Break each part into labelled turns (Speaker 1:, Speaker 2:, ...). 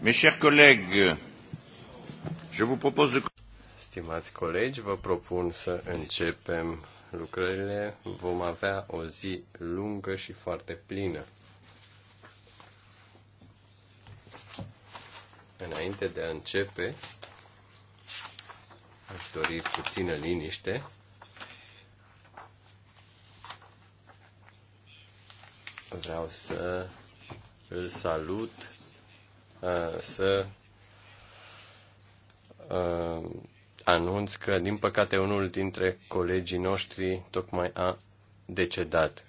Speaker 1: Mes chers collègues, je vous propose de... Stimați colegi, vă propun să începem lucrările. Vom avea o zi lungă și foarte plină. Înainte de a începe, aș dori puțină liniște. Vreau să îl salut Uh, să uh, anunț că, din păcate, unul dintre colegii noștri tocmai a decedat.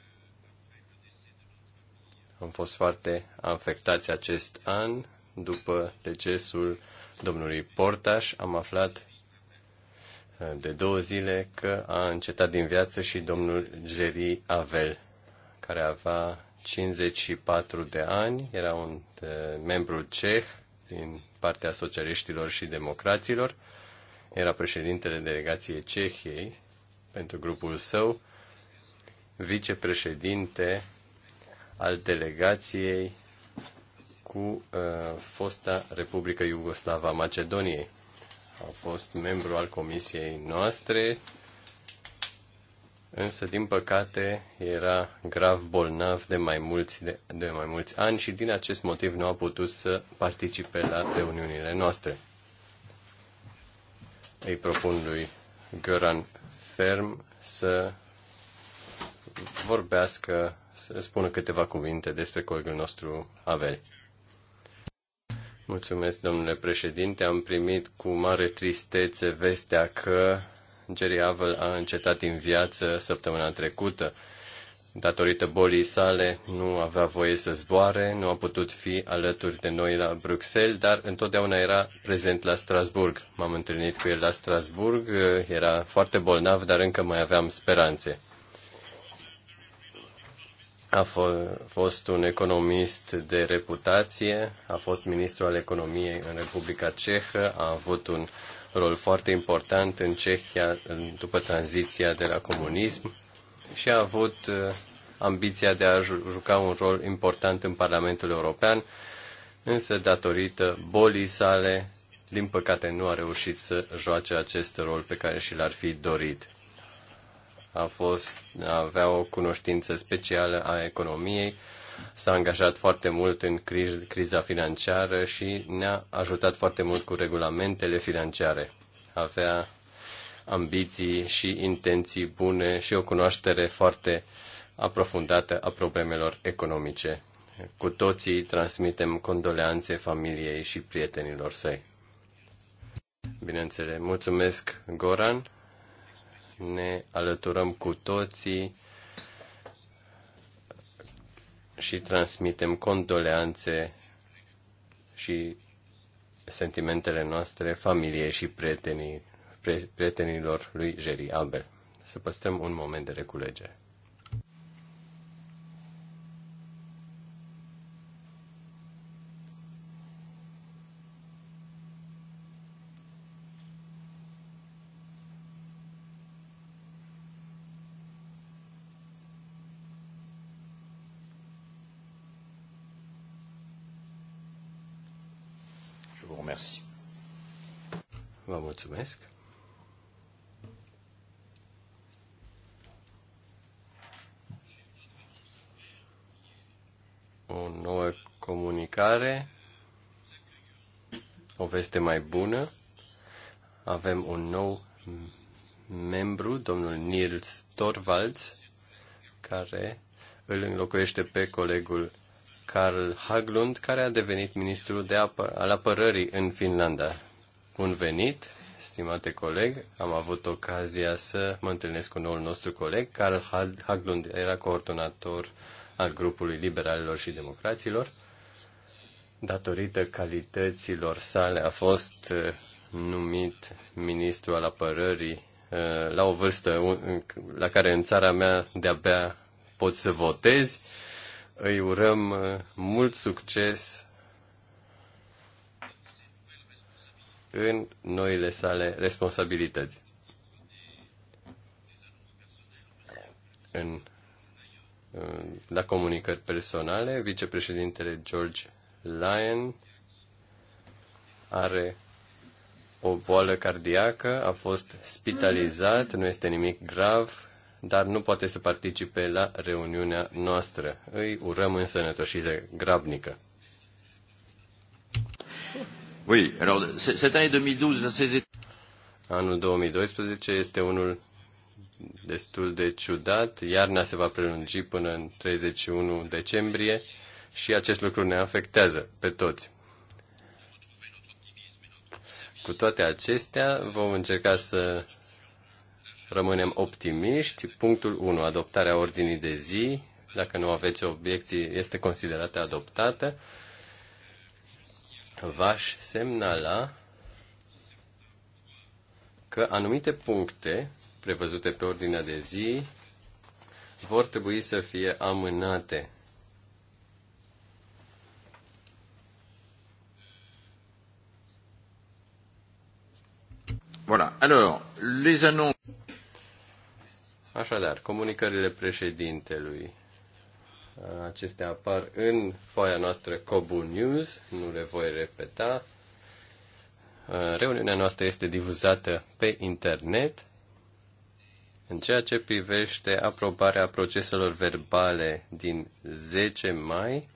Speaker 1: Am fost foarte afectați acest an după decesul domnului Portaș. Am aflat uh, de două zile că a încetat din viață și domnul Jerry Avel, care avea 54 de ani, era un eh, membru ceh din partea socialiștilor și democraților, era președintele delegației Cehiei pentru grupul său, vicepreședinte al delegației cu uh, fosta Republică Iugoslava Macedoniei. A fost membru al comisiei noastre însă din păcate era grav bolnav de mai mulți, de, de mai mulți ani și din acest motiv nu a putut să participe la reuniunile noastre. Îi propun lui Göran Ferm să vorbească, să spună câteva cuvinte despre colegul nostru Avel. Mulțumesc, domnule președinte. Am primit cu mare tristețe vestea că Jerry Avel a încetat în viață săptămâna trecută. Datorită bolii sale, nu avea voie să zboare, nu a putut fi alături de noi la Bruxelles, dar întotdeauna era prezent la Strasburg. M-am întâlnit cu el la Strasburg, era foarte bolnav, dar încă mai aveam speranțe. A fost un economist de reputație, a fost ministru al economiei în Republica Cehă, a avut un rol foarte important în Cehia după tranziția de la comunism și a avut uh, ambiția de a juca un rol important în Parlamentul European, însă datorită bolii sale, din păcate nu a reușit să joace acest rol pe care și l-ar fi dorit. A fost, avea o cunoștință specială a economiei, s-a angajat foarte mult în cri- criza financiară și ne-a ajutat foarte mult cu regulamentele financiare. Avea ambiții și intenții bune și o cunoaștere foarte aprofundată a problemelor economice. Cu toții transmitem condoleanțe familiei și prietenilor săi. Bineînțeles, mulțumesc, Goran. Ne alăturăm cu toții și transmitem condoleanțe și sentimentele noastre familiei și prietenii, prietenilor lui Jerry Albert. Să păstrăm un moment de reculegere. Mulțumesc. O nouă comunicare, o veste mai bună. Avem un nou membru, domnul Nils Torvalds, care îl înlocuiește pe colegul Carl Haglund, care a devenit ministrul de apă, al apărării în Finlanda. Un venit! stimate coleg, am avut ocazia să mă întâlnesc cu noul nostru coleg, Carl Haglund era coordonator al grupului liberalilor și democraților. Datorită calităților sale a fost uh, numit ministru al apărării uh, la o vârstă la care în țara mea de-abia pot să votez. Îi urăm uh, mult succes în noile sale responsabilități. În, la comunicări personale, vicepreședintele George Lyon are o boală cardiacă, a fost spitalizat, nu este nimic grav, dar nu poate să participe la reuniunea noastră. Îi urăm însănătoșire grabnică. Oui, alors cette année 2012, ces... Anul 2012 este unul destul de ciudat. Iarna se va prelungi până în 31 decembrie și acest lucru ne afectează pe toți. Cu toate acestea, vom încerca să rămânem optimiști. Punctul 1, adoptarea ordinii de zi. Dacă nu aveți obiecții, este considerată adoptată v-aș semnala că anumite puncte prevăzute pe ordinea de zi vor trebui să fie amânate. Voilà. Alors, les annonces. Așadar, comunicările președintelui. Acestea apar în foaia noastră Cobu News, nu le voi repeta. Uh, reuniunea noastră este difuzată pe internet. În ceea ce privește aprobarea proceselor verbale din 10 mai,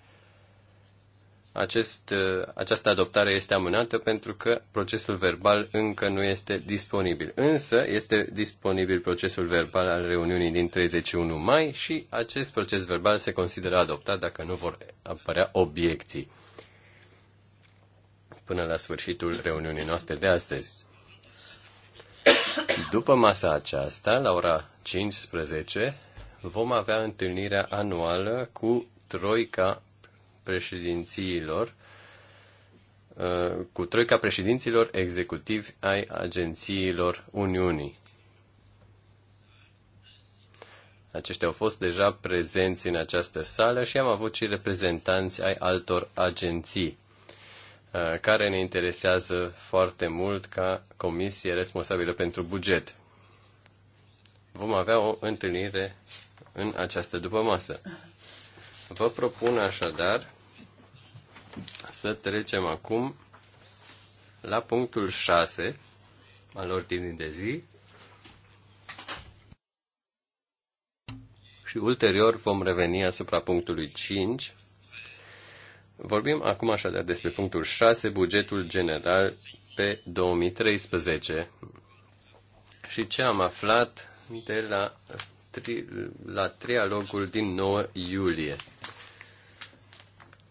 Speaker 1: acest, uh, această adoptare este amânată pentru că procesul verbal încă nu este disponibil. Însă este disponibil procesul verbal al reuniunii din 31 mai și acest proces verbal se consideră adoptat dacă nu vor apărea obiecții până la sfârșitul reuniunii noastre de astăzi. După masa aceasta, la ora 15, vom avea întâlnirea anuală cu Troica președințiilor, uh, cu troica președinților executivi ai agențiilor Uniunii. Aceștia au fost deja prezenți în această sală și am avut și reprezentanți ai altor agenții uh, care ne interesează foarte mult ca comisie responsabilă pentru buget. Vom avea o întâlnire în această dupămasă. Vă propun așadar să trecem acum la punctul 6 al ordinii de zi. Și ulterior vom reveni asupra punctului 5. Vorbim acum așadar despre punctul 6, bugetul general pe 2013. Și ce am aflat de la, tri, la trialogul din 9 iulie.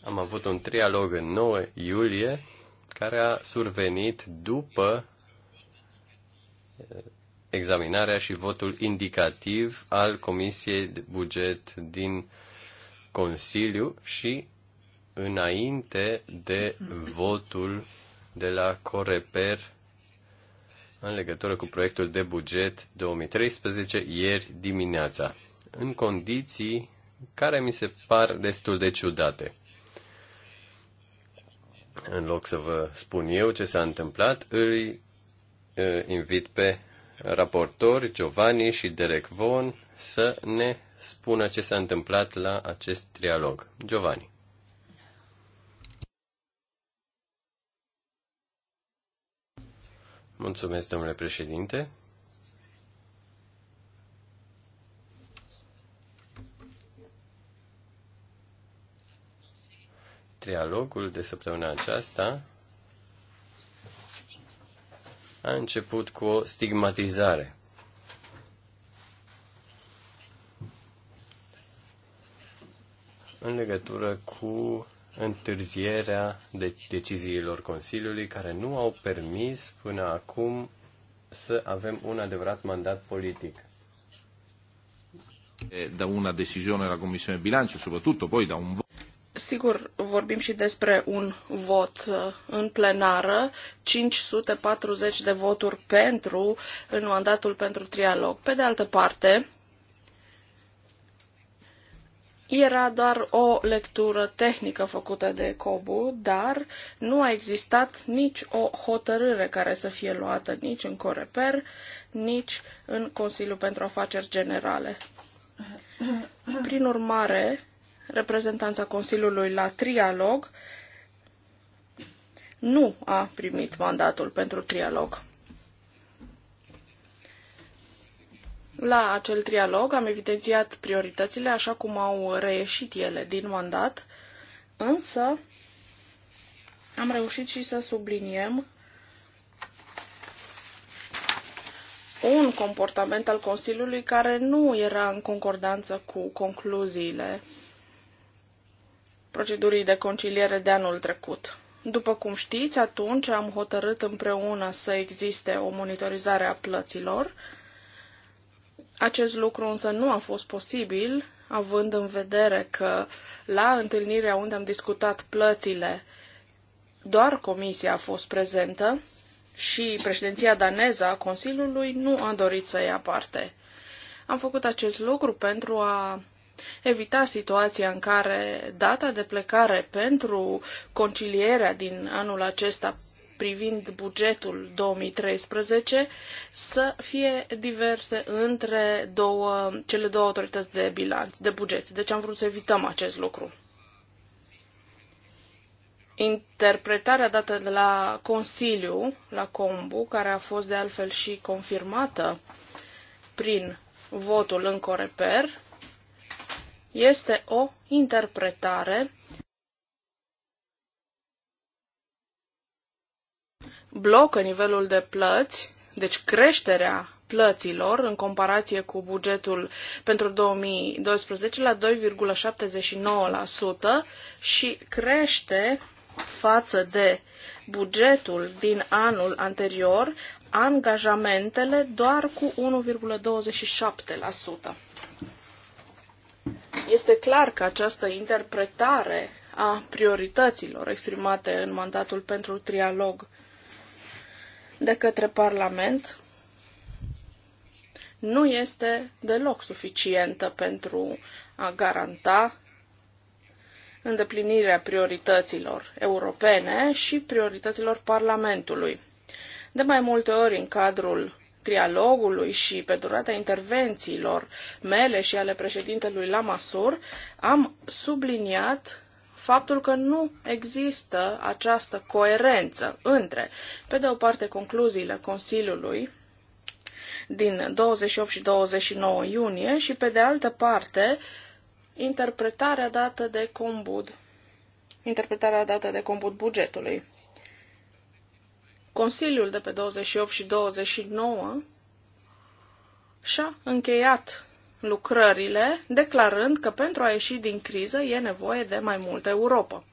Speaker 1: Am avut un trialog în 9 iulie care a survenit după eh, examinarea și votul indicativ al Comisiei de Buget din Consiliu și înainte de votul de la Coreper în legătură cu proiectul de buget 2013 ieri dimineața, în condiții care mi se par destul de ciudate. În loc să vă spun eu ce s-a întâmplat, îi invit pe raportori Giovanni și Derek Von să ne spună ce s-a întâmplat la acest trialog. Giovanni. Mulțumesc, domnule președinte. Trialogul de săptămâna aceasta a început cu o stigmatizare. în legătură cu întârzierea de deciziilor Consiliului care nu au permis până acum să avem un adevărat mandat politic.
Speaker 2: Da una decisione della Commissione Bilancio, soprattutto poi da un
Speaker 1: Sigur,
Speaker 3: vorbim și despre un vot uh, în plenară, 540 de voturi pentru, în mandatul pentru trialog. Pe de altă parte, era doar o lectură tehnică făcută de COBU, dar nu a existat nici o hotărâre care să fie luată nici în Coreper, nici în Consiliul pentru Afaceri Generale. Prin urmare, reprezentanța Consiliului la trialog nu a primit mandatul pentru trialog. La acel trialog am evidențiat prioritățile așa cum au reieșit ele din mandat, însă am reușit și să subliniem un comportament al Consiliului care nu era în concordanță cu concluziile procedurii de conciliere de anul trecut. După cum știți, atunci am hotărât împreună să existe o monitorizare a plăților. Acest lucru însă nu a fost posibil, având în vedere că la întâlnirea unde am discutat plățile, doar comisia a fost prezentă și președinția daneză a Consiliului nu a dorit să ia parte. Am făcut acest lucru pentru a evita situația în care data de plecare pentru concilierea din anul acesta privind bugetul 2013 să fie diverse între două, cele două autorități de bilanț, de buget. Deci am vrut să evităm acest lucru. Interpretarea dată de la Consiliu, la Combu, care a fost de altfel și confirmată prin votul în Coreper, este o interpretare blocă nivelul de plăți, deci creșterea plăților în comparație cu bugetul pentru 2012 la 2,79% și crește față de bugetul din anul anterior angajamentele doar cu 1,27%. Este clar că această interpretare a priorităților exprimate în mandatul pentru trialog de către Parlament nu este deloc suficientă pentru a garanta îndeplinirea priorităților europene și priorităților Parlamentului. De mai multe ori în cadrul trialogului și pe durata intervențiilor mele și ale președintelui Lamasur, am subliniat faptul că nu există această coerență între, pe de o parte, concluziile Consiliului din 28 și 29 iunie și, pe de altă parte, interpretarea dată de combud, interpretarea dată de combud bugetului. Consiliul de pe 28 și 29 și-a încheiat lucrările, declarând că pentru a ieși din criză e nevoie de mai multă Europa.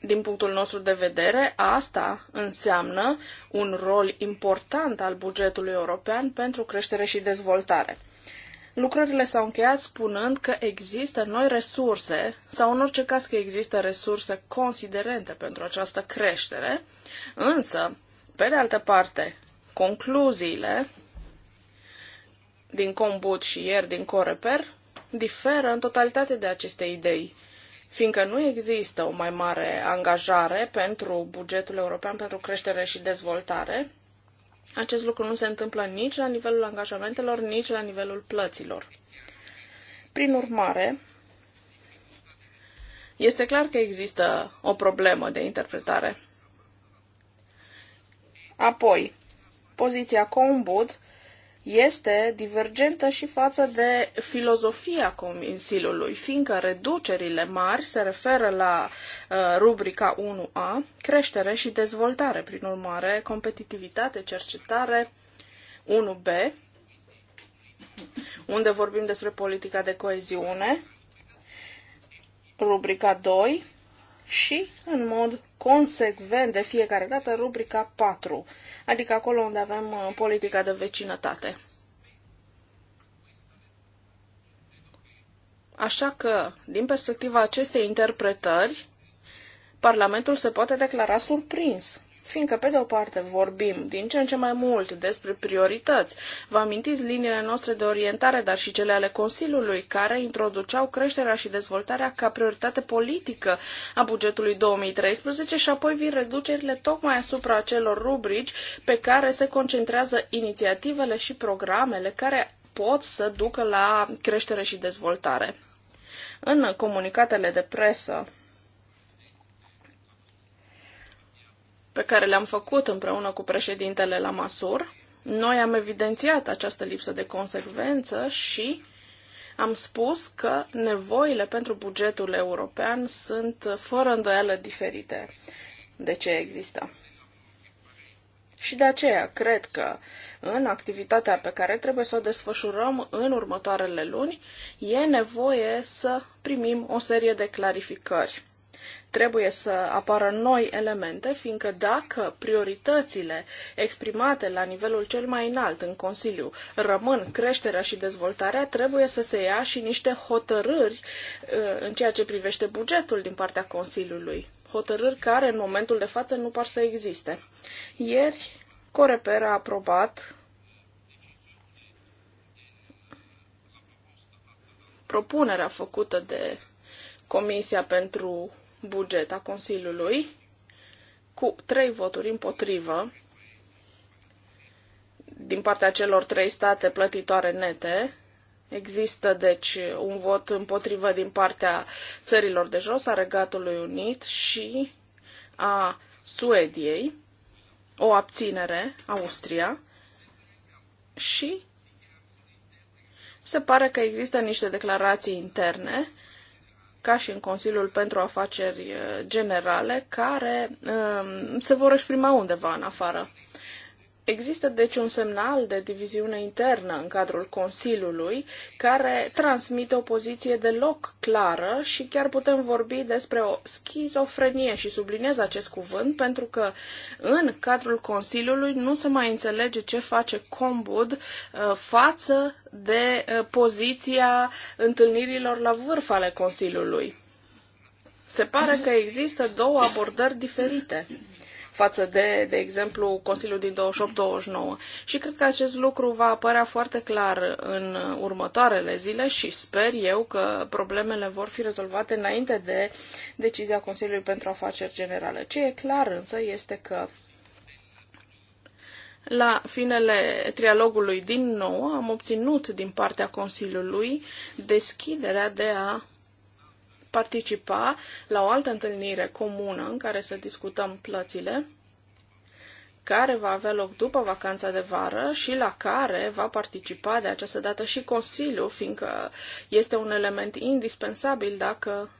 Speaker 3: Din punctul nostru de vedere, asta înseamnă un rol important al bugetului european pentru creștere și dezvoltare. Lucrările s-au încheiat spunând că există noi resurse, sau în orice caz că există resurse considerente pentru această creștere, Însă, pe de altă parte, concluziile din Combut și ieri din Coreper diferă în totalitate de aceste idei, fiindcă nu există o mai mare angajare pentru bugetul european pentru creștere și dezvoltare. Acest lucru nu se întâmplă nici la nivelul angajamentelor, nici la nivelul plăților. Prin urmare, este clar că există o problemă de interpretare. Apoi, poziția Combud este divergentă și față de filozofia Consiliului, fiindcă reducerile mari se referă la uh, rubrica 1A, creștere și dezvoltare, prin urmare, competitivitate, cercetare, 1B, unde vorbim despre politica de coeziune, rubrica 2 și, în mod consecvent de fiecare dată rubrica 4, adică acolo unde avem uh, politica de vecinătate. Așa că, din perspectiva acestei interpretări, Parlamentul se poate declara surprins. Fiindcă, pe de o parte, vorbim din ce în ce mai mult despre priorități. Vă amintiți liniile noastre de orientare, dar și cele ale Consiliului, care introduceau creșterea și dezvoltarea ca prioritate politică a bugetului 2013 și apoi vin reducerile tocmai asupra acelor rubrici pe care se concentrează inițiativele și programele care pot să ducă la creștere și dezvoltare. În comunicatele de presă pe care le-am făcut împreună cu președintele la Masur, noi am evidențiat această lipsă de consecvență și am spus că nevoile pentru bugetul european sunt fără îndoială diferite de ce există. Și de aceea cred că în activitatea pe care trebuie să o desfășurăm în următoarele luni, e nevoie să primim o serie de clarificări trebuie să apară noi elemente, fiindcă dacă prioritățile exprimate la nivelul cel mai înalt în Consiliu rămân creșterea și dezvoltarea, trebuie să se ia și niște hotărâri uh, în ceea ce privește bugetul din partea Consiliului. Hotărâri care în momentul de față nu par să existe. Ieri, Coreper a aprobat propunerea făcută de Comisia pentru buget a Consiliului cu trei voturi împotrivă din partea celor trei state plătitoare nete. Există, deci, un vot împotrivă din partea țărilor de jos, a Regatului Unit și a Suediei, o abținere, Austria, și se pare că există niște declarații interne ca și în Consiliul pentru Afaceri Generale, care um, se vor exprima undeva în afară. Există deci un semnal de diviziune internă în cadrul Consiliului care transmite o poziție deloc clară și chiar putem vorbi despre o schizofrenie și subliniez acest cuvânt pentru că în cadrul Consiliului nu se mai înțelege ce face Combud uh, față de uh, poziția întâlnirilor la vârf ale Consiliului. Se pare că există două abordări diferite față de, de exemplu, Consiliul din 28-29. Și cred că acest lucru va apărea foarte clar în următoarele zile și sper eu că problemele vor fi rezolvate înainte de decizia Consiliului pentru Afaceri Generale. Ce e clar însă este că la finele trialogului din nou am obținut din partea Consiliului deschiderea de a participa la o altă întâlnire comună în care să discutăm plățile, care va avea loc după vacanța de vară și la care va participa de această dată și Consiliul, fiindcă este un element indispensabil dacă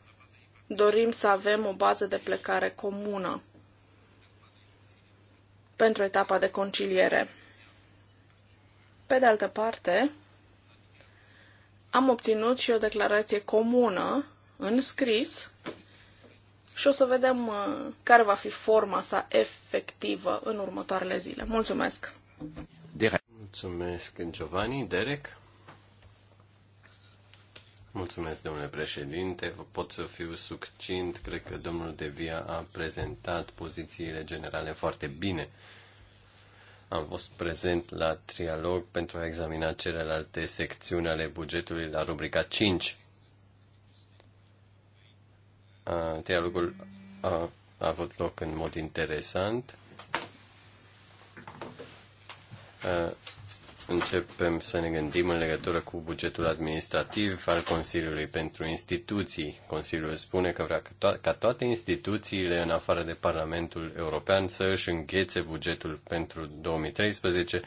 Speaker 3: dorim să avem o bază de plecare comună pentru etapa de conciliere. Pe de altă parte, am obținut și o declarație comună în scris și o să vedem uh, care va fi forma sa efectivă în următoarele zile. Mulțumesc!
Speaker 1: Derek. Mulțumesc, Giovanni. Derek? Mulțumesc, domnule președinte. Pot să fiu succint. Cred că domnul Devia a prezentat pozițiile generale foarte bine. Am fost prezent la trialog pentru a examina celelalte secțiuni ale bugetului la rubrica 5 dialogul uh, a, a avut loc în mod interesant. Uh, începem să ne gândim în legătură cu bugetul administrativ al Consiliului pentru instituții. Consiliul spune că vrea ca toate instituțiile, în afară de Parlamentul European, să își înghețe bugetul pentru 2013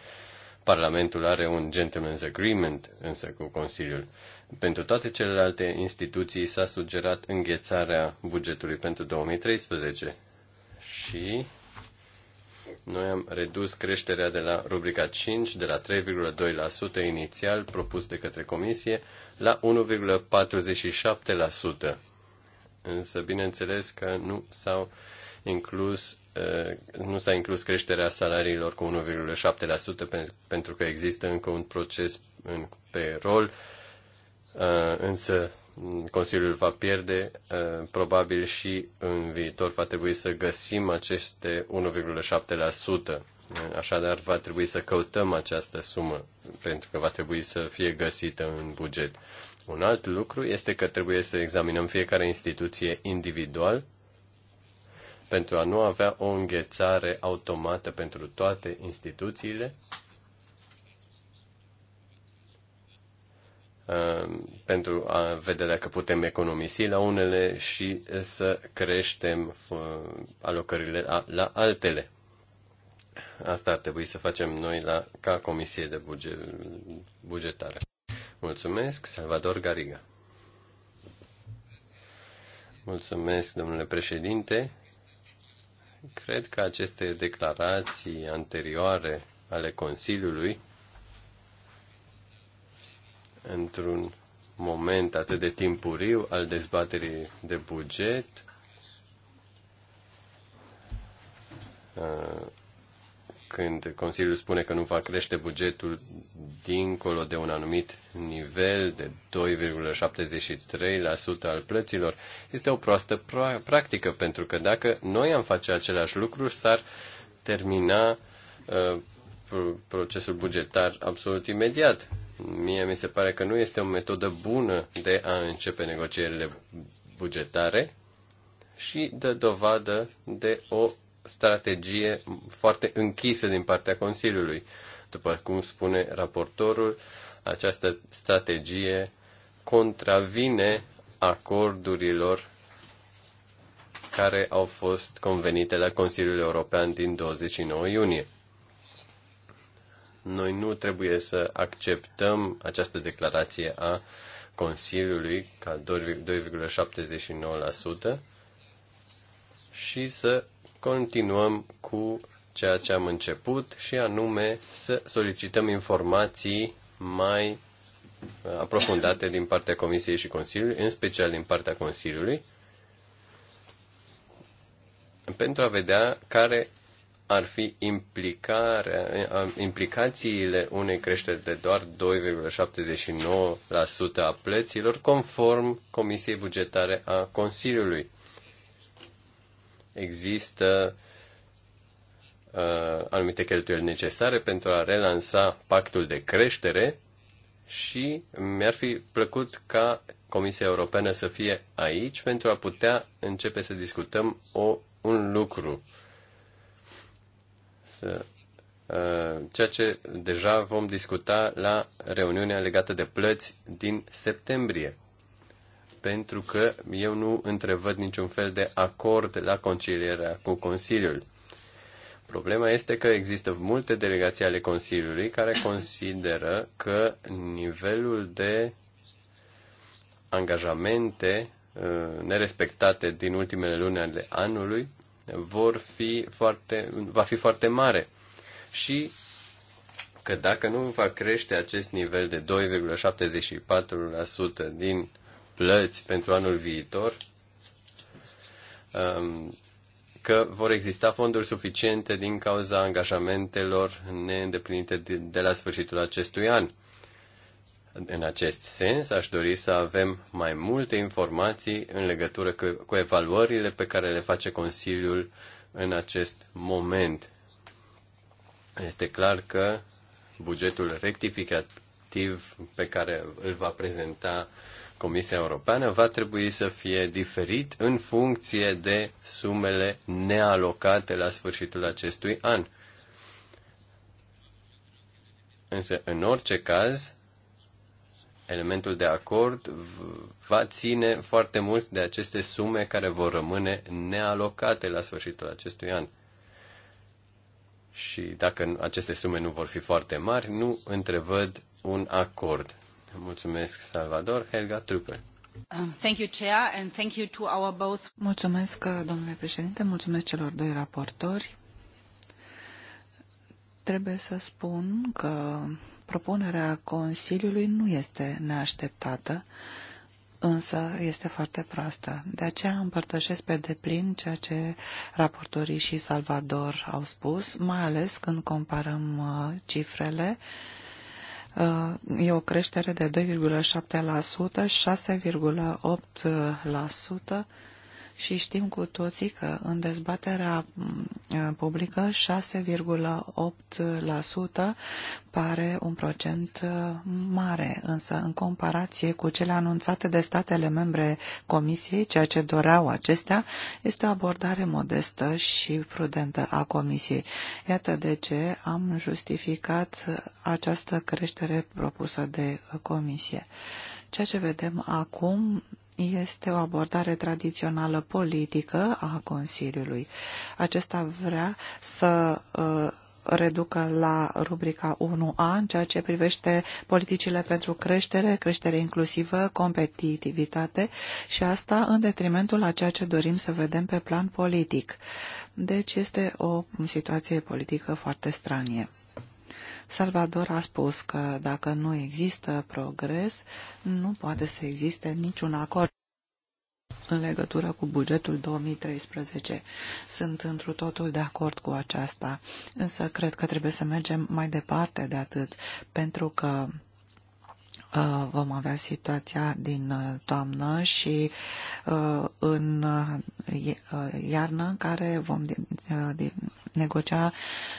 Speaker 1: Parlamentul are un gentleman's agreement însă cu Consiliul. Pentru toate celelalte instituții s-a sugerat înghețarea bugetului pentru 2013 și noi am redus creșterea de la rubrica 5, de la 3,2% inițial propus de către Comisie, la 1,47%. Însă, bineînțeles că nu s-au inclus nu s-a inclus creșterea salariilor cu 1,7% pentru că există încă un proces în, pe rol, uh, însă Consiliul va pierde, uh, probabil și în viitor va trebui să găsim aceste 1,7%. Așadar, va trebui să căutăm această sumă, pentru că va trebui să fie găsită în buget. Un alt lucru este că trebuie să examinăm fiecare instituție individual pentru a nu avea o înghețare automată pentru toate instituțiile, ehm, pentru a vedea dacă putem economisi la unele și să creștem alocările la altele. Asta ar trebui să facem noi la, ca Comisie de Bugetare. Mulțumesc, Salvador Gariga. Mulțumesc, domnule președinte. Cred că aceste declarații anterioare ale Consiliului, într-un moment atât de timpuriu al dezbaterii de buget, uh, când Consiliul spune că nu va crește bugetul dincolo de un anumit nivel de 2,73% al plăților, este o proastă practică, pentru că dacă noi am face același lucru, s-ar termina uh, procesul bugetar absolut imediat. Mie mi se pare că nu este o metodă bună de a începe negocierile bugetare și de dovadă de o strategie foarte închisă din partea Consiliului. După cum spune raportorul, această strategie contravine acordurilor care au fost convenite la Consiliul European din 29 iunie. Noi nu trebuie să acceptăm această declarație a Consiliului ca 2,79% și să continuăm cu ceea ce am început și anume să solicităm informații mai uh, aprofundate din partea Comisiei și Consiliului, în special din partea Consiliului, pentru a vedea care ar fi implicarea, uh, implicațiile unei creșteri de doar 2,79% a plăților conform Comisiei Bugetare a Consiliului există uh, anumite cheltuieli necesare pentru a relansa pactul de creștere și mi-ar fi plăcut ca Comisia Europeană să fie aici pentru a putea începe să discutăm o, un lucru. Să, uh, ceea ce deja vom discuta la reuniunea legată de plăți din septembrie pentru că eu nu întrevăd niciun fel de acord la concilierea cu Consiliul. Problema este că există multe delegații ale Consiliului care consideră că nivelul de angajamente uh, nerespectate din ultimele luni ale anului vor fi foarte, va fi foarte mare. Și că dacă nu va crește acest nivel de 2,74% din plăți pentru anul viitor, um, că vor exista fonduri suficiente din cauza angajamentelor neîndeplinite de la sfârșitul acestui an. În acest sens, aș dori să avem mai multe informații în legătură cu evaluările pe care le face Consiliul în acest moment. Este clar că bugetul rectificativ pe care îl va prezenta uh, Comisia Europeană va trebui să fie diferit în funcție de sumele nealocate la sfârșitul acestui an. Însă, în orice caz, elementul de acord va ține foarte mult de aceste sume care vor rămâne nealocate la sfârșitul acestui an. Și dacă aceste sume nu vor fi foarte mari, nu întrevăd un acord. Mulțumesc, Salvador. Helga Trupel.
Speaker 2: Um, thank you, Chair, and thank you to our both. Mulțumesc, domnule președinte, mulțumesc celor doi raportori. Trebuie să spun că propunerea Consiliului nu este neașteptată, însă este foarte proastă. De aceea împărtășesc pe deplin ceea ce raportorii și Salvador au spus, mai ales când comparăm uh, cifrele uh, Uh, e o creștere de 2,7%, 6,8% și știm cu toții că în dezbaterea mm, publică 6,8% pare un procent mm, mare, însă în comparație cu cele anunțate de statele membre Comisiei, ceea ce doreau acestea, este o abordare modestă și prudentă a Comisiei. Iată de ce am justificat această creștere propusă de Comisie. Ceea ce vedem acum este o abordare tradițională politică a Consiliului. Acesta vrea să uh, reducă la rubrica 1A în ceea ce privește politicile pentru creștere, creștere inclusivă, competitivitate și asta în detrimentul a ceea ce dorim să vedem pe plan politic. Deci este o situație politică foarte stranie. Salvador a spus că dacă nu există progres, nu poate să existe niciun acord în legătură cu bugetul 2013. Sunt întru totul de acord cu aceasta, însă cred că trebuie să mergem mai departe de atât, pentru că uh, vom avea situația din uh, toamnă și uh, în uh, uh, iarnă în care vom negocia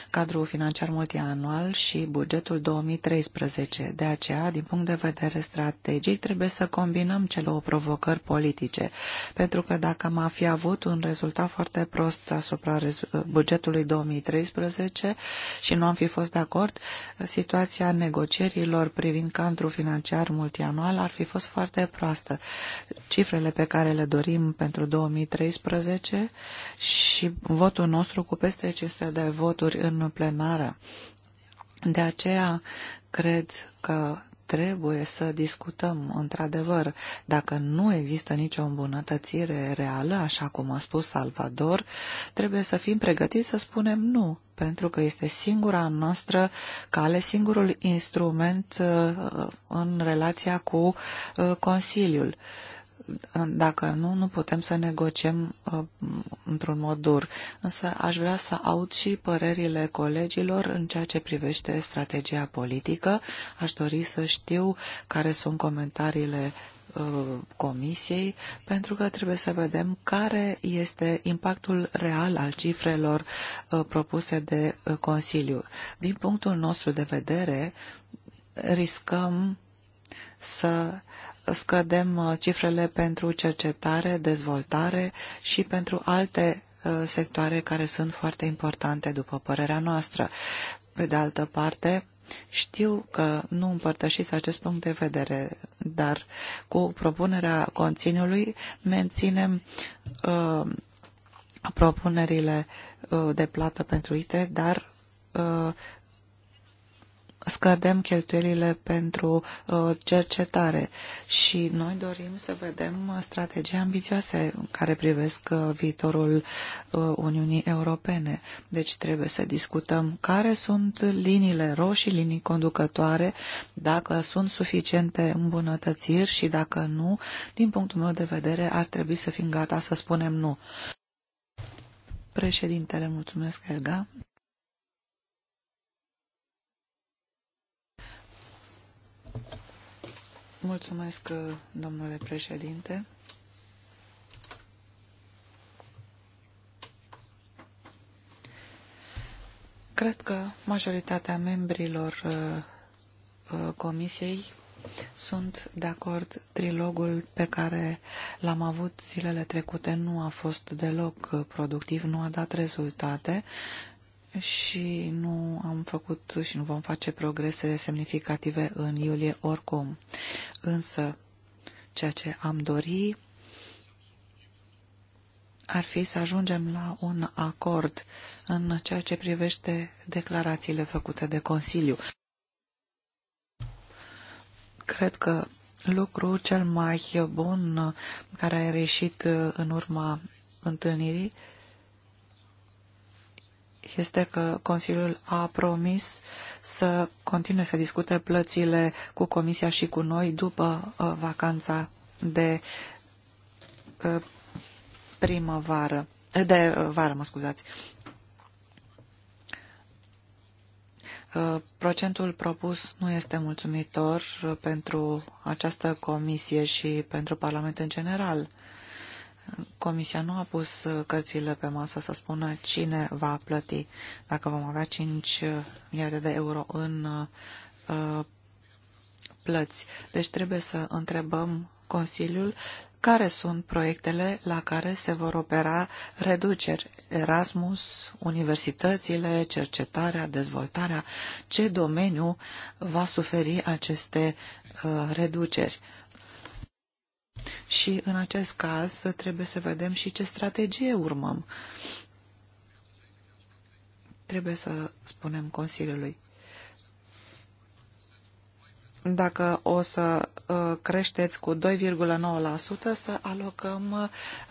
Speaker 2: cadrul financiar multianual și bugetul 2013. De aceea, din punct de vedere strategic, trebuie să combinăm cele două provocări politice, pentru că dacă am fi avut un rezultat foarte prost asupra bugetului 2013 și nu am fi fost de acord, situația negocierilor privind cadrul financiar multianual ar fi fost foarte proastă. Cifrele pe care le dorim pentru 2013 și votul nostru cu peste liste de voturi în plenară. De aceea, cred că trebuie să discutăm, într-adevăr, dacă nu există nicio îmbunătățire reală, așa cum a spus Salvador, trebuie să fim pregătiți să spunem nu, pentru că este singura noastră cale, singurul instrument uh, în relația cu uh, Consiliul. Dacă nu, nu putem să negociem uh, într-un mod dur. Însă aș vrea să aud și părerile colegilor în ceea ce privește strategia politică. Aș dori să știu care sunt comentariile uh, comisiei, pentru că trebuie să vedem care este impactul real al cifrelor uh, propuse de Consiliu. Din punctul nostru de vedere, riscăm să scădem uh, cifrele pentru cercetare, dezvoltare și pentru alte uh, sectoare care sunt foarte importante, după părerea noastră. Pe de altă parte, știu că nu împărtășiți acest punct de vedere, dar cu propunerea conținului menținem uh, propunerile uh, de plată pentru IT, dar uh, scădem cheltuielile pentru uh, cercetare și noi dorim să vedem uh, strategii ambițioase care privesc uh, viitorul Uniunii Europene. Deci trebuie să discutăm care sunt liniile roșii, linii conducătoare, dacă sunt suficiente îmbunătățiri și dacă nu, din punctul meu de vedere, ar trebui să fim gata să spunem nu. Președintele, mulțumesc, Elga. Mulțumesc, uh, domnule președinte. Cred că majoritatea membrilor uh, uh, comisiei sunt de acord. Trilogul pe care l-am avut zilele trecute nu a fost deloc productiv, nu a dat rezultate și nu am făcut și nu vom face progrese semnificative în iulie oricum. Însă, ceea ce am dori ar fi să ajungem la un acord în ceea ce privește declarațiile făcute de Consiliu. Cred că lucru cel mai bun care a ieșit în urma întâlnirii este că Consiliul a promis să continue să discute plățile cu Comisia și cu noi după uh, vacanța de uh, primăvară, uh, de vară, mă scuzați. Procentul propus nu este mulțumitor pentru această comisie și pentru Parlament în general. Comisia nu a pus uh, cărțile pe masă să spună cine va plăti. Dacă vom avea 5 uh, miliarde de euro în uh, plăți. Deci trebuie să întrebăm Consiliul care sunt proiectele la care se vor opera reduceri. Erasmus, universitățile, cercetarea, dezvoltarea, ce domeniu va suferi aceste uh, reduceri. Și în acest caz trebuie să vedem și ce strategie urmăm. Trebuie să spunem Consiliului. Dacă o să uh, creșteți cu 2,9%, să alocăm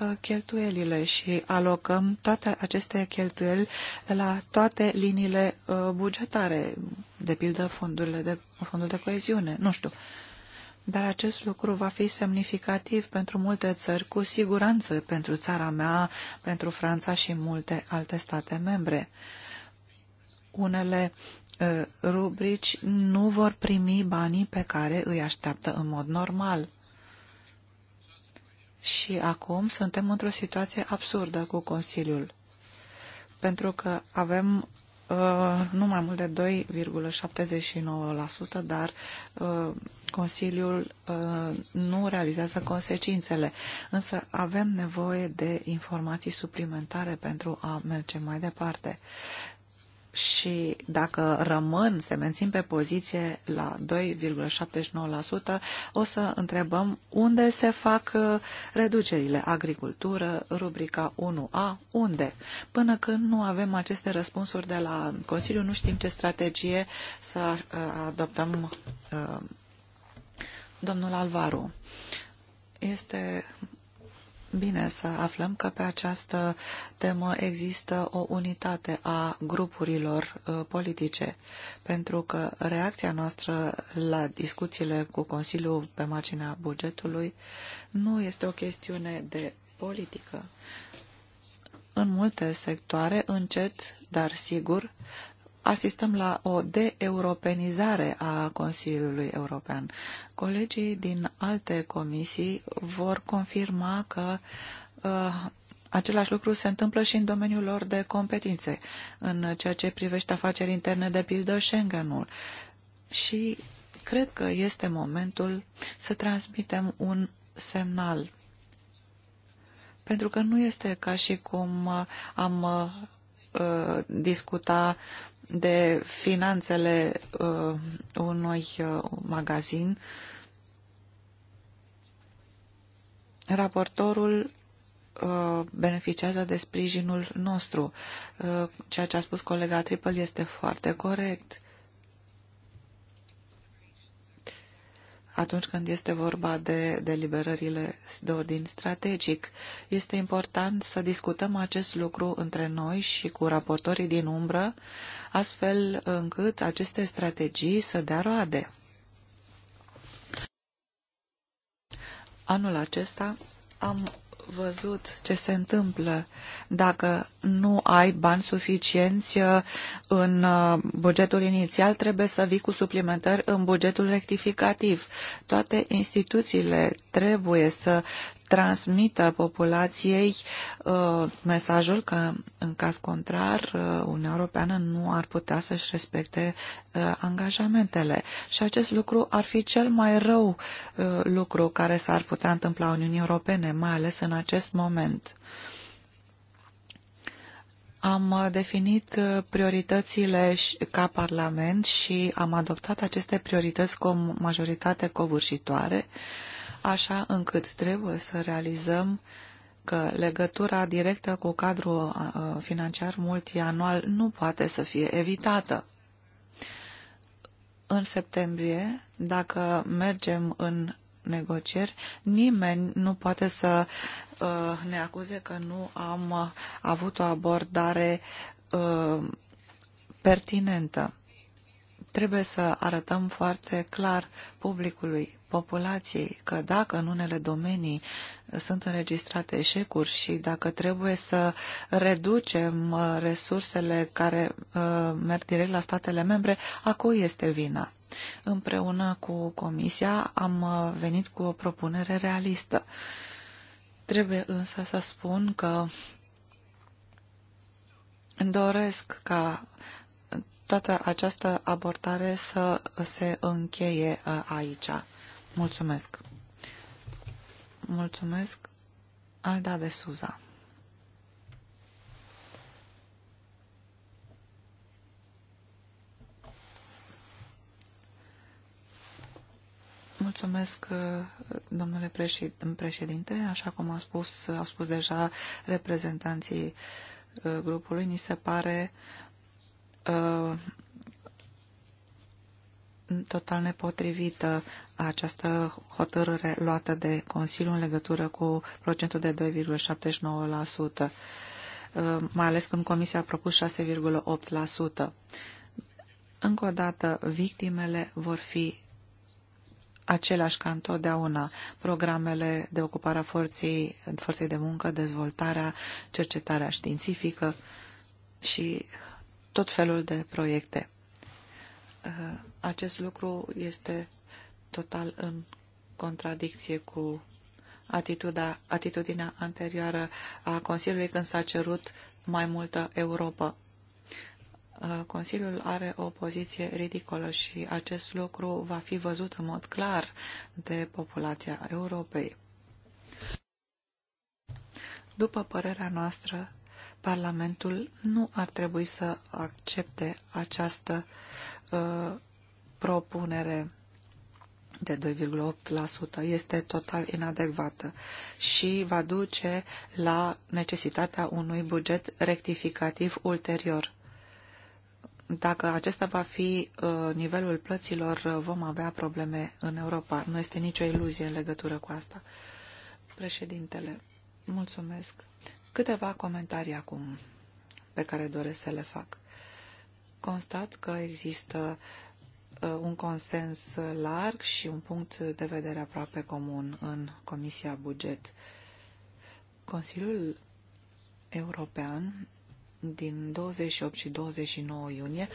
Speaker 2: uh, cheltuielile și alocăm toate aceste cheltuieli la toate liniile uh, bugetare, de pildă fondurile de, fondul de coeziune, nu știu. Uh, dar acest lucru va fi semnificativ pentru multe țări, cu siguranță pentru țara mea, pentru Franța și multe alte state membre. Unele uh, rubrici nu vor primi banii pe care îi așteaptă în mod normal. Și acum suntem într-o situație absurdă cu Consiliul, pentru că avem uh, nu mai mult de 2,79%, dar uh, Consiliul uh, nu realizează consecințele, însă avem nevoie de informații suplimentare pentru a merge mai departe. Și dacă rămân, se mențin pe poziție la 2,79%, o să întrebăm unde se fac uh, reducerile. Agricultură, rubrica 1A, unde? Până când nu avem aceste răspunsuri de la Consiliu, nu știm ce strategie să uh, adoptăm Domnul Alvaro, este bine să aflăm că pe această temă există o unitate a grupurilor uh, politice, pentru că reacția noastră la discuțiile cu Consiliul pe marginea bugetului nu este o chestiune de politică. În multe sectoare, încet, dar sigur, asistăm la o de-europenizare a Consiliului European. Colegii din alte comisii vor confirma că uh, Același lucru se întâmplă și în domeniul lor de competințe, în ceea ce privește afaceri interne, de pildă Schengenul. Și cred că este momentul să transmitem un semnal. Pentru că nu este ca și cum am uh, discuta de finanțele uh, unui uh, magazin, raportorul uh, beneficiază de sprijinul nostru. Uh, ceea ce a spus colega Triple este foarte corect. atunci când este vorba de deliberările de ordin strategic. Este important să discutăm acest lucru între noi și cu raportorii din umbră, astfel încât aceste strategii să dea roade. Anul acesta am văzut ce se întâmplă dacă nu ai bani suficienți uh, în uh, bugetul inițial, trebuie să vii cu suplimentări în bugetul rectificativ. Toate instituțiile trebuie să transmită populației uh, mesajul că, în caz contrar, uh, Uniunea Europeană nu ar putea să-și respecte uh, angajamentele. Și acest lucru ar fi cel mai rău uh, lucru care s-ar putea întâmpla Uniunii Europene, mai ales în acest moment. Am uh, definit uh, prioritățile ca Parlament și am adoptat aceste priorități cu o majoritate covârșitoare. Uh, așa încât trebuie să realizăm că legătura directă cu cadrul financiar multianual nu poate să fie evitată. În septembrie, dacă mergem în negocieri, nimeni nu poate să ne acuze că nu am avut o abordare pertinentă. Trebuie să arătăm foarte clar publicului populației, că dacă în unele domenii sunt înregistrate eșecuri și dacă trebuie să reducem uh, resursele care uh, merg direct la statele membre, a cui este vina? Împreună cu Comisia am uh, venit cu o propunere realistă. Trebuie însă să spun că doresc ca toată această abordare să se încheie aici. Mulțumesc. Mulțumesc. Alda de Suza. Mulțumesc, domnule președinte. Așa cum a spus, au spus deja reprezentanții uh, grupului, ni se pare uh, total nepotrivită această hotărâre luată de Consiliu în legătură cu procentul de 2,79%, uh, mai ales când Comisia a propus 6,8%. Încă o dată, victimele vor fi aceleași ca întotdeauna. Programele de ocupare a forței, forței de muncă, dezvoltarea, cercetarea științifică și tot felul de proiecte uh, acest lucru este total în contradicție cu atitudea, atitudinea anterioară a Consiliului când s-a cerut mai multă Europa. Uh, Consiliul are o poziție ridicolă și acest lucru va fi văzut în mod clar de populația Europei. După părerea noastră, Parlamentul nu ar trebui să accepte această uh, propunere de 2,8% este total inadecvată și va duce la necesitatea unui buget rectificativ ulterior. Dacă acesta va fi uh, nivelul plăților, uh, vom avea probleme în Europa. Nu este nicio iluzie în legătură cu asta. Președintele, mulțumesc. Câteva comentarii acum pe care doresc să le fac. Constat că există uh, Uh, un consens larg și un punct de vedere aproape comun în Comisia Buget. Consiliul European din 28 și 29 iunie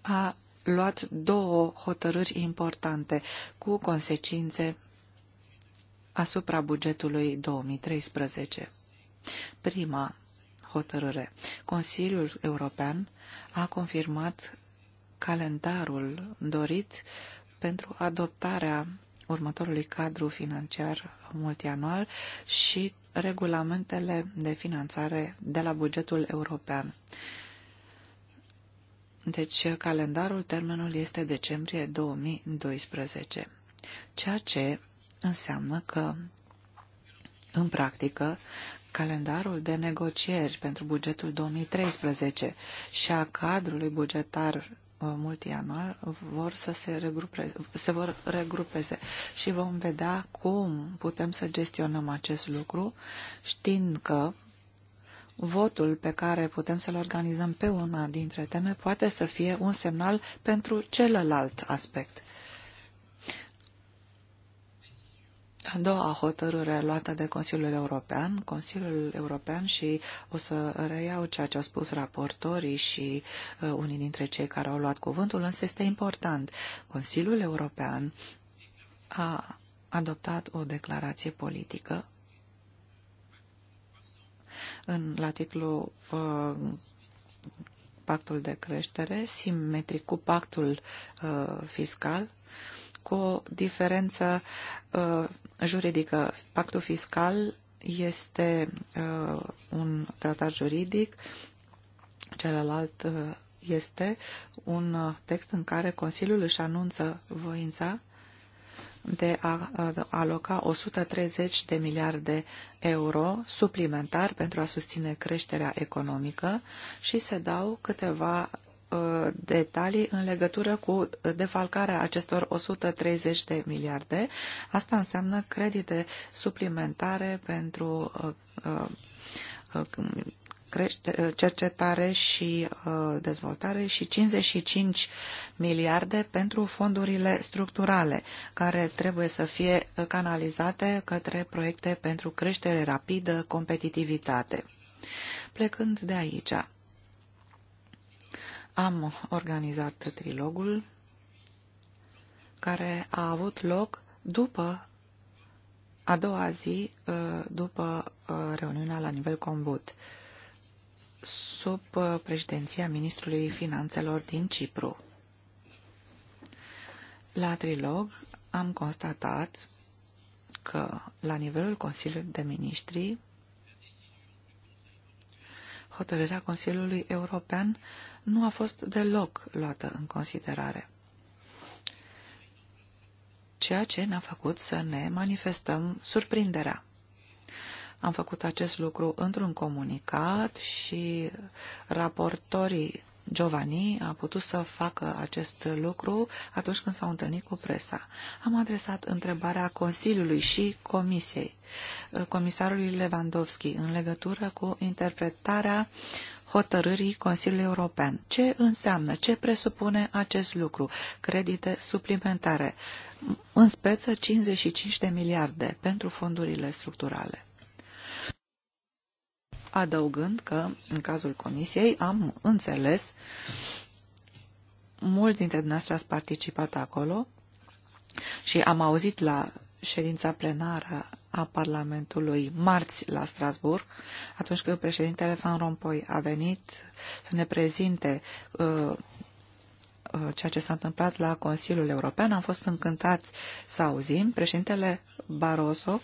Speaker 2: a luat două hotărâri importante cu consecințe asupra bugetului 2013. Prima hotărâre. Consiliul European a confirmat calendarul dorit pentru adoptarea următorului cadru financiar multianual și regulamentele de finanțare de la bugetul european. Deci, calendarul, termenul este decembrie 2012, ceea ce înseamnă că, în practică, calendarul de negocieri pentru bugetul 2013 și a cadrului bugetar uh, multianual vor să se, regrupeze, se vor regrupeze și vom vedea cum putem să gestionăm acest lucru știind că votul pe care putem să-l organizăm pe una dintre teme poate să fie un semnal pentru celălalt aspect. A doua hotărâre luată de Consiliul European, Consiliul European și o să reiau ceea ce au spus raportorii și uh, unii dintre cei care au luat cuvântul, însă este important. Consiliul European a adoptat o declarație politică în, la titlul uh, Pactul de creștere, simetric cu pactul uh, fiscal, cu o diferență uh, juridică. Pactul fiscal este uh, un tratat juridic, celălalt uh, este un uh, text în care Consiliul își anunță voința de a uh, aloca 130 de miliarde euro suplimentar pentru a susține creșterea economică și se dau câteva Uh, detalii în legătură cu defalcarea acestor 130 de miliarde. Asta înseamnă credite suplimentare pentru uh, uh, cercetare și dezvoltare și 55 miliarde pentru fondurile structurale, care trebuie să fie canalizate către proiecte pentru creștere rapidă, competitivitate. Plecând de aici, am organizat trilogul care a avut loc după a doua zi uh, după uh, reuniunea la nivel combut sub uh, președinția ministrului finanțelor din Cipru. La trilog am constatat că la nivelul Consiliului de Ministri hotărârea Consiliului European nu a fost deloc luată în considerare. Ceea ce ne-a făcut să ne manifestăm surprinderea. Am făcut acest lucru într-un comunicat și raportorii Giovanni a putut să facă acest lucru atunci când s-au întâlnit cu presa. Am adresat întrebarea Consiliului și Comisiei, comisarului Lewandowski, în legătură cu interpretarea hotărârii Consiliului European. Ce înseamnă, ce presupune acest lucru? Credite suplimentare, în speță 55 de miliarde pentru fondurile structurale. Adăugând că, în cazul Comisiei, am înțeles, mulți dintre dumneavoastră ați participat acolo și am auzit la ședința plenară a Parlamentului marți la Strasbourg, atunci când președintele Van Rompuy a venit să ne prezinte uh, uh, ceea ce s-a întâmplat la Consiliul European. Am fost încântați să auzim. Președintele Barroso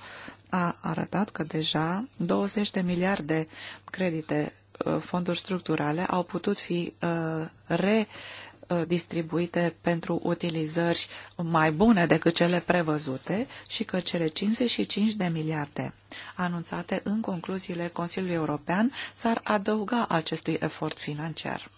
Speaker 2: a arătat că deja 20 de miliarde credite uh, fonduri structurale au putut fi uh, re Uh, distribuite pentru utilizări mai bune decât cele prevăzute și că cele 55 de miliarde anunțate în concluziile Consiliului European s-ar adăuga acestui efort financiar.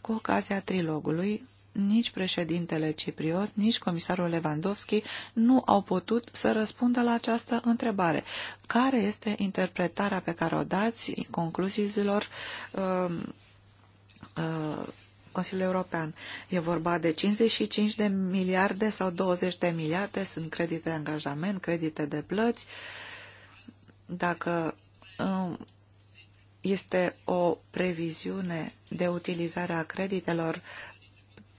Speaker 2: Cu ocazia trilogului, nici președintele Ciprios, nici comisarul Lewandowski nu au putut să răspundă la această întrebare. Care este interpretarea pe care o dați concluziilor uh, uh, Consiliul European. E vorba de 55 de miliarde sau 20 de miliarde, sunt credite de angajament, credite de plăți. Dacă um, este o previziune de utilizare a creditelor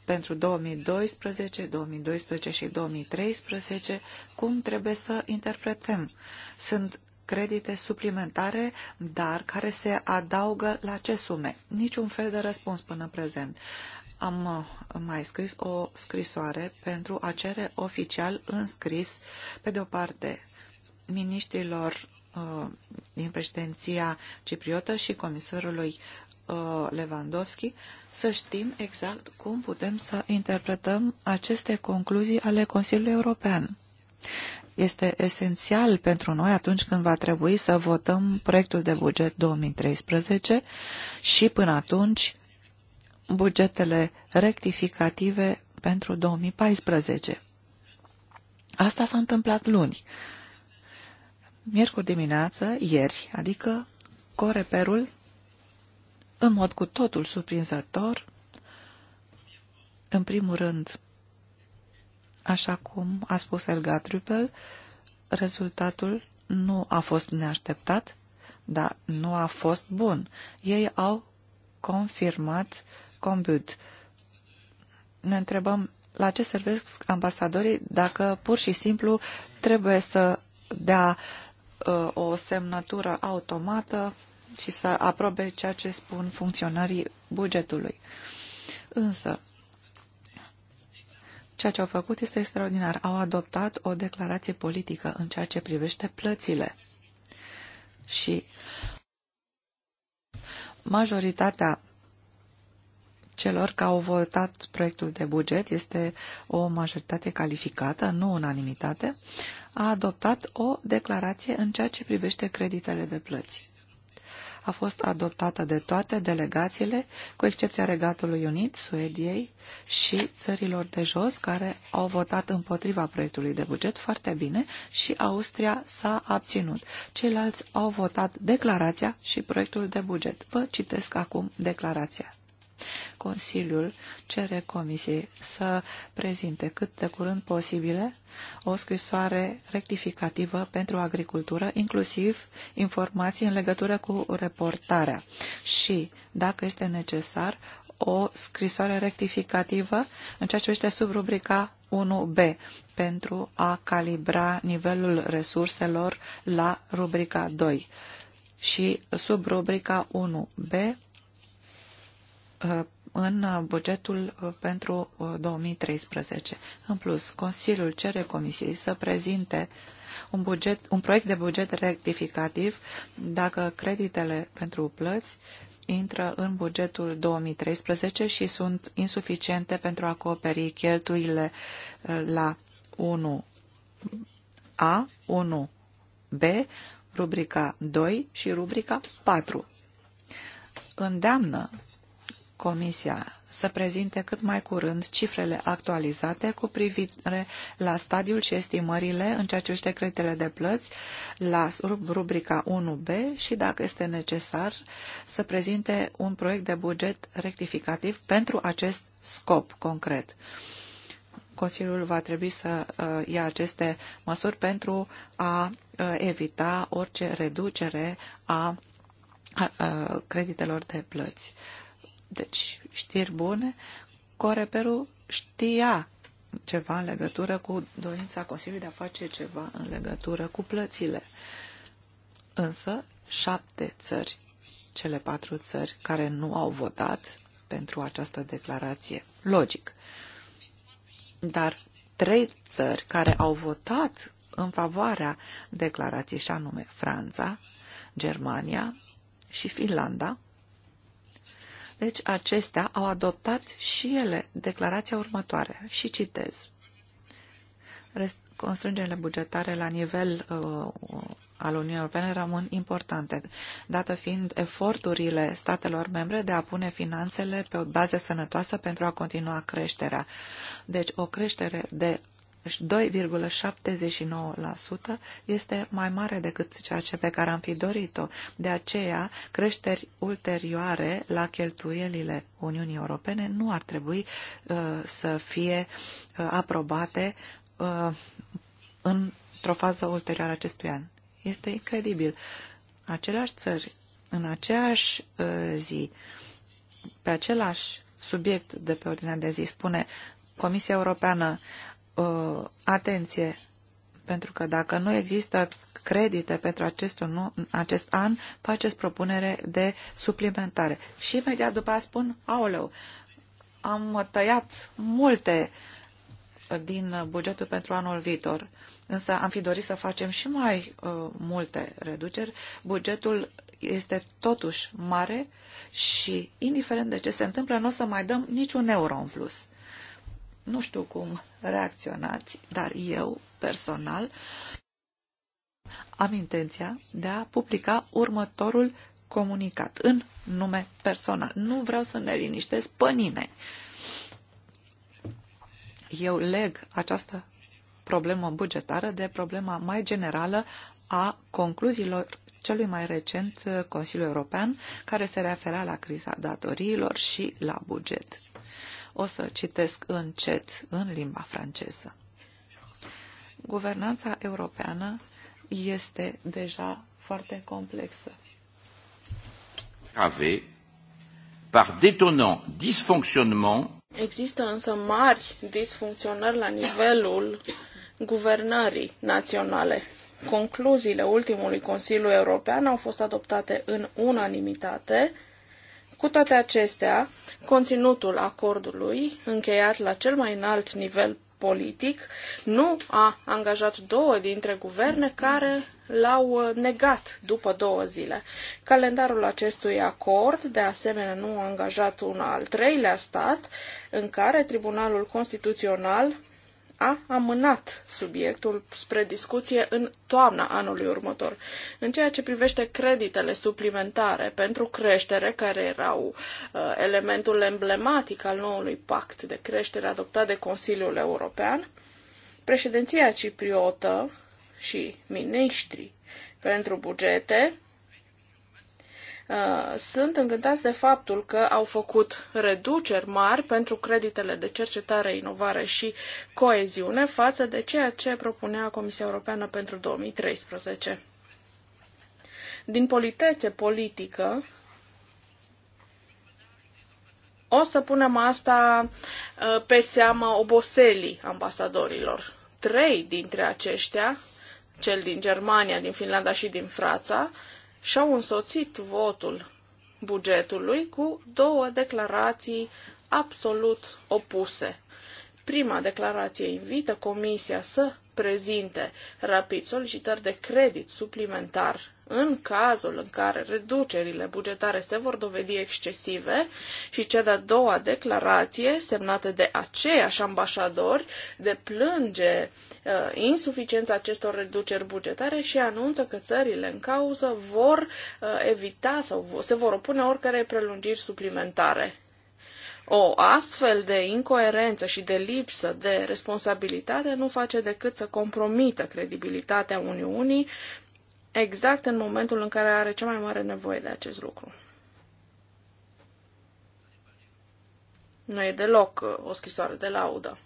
Speaker 2: pentru 2012, 2012 și 2013, cum trebuie să interpretăm. Sunt credite suplimentare, dar care se adaugă la ce sume? Niciun fel de răspuns până prezent. Am uh, mai scris o scrisoare pentru a cere oficial înscris, pe de o parte, miniștrilor uh, din președinția cipriotă și comisarului uh, Lewandowski să știm exact cum putem să interpretăm aceste concluzii ale Consiliului European este esențial pentru noi atunci când va trebui să votăm proiectul de buget 2013 și până atunci bugetele rectificative pentru 2014. Asta s-a întâmplat luni. Miercuri dimineață, ieri, adică coreperul, în mod cu totul surprinzător, în primul rând, Așa cum a spus Elga Trupel, rezultatul nu a fost neașteptat, dar nu a fost bun. Ei au confirmat combut. Ne întrebăm la ce servesc ambasadorii dacă pur și simplu trebuie să dea uh, o semnătură automată și să aprobe ceea ce spun funcționarii bugetului. Însă, Ceea ce au făcut este extraordinar. Au adoptat o declarație politică în ceea ce privește plățile. Și majoritatea celor care au votat proiectul de buget, este o majoritate calificată, nu unanimitate, a adoptat o declarație în ceea ce privește creditele de plăți a fost adoptată de toate delegațiile, cu excepția Regatului Unit, Suediei și țărilor de jos, care au votat împotriva proiectului de buget foarte bine și Austria s-a abținut. Ceilalți au votat declarația și proiectul de buget. Vă citesc acum declarația. Consiliul cere Comisiei să prezinte cât de curând posibile o scrisoare rectificativă pentru agricultură, inclusiv informații în legătură cu reportarea și, dacă este necesar, o scrisoare rectificativă în ceea ce este sub rubrica 1B pentru a calibra nivelul resurselor la rubrica 2 și sub rubrica 1B Uh, în bugetul uh, pentru 2013. Uh, în plus, Consiliul cere Comisiei să prezinte un, buget, un proiect de buget rectificativ dacă creditele pentru plăți intră în bugetul 2013 și sunt insuficiente pentru a acoperi cheltuile la 1A, 1B, rubrica 2 și rubrica 4. Îndeamnă Comisia să prezinte cât mai curând cifrele actualizate cu privire la stadiul și estimările în ceea ce privește creditele de plăți la rubrica 1B și, dacă este necesar, să prezinte un proiect de buget rectificativ pentru acest scop concret. Consiliul va trebui să uh, ia aceste măsuri pentru a uh, evita orice reducere a uh, creditelor de plăți. Deci, știri bune, Coreperul știa ceva în legătură cu dorința Consiliului de a face ceva în legătură cu plățile. Însă, șapte țări, cele patru țări care nu au votat pentru această declarație. Logic. Dar trei țări care au votat în favoarea declarației, și anume Franța, Germania și Finlanda, deci acestea au adoptat și ele declarația următoare și citez. Constrângerile bugetare la nivel uh, al Uniunii Europene rămân importante, dată fiind eforturile statelor membre de a pune finanțele pe o bază sănătoasă pentru a continua creșterea. Deci o creștere de 2,79% deci este mai mare decât ceea ce pe care am fi dorit-o. De aceea, creșteri ulterioare la cheltuielile Uniunii Europene nu ar trebui uh, să fie uh, aprobate uh, într-o fază ulterioară acestui an. Este incredibil. Aceleași țări, în aceeași uh, zi, pe același subiect de pe ordinea de zi, spune Comisia Europeană uh, atenție, pentru că dacă nu există credite pentru acest, un, acest an, faceți propunere de suplimentare. Și imediat după aia spun, aoleu, am tăiat multe din bugetul pentru anul viitor, însă am fi dorit să facem și mai uh, multe reduceri. Bugetul este totuși mare și, indiferent de ce se întâmplă, nu o să mai dăm niciun euro în plus. Nu știu cum reacționați, dar eu, personal, am intenția de a publica următorul comunicat în nume personal. Nu vreau să ne liniștesc pe nimeni. Eu leg această problemă bugetară de problema mai generală a concluziilor celui mai recent uh, Consiliu European, care se referea la criza datoriilor și la buget. O să citesc încet în limba franceză. Guvernanța europeană este deja foarte complexă.
Speaker 3: Grave par d'étonnants disfuncționament. Există însă mari disfuncționări la nivelul guvernării naționale. Concluziile ultimului Consiliu European au fost adoptate în unanimitate cu toate acestea, conținutul acordului, încheiat la cel mai înalt nivel politic, nu a angajat două dintre guverne care l-au uh, negat după două zile. Calendarul acestui acord, de asemenea, nu a angajat un al treilea stat în care Tribunalul Constituțional a amânat subiectul spre discuție în toamna anului următor. În ceea ce privește creditele suplimentare pentru creștere, care erau uh, elementul emblematic al noului pact de creștere adoptat de Consiliul European, președinția cipriotă și miniștrii pentru bugete Uh, sunt încântați de faptul că au făcut reduceri mari pentru creditele de cercetare, inovare și coeziune față de ceea ce propunea Comisia Europeană pentru 2013. Din politețe politică, o să punem asta uh, pe seama oboselii ambasadorilor. Trei dintre aceștia, cel din Germania, din Finlanda și din Franța, și-au însoțit votul bugetului cu două declarații absolut opuse. Prima declarație invită Comisia să prezinte rapid solicitări de credit suplimentar în cazul în care reducerile bugetare se vor dovedi excesive și cea de-a doua declarație semnată de aceiași ambasadori deplânge uh, insuficiența acestor reduceri bugetare și anunță că țările în cauză vor uh, evita sau se vor opune oricărei prelungiri suplimentare. O astfel de incoerență și de lipsă de responsabilitate nu face decât să compromită credibilitatea Uniunii exact în momentul în care are cea mai mare nevoie de acest lucru. Nu e deloc uh, o scrisoare de laudă.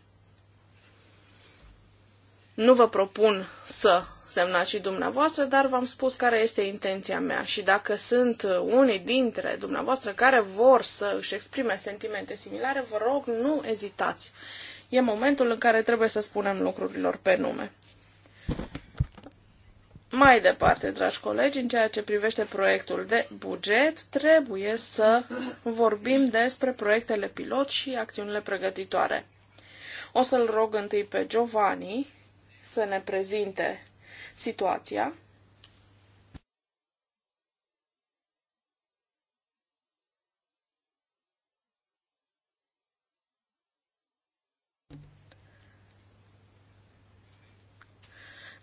Speaker 3: Nu vă propun să semnați și dumneavoastră, dar v-am spus care este intenția mea și dacă sunt uh, unii dintre dumneavoastră care vor să își exprime sentimente similare, vă rog, nu ezitați. E momentul în care trebuie să spunem lucrurilor pe nume. Mai departe, dragi colegi, în ceea ce privește proiectul de buget, trebuie să vorbim despre proiectele pilot și acțiunile pregătitoare. O să-l rog întâi pe Giovanni să ne prezinte situația.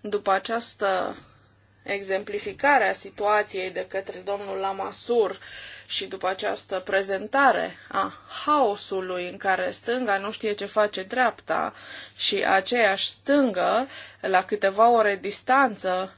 Speaker 3: După această exemplificarea situației de către domnul Lamasur și după această prezentare a haosului în care stânga nu știe ce face dreapta și aceeași stângă, la câteva ore distanță,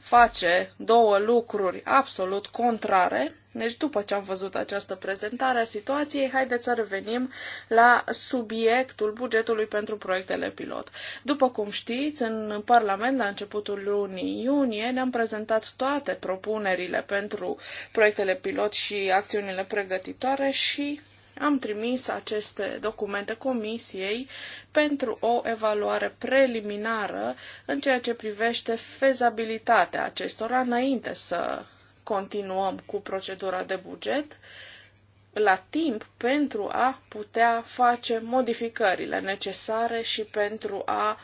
Speaker 3: face două lucruri absolut contrare, deci, după ce am văzut această prezentare a situației, haideți să revenim la subiectul bugetului pentru proiectele pilot. După cum știți, în Parlament, la începutul lunii iunie, ne-am prezentat toate propunerile pentru proiectele pilot și acțiunile pregătitoare și am trimis aceste documente comisiei pentru o evaluare preliminară în ceea ce privește fezabilitatea acestora înainte să continuăm cu procedura de buget la timp pentru a putea face modificările necesare și pentru a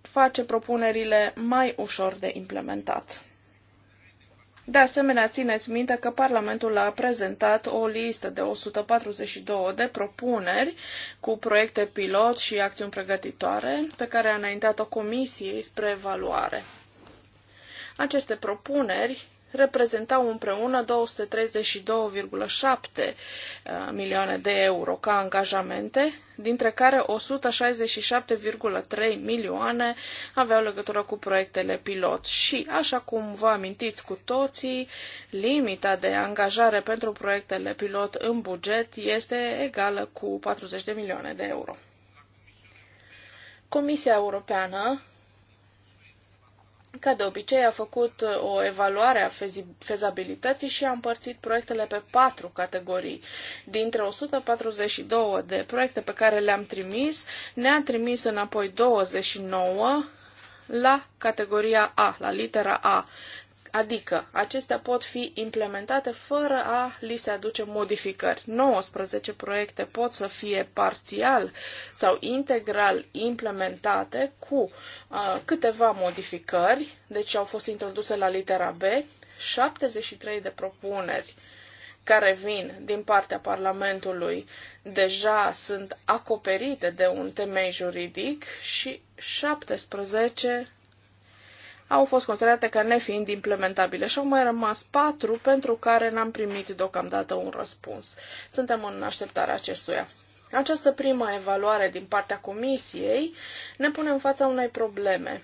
Speaker 3: face propunerile mai ușor de implementat. De asemenea, țineți minte că Parlamentul a prezentat o listă de 142 de propuneri cu proiecte pilot și acțiuni pregătitoare pe care a înaintat-o Comisiei spre evaluare. Aceste propuneri reprezentau împreună 232,7 uh, milioane de euro ca angajamente, dintre care 167,3 milioane aveau legătură cu proiectele pilot. Și, așa cum vă amintiți cu toții, limita de angajare pentru proiectele pilot în buget este egală cu 40 de milioane de euro. Comisia Europeană ca de obicei, a făcut uh, o evaluare a fezabilității și a împărțit proiectele pe patru categorii. Dintre 142 de proiecte pe care le-am trimis, ne-a trimis înapoi 29 la categoria A, la litera A, Adică, acestea pot fi implementate fără a li se aduce modificări. 19 proiecte pot să fie parțial sau integral implementate cu uh, câteva modificări, deci au fost introduse la litera B, 73 de propuneri care vin din partea Parlamentului deja sunt acoperite de un temei juridic și 17 au fost considerate ca nefiind implementabile și au mai rămas patru pentru care n-am primit deocamdată un răspuns. Suntem în așteptarea acestuia. Această primă evaluare din partea Comisiei ne pune în fața unei probleme.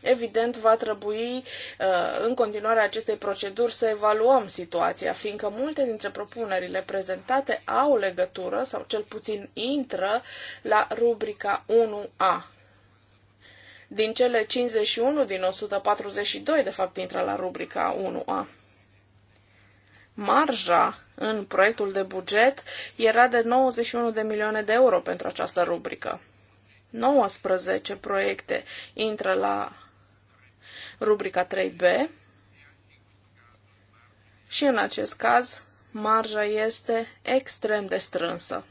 Speaker 3: Evident, va trebui uh, în continuarea acestei proceduri să evaluăm situația, fiindcă multe dintre propunerile prezentate au legătură sau cel puțin intră la rubrica 1A din cele 51 din 142, de fapt, intră la rubrica 1A. Marja în proiectul de buget era de 91 de milioane de euro pentru această rubrică. 19 proiecte intră la rubrica 3B și în acest caz marja este extrem de strânsă.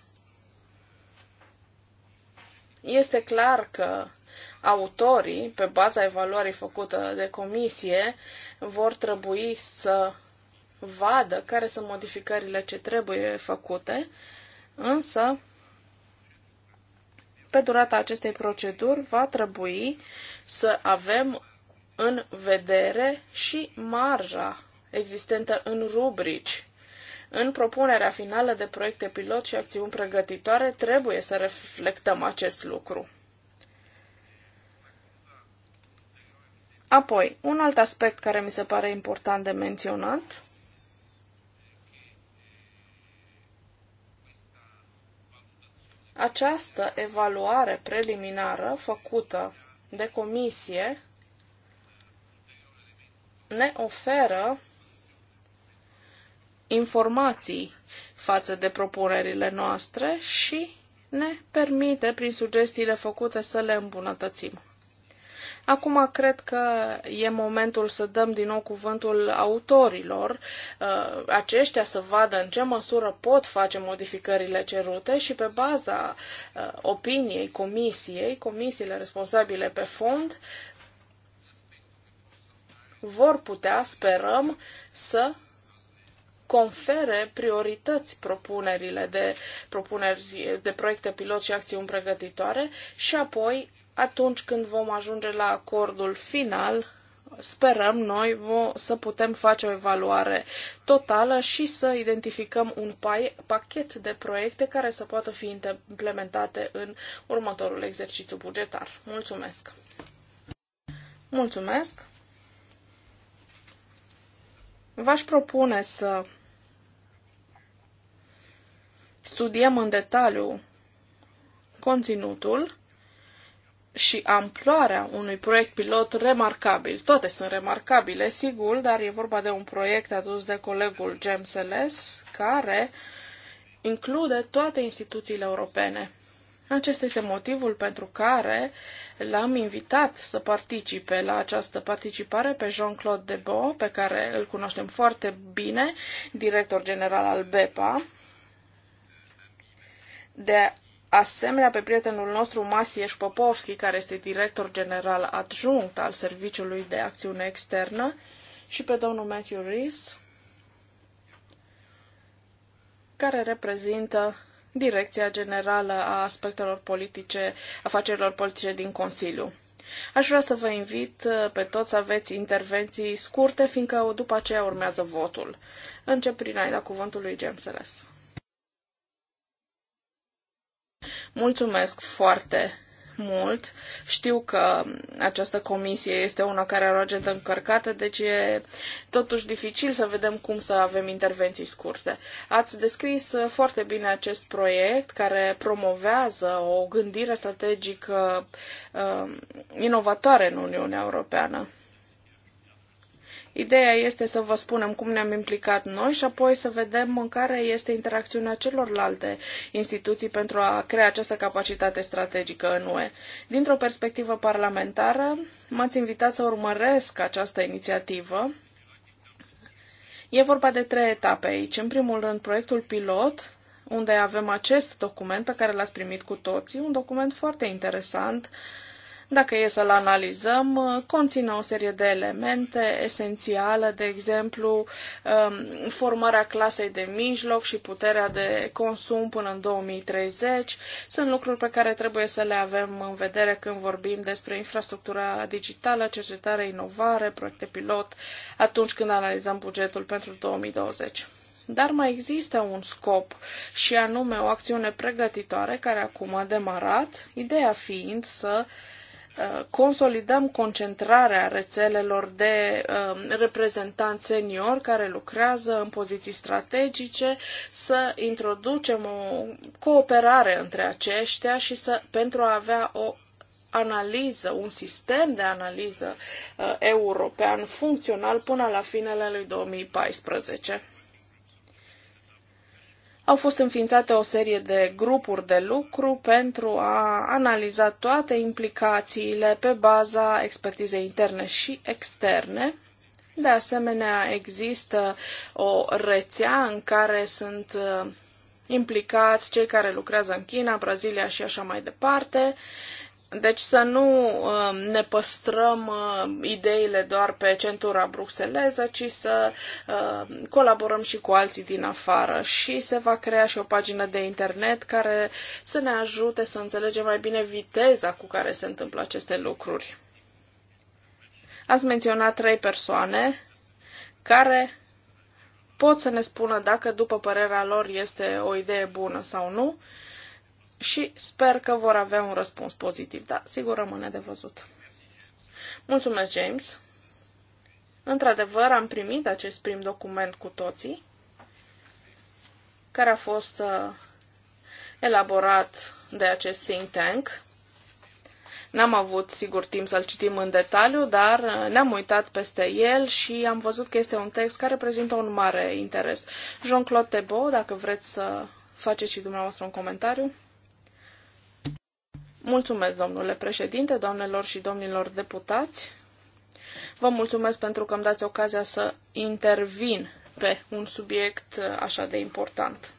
Speaker 3: Este clar că autorii, pe baza evaluării făcută de comisie, vor trebui să vadă care sunt modificările ce trebuie făcute, însă pe durata acestei proceduri va trebui să avem în vedere și marja existentă în rubrici. În propunerea finală de proiecte pilot și acțiuni pregătitoare trebuie să reflectăm acest lucru. Apoi, un alt aspect care mi se pare important de menționat Această evaluare preliminară făcută de comisie ne oferă informații față de propunerile noastre și ne permite, prin sugestiile făcute, să le îmbunătățim. Acum cred că e momentul să dăm din nou cuvântul autorilor, uh, aceștia să vadă în ce măsură pot face modificările cerute și pe baza uh, opiniei comisiei, comisiile responsabile pe fond, vor putea, sperăm, să confere priorități propunerile de, propuneri, de proiecte pilot și acțiuni pregătitoare și apoi atunci când vom ajunge la acordul final, sperăm noi să putem face o evaluare totală și să identificăm un pachet de proiecte care să poată fi implementate în următorul exercițiu bugetar. Mulțumesc! Mulțumesc! V-aș propune să studiem în detaliu conținutul și amploarea unui proiect pilot remarcabil. Toate sunt remarcabile, sigur, dar e vorba de un proiect adus de colegul James Ellis, care include toate instituțiile europene. Acesta este motivul pentru care l-am invitat să participe la această participare pe Jean-Claude Debo, pe care îl cunoaștem foarte bine, director general al BEPA. De asemenea pe prietenul nostru Masieș Popovski, care este director general adjunct al Serviciului de Acțiune Externă, și pe domnul Matthew Rees, care reprezintă Direcția Generală a Aspectelor Politice, Afacerilor Politice din Consiliu. Aș vrea să vă invit uh, pe toți să aveți intervenții scurte, fiindcă după aceea urmează votul. Încep prin aida cuvântului cuvântul lui James Ress. Mulțumesc foarte mult. Știu că această comisie este una care are o agenda încărcată, deci e totuși dificil să vedem cum să avem intervenții scurte. Ați descris foarte bine acest proiect care promovează o gândire strategică uh, inovatoare în Uniunea Europeană. Ideea este să vă spunem cum ne-am implicat noi și apoi să vedem în care este interacțiunea celorlalte instituții pentru a crea această capacitate strategică în UE. Dintr-o perspectivă parlamentară, m-ați invitat să urmăresc această inițiativă. E vorba de trei etape aici. În primul rând, proiectul pilot, unde avem acest document pe care l-ați primit cu toții, un document foarte interesant uh, dacă e să-l analizăm, conține o serie de elemente esențiale, de exemplu, um, formarea clasei de mijloc și puterea de consum până în 2030. Sunt lucruri pe care trebuie să le avem în vedere când vorbim despre infrastructura digitală, cercetare, inovare, proiecte pilot, atunci când analizăm bugetul pentru 2020 dar mai există un scop și anume o acțiune pregătitoare care acum a demarat, ideea fiind să uh, Uh, consolidăm concentrarea rețelelor de um, reprezentanți seniori care lucrează în poziții strategice, să introducem o cooperare între aceștia și să, pentru a avea o analiză, un sistem de analiză uh, european funcțional până la finele lui 2014. Au fost înființate o serie de grupuri de lucru pentru a analiza toate implicațiile pe baza expertizei interne și externe. De asemenea, există o rețea în care sunt uh, implicați cei care lucrează în China, Brazilia și așa mai departe. Deci să nu um, ne păstrăm um, ideile doar pe centura bruxeleză, ci să um, colaborăm și cu alții din afară și se va crea și o pagină de internet care să ne ajute să înțelegem mai bine viteza cu care se întâmplă aceste lucruri. Ați menționat trei persoane care pot să ne spună dacă, după părerea lor, este o idee bună sau nu și sper că vor avea un răspuns pozitiv, dar sigur rămâne de văzut. Mulțumesc, James! Într-adevăr, am primit acest prim document cu toții, care a fost uh, elaborat de acest think tank. N-am avut, sigur, timp să-l citim în detaliu, dar uh, ne-am uitat peste el și am văzut că este un text care prezintă un mare interes. Jean-Claude Thébault, dacă vreți să faceți și dumneavoastră un comentariu. Mulțumesc, domnule președinte, doamnelor și domnilor deputați. Vă mulțumesc pentru că îmi dați ocazia să intervin pe un subiect așa de important.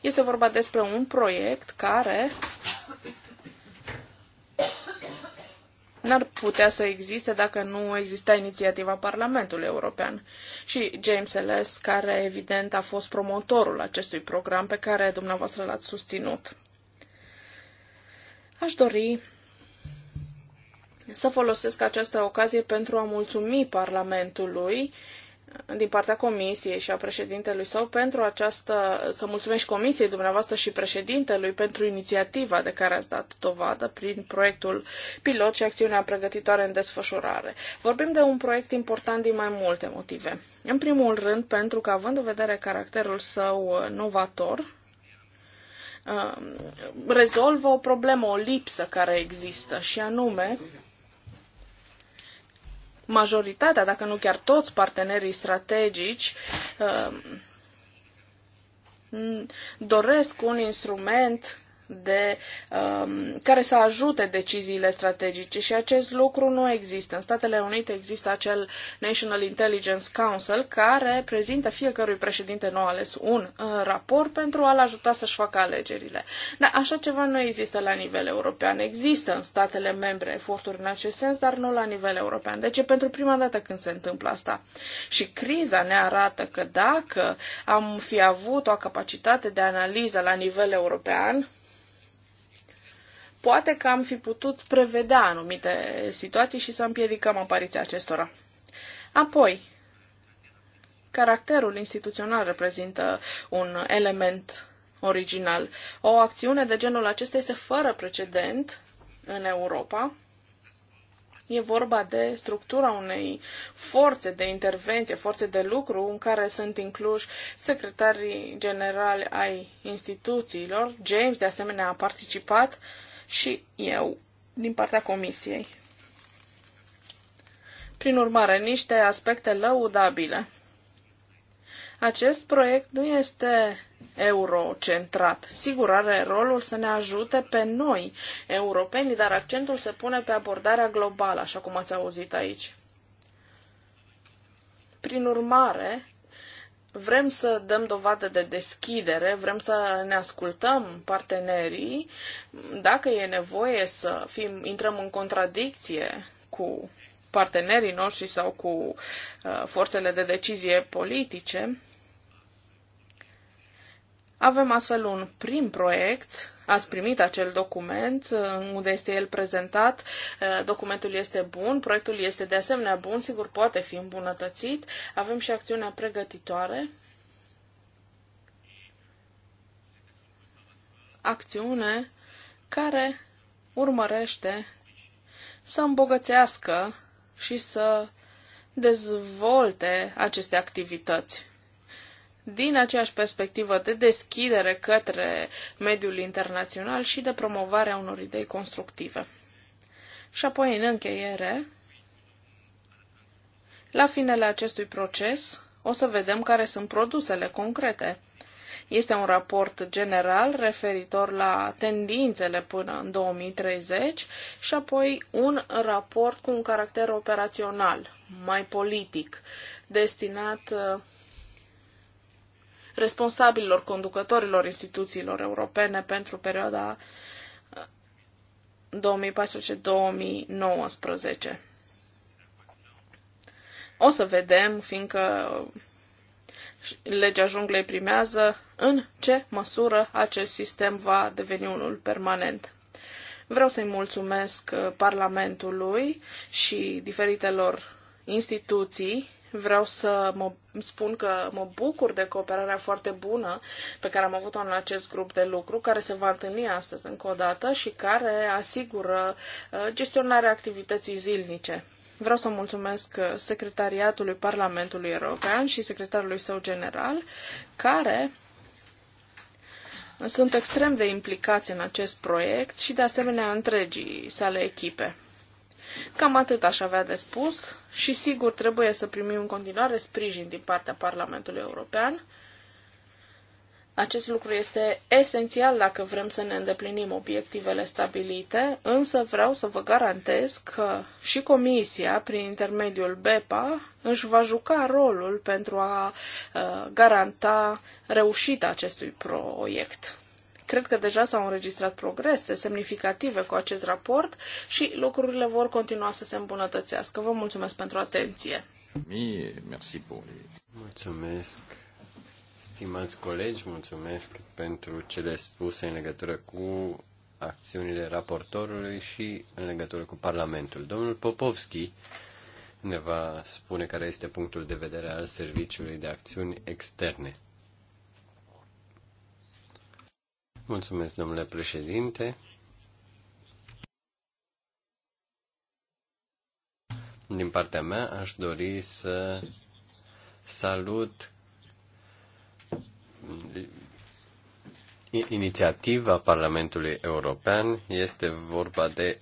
Speaker 3: Este vorba despre un proiect care n-ar putea să existe dacă nu exista inițiativa Parlamentului European. Și James Ellis, care evident a fost promotorul acestui program pe care dumneavoastră l-ați susținut. Aș dori să folosesc această ocazie pentru a mulțumi Parlamentului din partea Comisiei și a președintelui său pentru această, să mulțumesc Comisiei dumneavoastră și președintelui pentru inițiativa de care ați dat dovadă prin proiectul pilot și acțiunea pregătitoare în desfășurare. Vorbim de un proiect important din mai multe motive. În primul rând, pentru că având în vedere caracterul său novator, Um, rezolvă o problemă, o lipsă care există și anume majoritatea, dacă nu chiar toți partenerii strategici um, doresc un instrument de um, care să ajute deciziile strategice și acest lucru nu există. În Statele Unite există acel National Intelligence Council care prezintă fiecărui președinte nou ales un uh, raport pentru a-l ajuta să-și facă alegerile. Dar așa ceva nu există la nivel european. Există în statele membre eforturi în acest sens, dar nu la nivel european. Deci e pentru prima dată când se întâmplă asta. Și criza ne arată că dacă am fi avut o capacitate de analiză la nivel european, Poate că am fi putut prevedea anumite situații și să împiedicăm apariția acestora. Apoi, caracterul instituțional reprezintă un element original. O acțiune de genul acesta este fără precedent în Europa. E vorba de structura unei forțe de intervenție, forțe de lucru, în care sunt incluși secretarii generali ai instituțiilor. James, de asemenea, a participat uh, și eu din partea comisiei. Prin urmare, niște aspecte lăudabile. Acest proiect nu este eurocentrat. Sigur, are rolul să ne ajute pe noi, europenii, dar accentul se pune pe abordarea globală, așa cum ați auzit aici. Prin urmare, vrem să dăm dovadă de deschidere, vrem să ne ascultăm partenerii, dacă e nevoie să fim, intrăm în contradicție cu partenerii noștri sau cu uh, forțele de decizie politice. Avem astfel un prim proiect ați primit acel document uh, unde este el prezentat. Uh, documentul este bun, proiectul este de asemenea bun, sigur poate fi îmbunătățit. Avem și acțiunea pregătitoare. Acțiune care urmărește să îmbogățească și să dezvolte aceste activități din aceeași perspectivă de deschidere către mediul internațional și de promovarea unor idei constructive. Și apoi, în încheiere, la finele acestui proces, o să vedem care sunt produsele concrete. Este un raport general referitor la tendințele până în 2030 și apoi un raport cu un caracter operațional, mai politic, destinat uh, responsabililor, conducătorilor instituțiilor europene pentru perioada 2014-2019. Uh, o să vedem, fiindcă legea junglei primează, în ce măsură acest sistem va deveni unul permanent. Vreau să-i mulțumesc uh, Parlamentului și diferitelor instituții Vreau să mă spun că mă bucur de cooperarea foarte bună pe care am avut-o în acest grup de lucru, care se va întâlni astăzi încă o dată și care asigură uh, gestionarea activității zilnice. Vreau să mulțumesc uh, Secretariatului Parlamentului European și Secretarului său general, care sunt extrem de implicați în acest proiect și, de asemenea, întregii sale echipe. Cam atât aș avea de spus și sigur trebuie să primim în continuare sprijin din partea Parlamentului European. Acest lucru este esențial dacă vrem să ne îndeplinim obiectivele stabilite, însă vreau să vă garantez că și Comisia, prin intermediul BEPA, își va juca rolul pentru a uh, garanta reușita acestui proiect. Cred că deja s-au înregistrat progrese semnificative cu acest raport și lucrurile vor continua să se îmbunătățească. Vă mulțumesc pentru atenție.
Speaker 1: Mulțumesc, stimați colegi, mulțumesc pentru cele spuse în legătură cu acțiunile raportorului și în legătură cu Parlamentul. Domnul Popovski ne va spune care este punctul de vedere al Serviciului de Acțiuni Externe. Mulțumesc, domnule președinte. Din partea mea, aș dori să salut inițiativa Parlamentului European. Este vorba de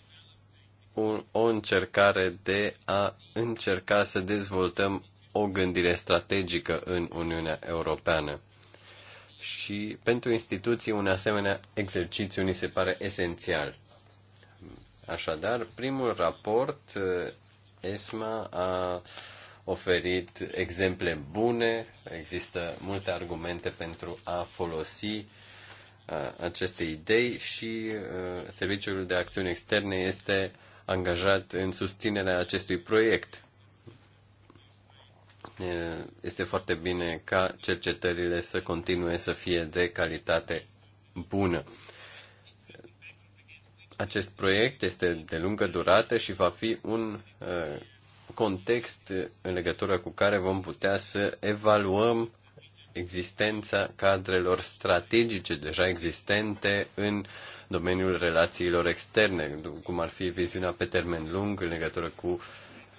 Speaker 1: un, o încercare de a încerca să dezvoltăm o gândire strategică în Uniunea Europeană și pentru instituții un asemenea exercițiu ni se pare esențial. Așadar, primul raport, eh, ESMA a oferit exemple bune, există multe argumente pentru a folosi eh, aceste idei și eh, Serviciul de Acțiuni Externe este angajat în susținerea acestui proiect este foarte bine ca cercetările să continue să fie de calitate bună. Acest proiect este de lungă durată și va fi un context în legătură cu care vom putea să evaluăm existența cadrelor strategice deja existente în domeniul relațiilor externe, cum ar fi viziunea pe termen lung în legătură cu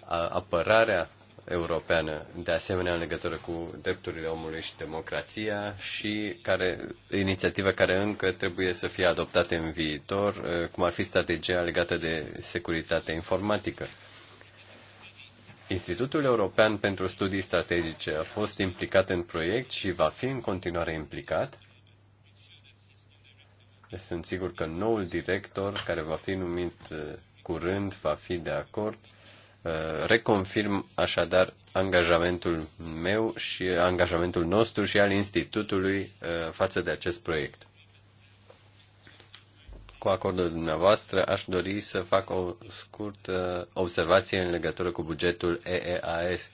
Speaker 1: apărarea europeană, de asemenea în legătură cu drepturile omului și democrația și care, inițiativă care încă trebuie să fie adoptată în viitor, uh, cum ar fi strategia legată de securitatea informatică. Institutul European pentru Studii Strategice a fost implicat în proiect și va fi în continuare implicat. Sunt sigur că noul director, care va fi numit uh, curând, va fi de acord Eh, reconfirm așadar angajamentul meu și eh, angajamentul nostru și al Institutului eh, față de acest proiect. Cu acordul dumneavoastră, aș dori să fac o scurtă observație în legătură cu bugetul EEAS.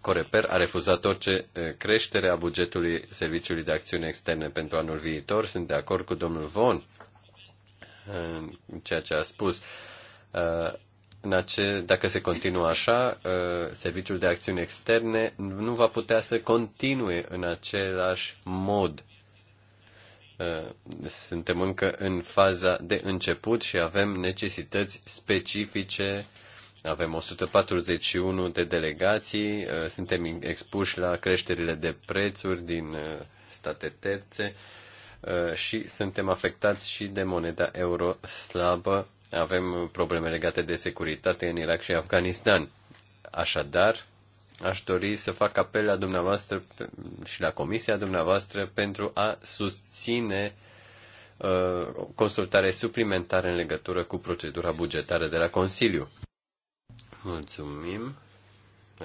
Speaker 1: Coreper a refuzat orice creștere a bugetului Serviciului de Acțiune Externe pentru anul viitor. Sunt de acord cu domnul Von Uh, ceea ce a spus. Uh, în ace- dacă se continuă așa, uh, Serviciul de Acțiuni Externe nu va putea să continue în același mod. Suntem încă în faza de început și avem necesități specifice avem 141 de delegații, suntem expuși la creșterile de prețuri din state terțe Uh, și suntem afectați și de moneda euro slabă. Avem probleme legate de securitate în Irak și Afganistan. Așadar, aș dori să fac apel la dumneavoastră și la comisia dumneavoastră pentru a susține uh, consultare suplimentară în legătură cu procedura bugetară de la Consiliu. Mulțumim.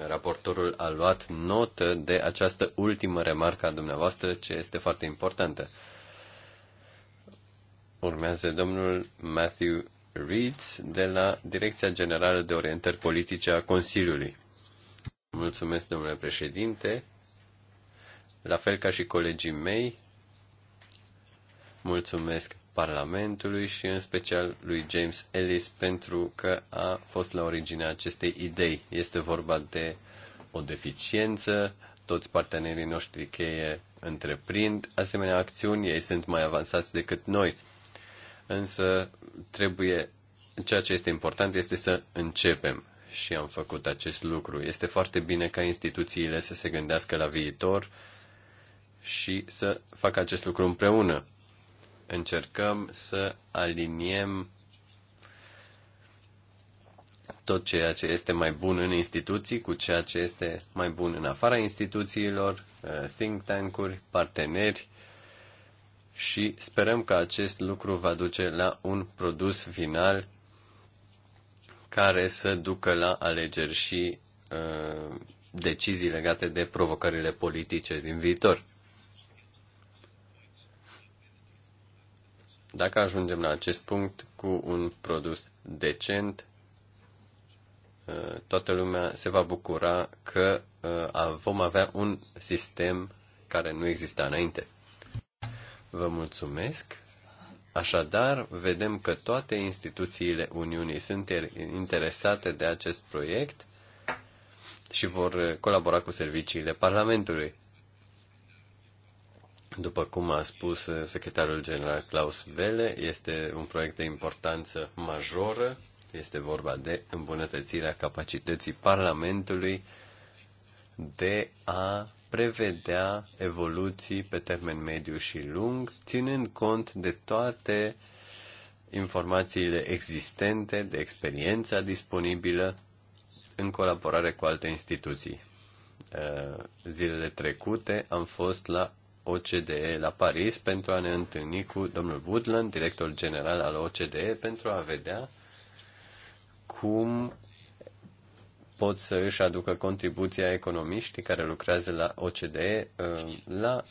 Speaker 1: Raportorul a luat notă de această ultimă remarcă a dumneavoastră, ce este foarte importantă. Urmează domnul Matthew Reeds de la Direcția Generală de Orientări Politice a Consiliului. Mulțumesc, domnule președinte. La fel ca și colegii mei, mulțumesc Parlamentului și în special lui James Ellis pentru că a fost la originea acestei idei. Este vorba de o deficiență, toți partenerii noștri cheie întreprind asemenea acțiuni, ei sunt mai avansați decât noi însă trebuie, ceea ce este important este să începem și am făcut acest lucru. Este foarte bine ca instituțiile să se gândească la viitor și să facă acest lucru împreună. Încercăm să aliniem tot ceea ce este mai bun în instituții cu ceea ce este mai bun în afara instituțiilor, uh, think tank-uri, parteneri și sperăm că acest lucru va duce la un produs final care să ducă la alegeri și uh, decizii legate de provocările politice din viitor. Dacă ajungem la acest punct cu un produs decent, uh, toată lumea se va bucura că uh, vom avea un sistem care nu exista înainte. Vă mulțumesc. Așadar, vedem că toate instituțiile Uniunii sunt er- interesate de acest proiect și vor colabora cu serviciile Parlamentului. După cum a spus secretarul general Klaus Welle, este un proiect de importanță majoră. Este vorba de îmbunătățirea capacității Parlamentului de a prevedea evoluții pe termen mediu și lung, ținând cont de toate informațiile existente, de experiența disponibilă în colaborare cu alte instituții. Uh, zilele trecute am fost la OCDE la Paris pentru a ne întâlni cu domnul Woodland, director general al OCDE, pentru a vedea cum pot să își aducă contribuția economiștii care lucrează la OCDE uh, la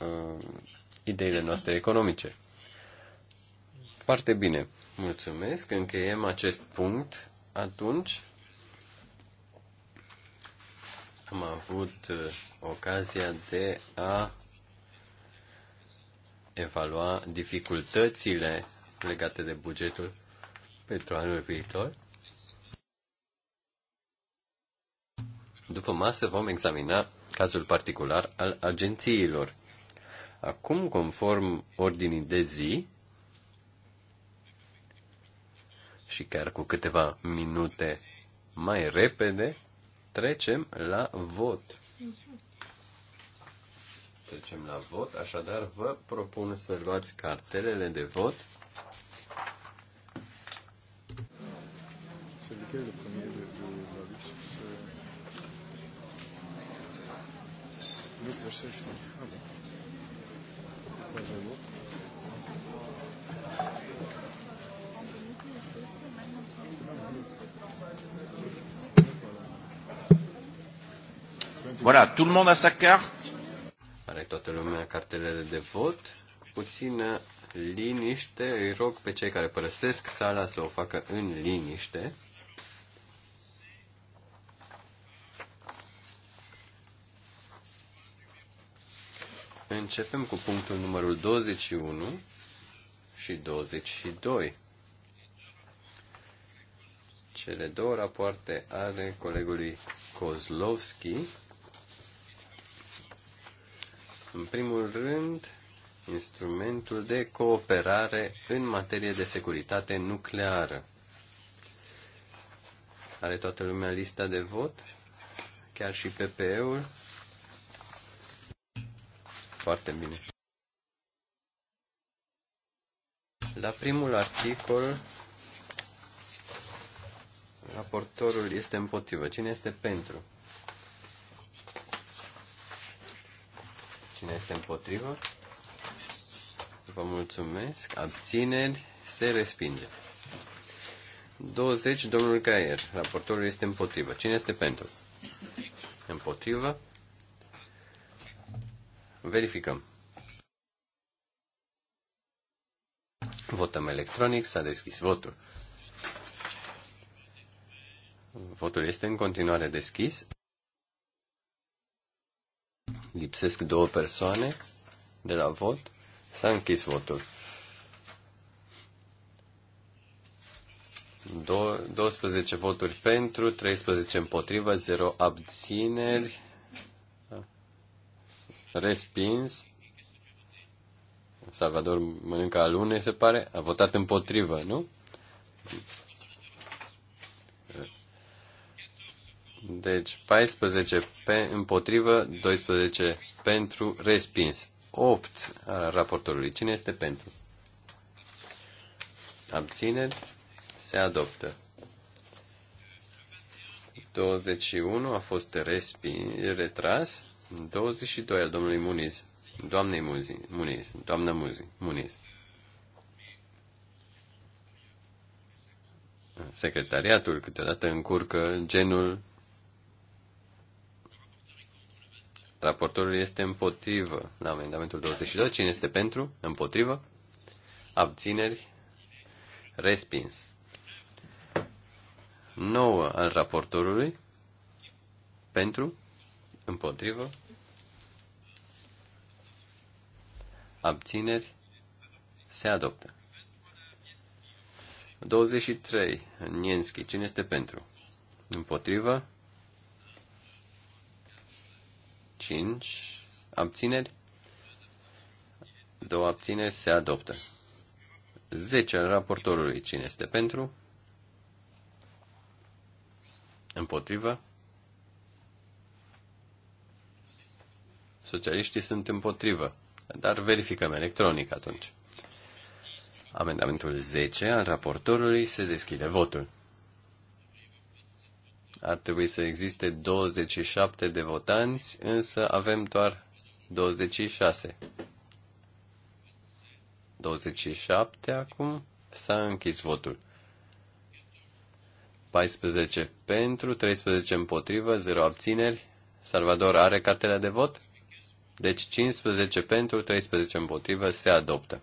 Speaker 1: uh, ideile noastre economice. Foarte bine. Mulțumesc. Încheiem acest punct. Atunci am avut uh, ocazia de a evalua dificultățile legate de bugetul pentru anul viitor. După masă vom examina cazul particular al agențiilor. Acum, conform ordinii de zi, și chiar cu câteva minute mai repede, trecem la vot. Trecem la vot, așadar vă propun să luați cartelele de vot. Să nuclear safety. Voilà, tout le monde a sa carte. Are toată lumea cartelele de vot. Puțină liniște. Îi rog pe cei care părăsesc sala să o facă în liniște. Începem cu punctul numărul 21 și 22. Cele două rapoarte ale colegului Kozlovski. În primul rând, instrumentul de cooperare în materie de securitate nucleară. Are toată lumea lista de vot? Chiar și PPE-ul? foarte bine. La primul articol, raportorul este împotrivă. Cine este pentru? Cine este împotrivă? Vă mulțumesc. Abțineri. Se respinge. 20. Domnul Caier. Raportorul este împotrivă. Cine este pentru? Împotrivă. Verificăm. Votăm electronic, s-a deschis votul. Votul este în continuare deschis. Lipsesc două persoane de la vot. S-a închis votul. 12 voturi pentru, 13 împotrivă, 0 abțineri respins. Salvador mănâncă alune, se pare. A votat împotrivă, nu? Deci 14 pe, împotrivă, 12 pentru, respins. 8 al raportorului. Cine este pentru? Abțineri. Se adoptă. 21 a fost respins, retras. 22 al domnului Muniz. Doamnei Muzi, Muniz. Doamna Muzi, Muniz. Secretariatul câteodată încurcă genul Raportorul este împotrivă la amendamentul 22. Cine este pentru? Împotrivă? Abțineri? Respins. 9 al raportorului. Pentru? Împotrivă. Abțineri. Se adoptă. 23. Nienski. Cine este pentru? Împotrivă. 5. Abțineri. Două abțineri se adoptă. 10 al raportorului. Cine este pentru? Împotrivă? Socialiștii sunt împotrivă, dar verificăm electronic atunci. Amendamentul 10 al raportorului se deschide votul. Ar trebui să existe 27 de votanți, însă avem doar 26. 27 acum s-a închis votul. 14 pentru, 13 împotrivă, 0 abțineri. Salvador are cartela de vot? Deci 15 pentru, 13 împotrivă se adoptă.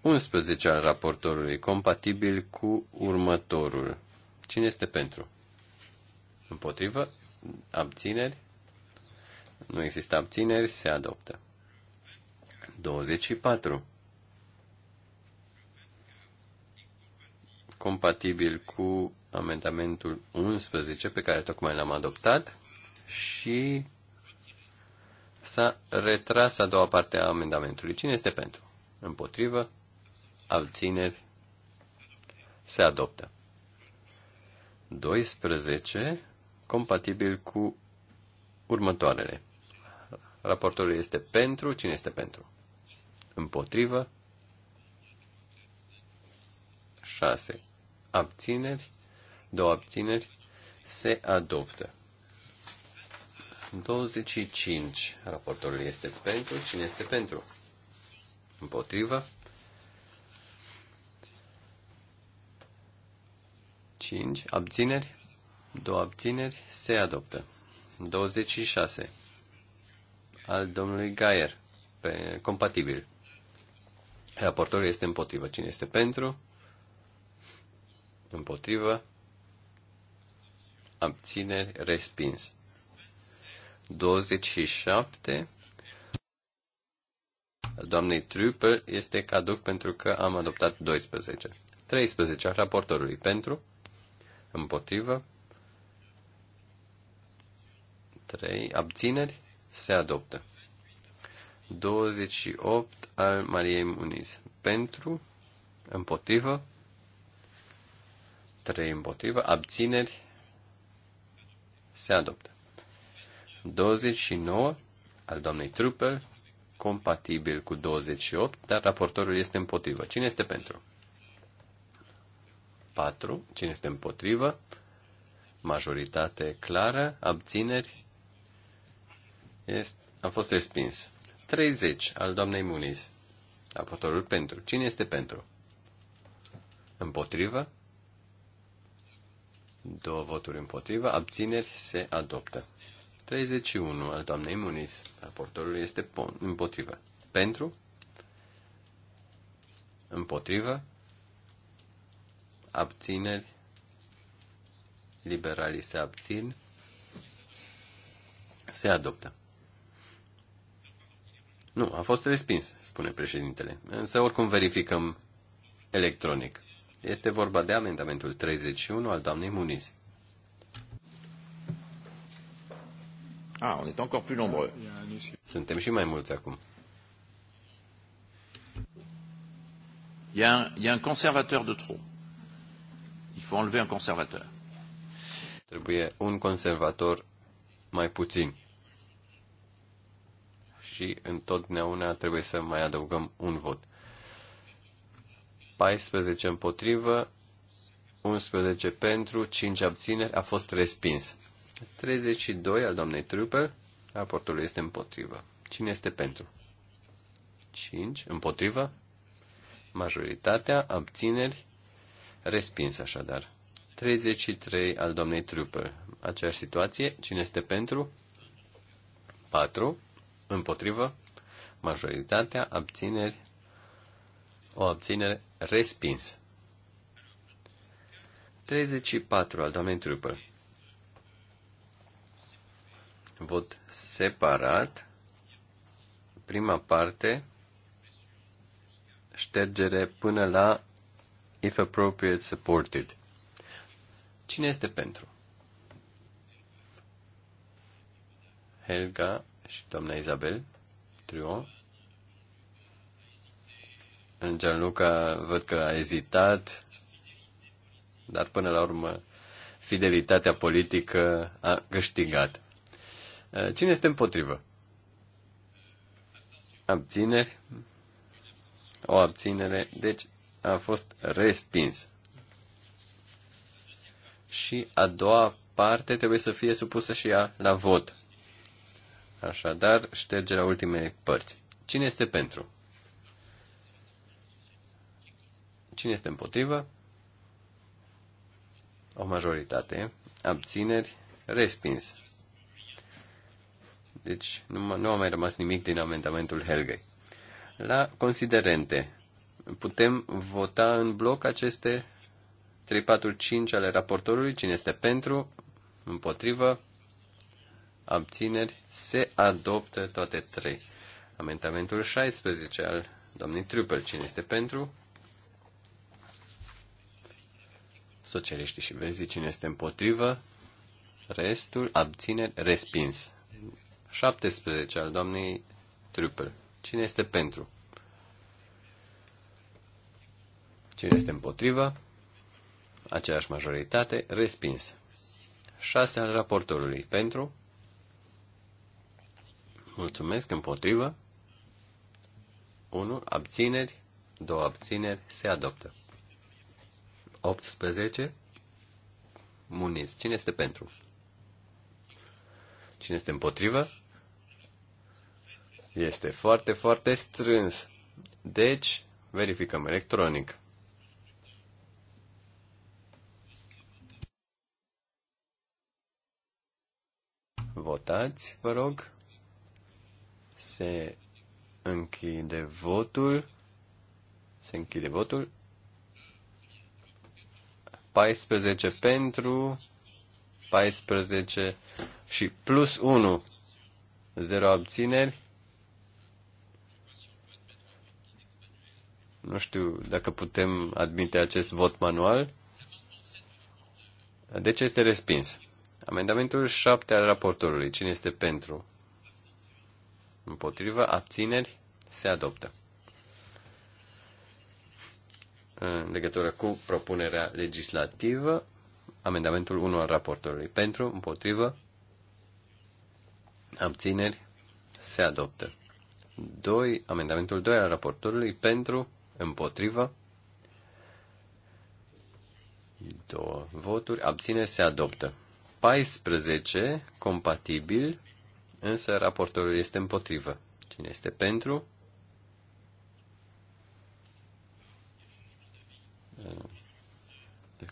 Speaker 1: 11 al raportorului, compatibil cu următorul. Cine este pentru? Împotrivă? Abțineri? Nu există abțineri, se adoptă. 24. Compatibil cu amendamentul 11 pe care tocmai l-am adoptat și S-a retras a doua parte a amendamentului. Cine este pentru? Împotrivă? Abțineri? Se adoptă. 12. Compatibil cu următoarele. Raportorul este pentru. Cine este pentru? Împotrivă? 6. Abțineri? Două abțineri? Se adoptă. 25. Raportorul este pentru. Cine este pentru? Împotrivă. 5. Abțineri. Două abțineri. Se adoptă. 26. Al domnului Gaier. Pe, compatibil. Raportorul este împotrivă. Cine este pentru? Împotrivă. Abțineri. Respins. 27 doamnei Trupel este caduc pentru că am adoptat 12. 13 a raportorului pentru, împotrivă, 3 abțineri, se adoptă. 28 al Mariei Muniz pentru, împotrivă, 3 împotrivă, abțineri, se adoptă. 29 al doamnei Truppel, compatibil cu 28, dar raportorul este împotrivă. Cine este pentru? 4. Cine este împotrivă? Majoritate clară. Abțineri? Este, a fost respins. 30 al doamnei Muniz. Raportorul pentru. Cine este pentru? Împotrivă? Două voturi împotrivă. Abțineri se adoptă. 31 al doamnei Muniz. Raportorul este împotrivă. Pentru? Împotrivă? Abțineri? Liberalii se abțin? Se adoptă. Nu, a fost respins, spune președintele. Însă oricum verificăm electronic. Este vorba de amendamentul 31 al doamnei Munizi. Ah, on est encore plus nombreux. Suntem și mai mulți acum. Il y, a un, il y a un conservateur de trop. Il faut enlever un conservateur. Trebuie un conservator mai puțin. Și întotdeauna trebuie să mai adăugăm un vot. 14 împotrivă, 11 pentru, 5 abțineri, a fost respins. 32 al doamnei Trooper. Raportul este împotrivă. Cine este pentru? 5. Împotrivă? Majoritatea. Abțineri. Respins așadar. 33 al doamnei Trooper. Aceeași situație. Cine este pentru? 4. Împotrivă? Majoritatea. Abțineri. O abținere. Respins. 34 al doamnei Trooper vot separat. Prima parte, ștergere până la if appropriate supported. Cine este pentru? Helga și doamna Isabel Trio. Gianluca văd că a ezitat, dar până la urmă fidelitatea politică a câștigat. Eh, cine este împotrivă? Abțineri. O abținere. Deci a fost respins. Și a doua parte trebuie să fie supusă și ea la vot. Așadar, la ultimele părți. Cine este pentru? Cine este împotrivă? O majoritate. Abțineri. Respins. Deci nu, nu a mai rămas nimic din amendamentul Helgei. La considerente, putem vota în bloc aceste 3, 4, 5 ale raportorului, cine este pentru, împotrivă, abțineri, se adoptă toate trei. Amendamentul 16 al domnului Trupel, cine este pentru, socialiștii și verzii, cine este împotrivă, restul, abțineri, respins. 17 al doamnei Trupel. Cine este pentru? Cine este împotrivă? Aceeași majoritate, respins. 6 al raportorului, pentru? Mulțumesc, împotrivă. 1. Abțineri. 2 abțineri. Se adoptă. 18. Muniz. Cine este pentru? Cine este împotrivă? este foarte, foarte strâns. Deci, verificăm electronic. Votați, vă rog. Se închide votul. Se închide votul. 14 pentru, 14 și plus 1, 0 abțineri. Nu știu dacă putem admite acest vot manual. de Deci este respins. Amendamentul 7 al raportorului. Cine este pentru? Împotrivă? Abțineri? Se adoptă. În legătură cu propunerea legislativă, amendamentul 1 al raportorului. Pentru? Împotrivă? Abțineri? Se adoptă. 2. Amendamentul 2 al raportorului. Pentru? împotrivă, două voturi, Abține, se adoptă. 14, compatibil, însă raportorul este împotrivă. Cine este pentru?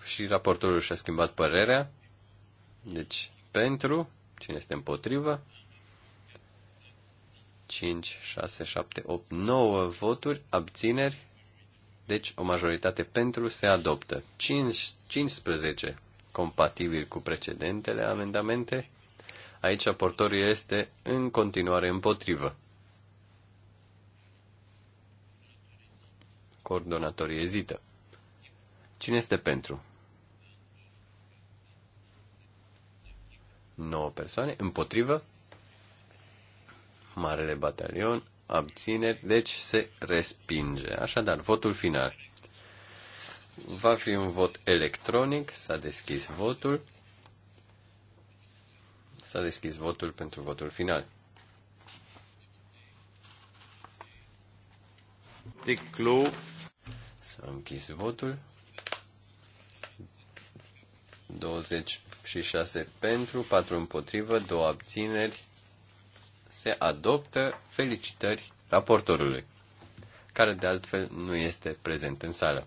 Speaker 1: Și raportorul și-a schimbat părerea. Deci, pentru, cine este împotrivă? 5, 6, 7, 8, 9 voturi, abțineri, deci o majoritate pentru se adoptă. 5, 15 compatibil cu precedentele amendamente. Aici aportorul este în continuare împotrivă. Coordonatorii ezită. Cine este pentru? 9 persoane împotrivă. Marele batalion abțineri, deci se respinge. Așadar, votul final. Va fi un vot electronic, s-a deschis votul. S-a deschis votul pentru votul final. Ticlu. S-a închis votul. 26 pentru, 4 împotrivă, 2 abțineri, se adoptă. Felicitări raportorului, care de altfel nu este prezent în sală.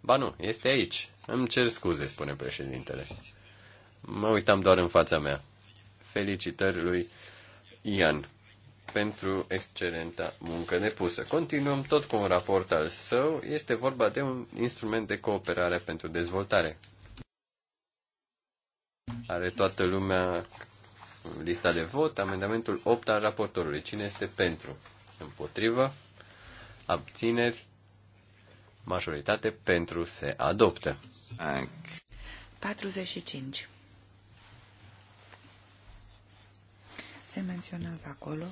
Speaker 1: Ba nu, este aici. Îmi cer scuze, spune președintele. Mă uitam doar în fața mea. Felicitări lui Ian pentru excelenta muncă depusă. Continuăm tot cu un raport al său. Este vorba de un instrument de cooperare pentru dezvoltare. Are toată lumea lista de vot, amendamentul 8 al raportorului. Cine este pentru? Împotrivă? Abțineri? Majoritate pentru se adoptă.
Speaker 2: 45. Se menționează acolo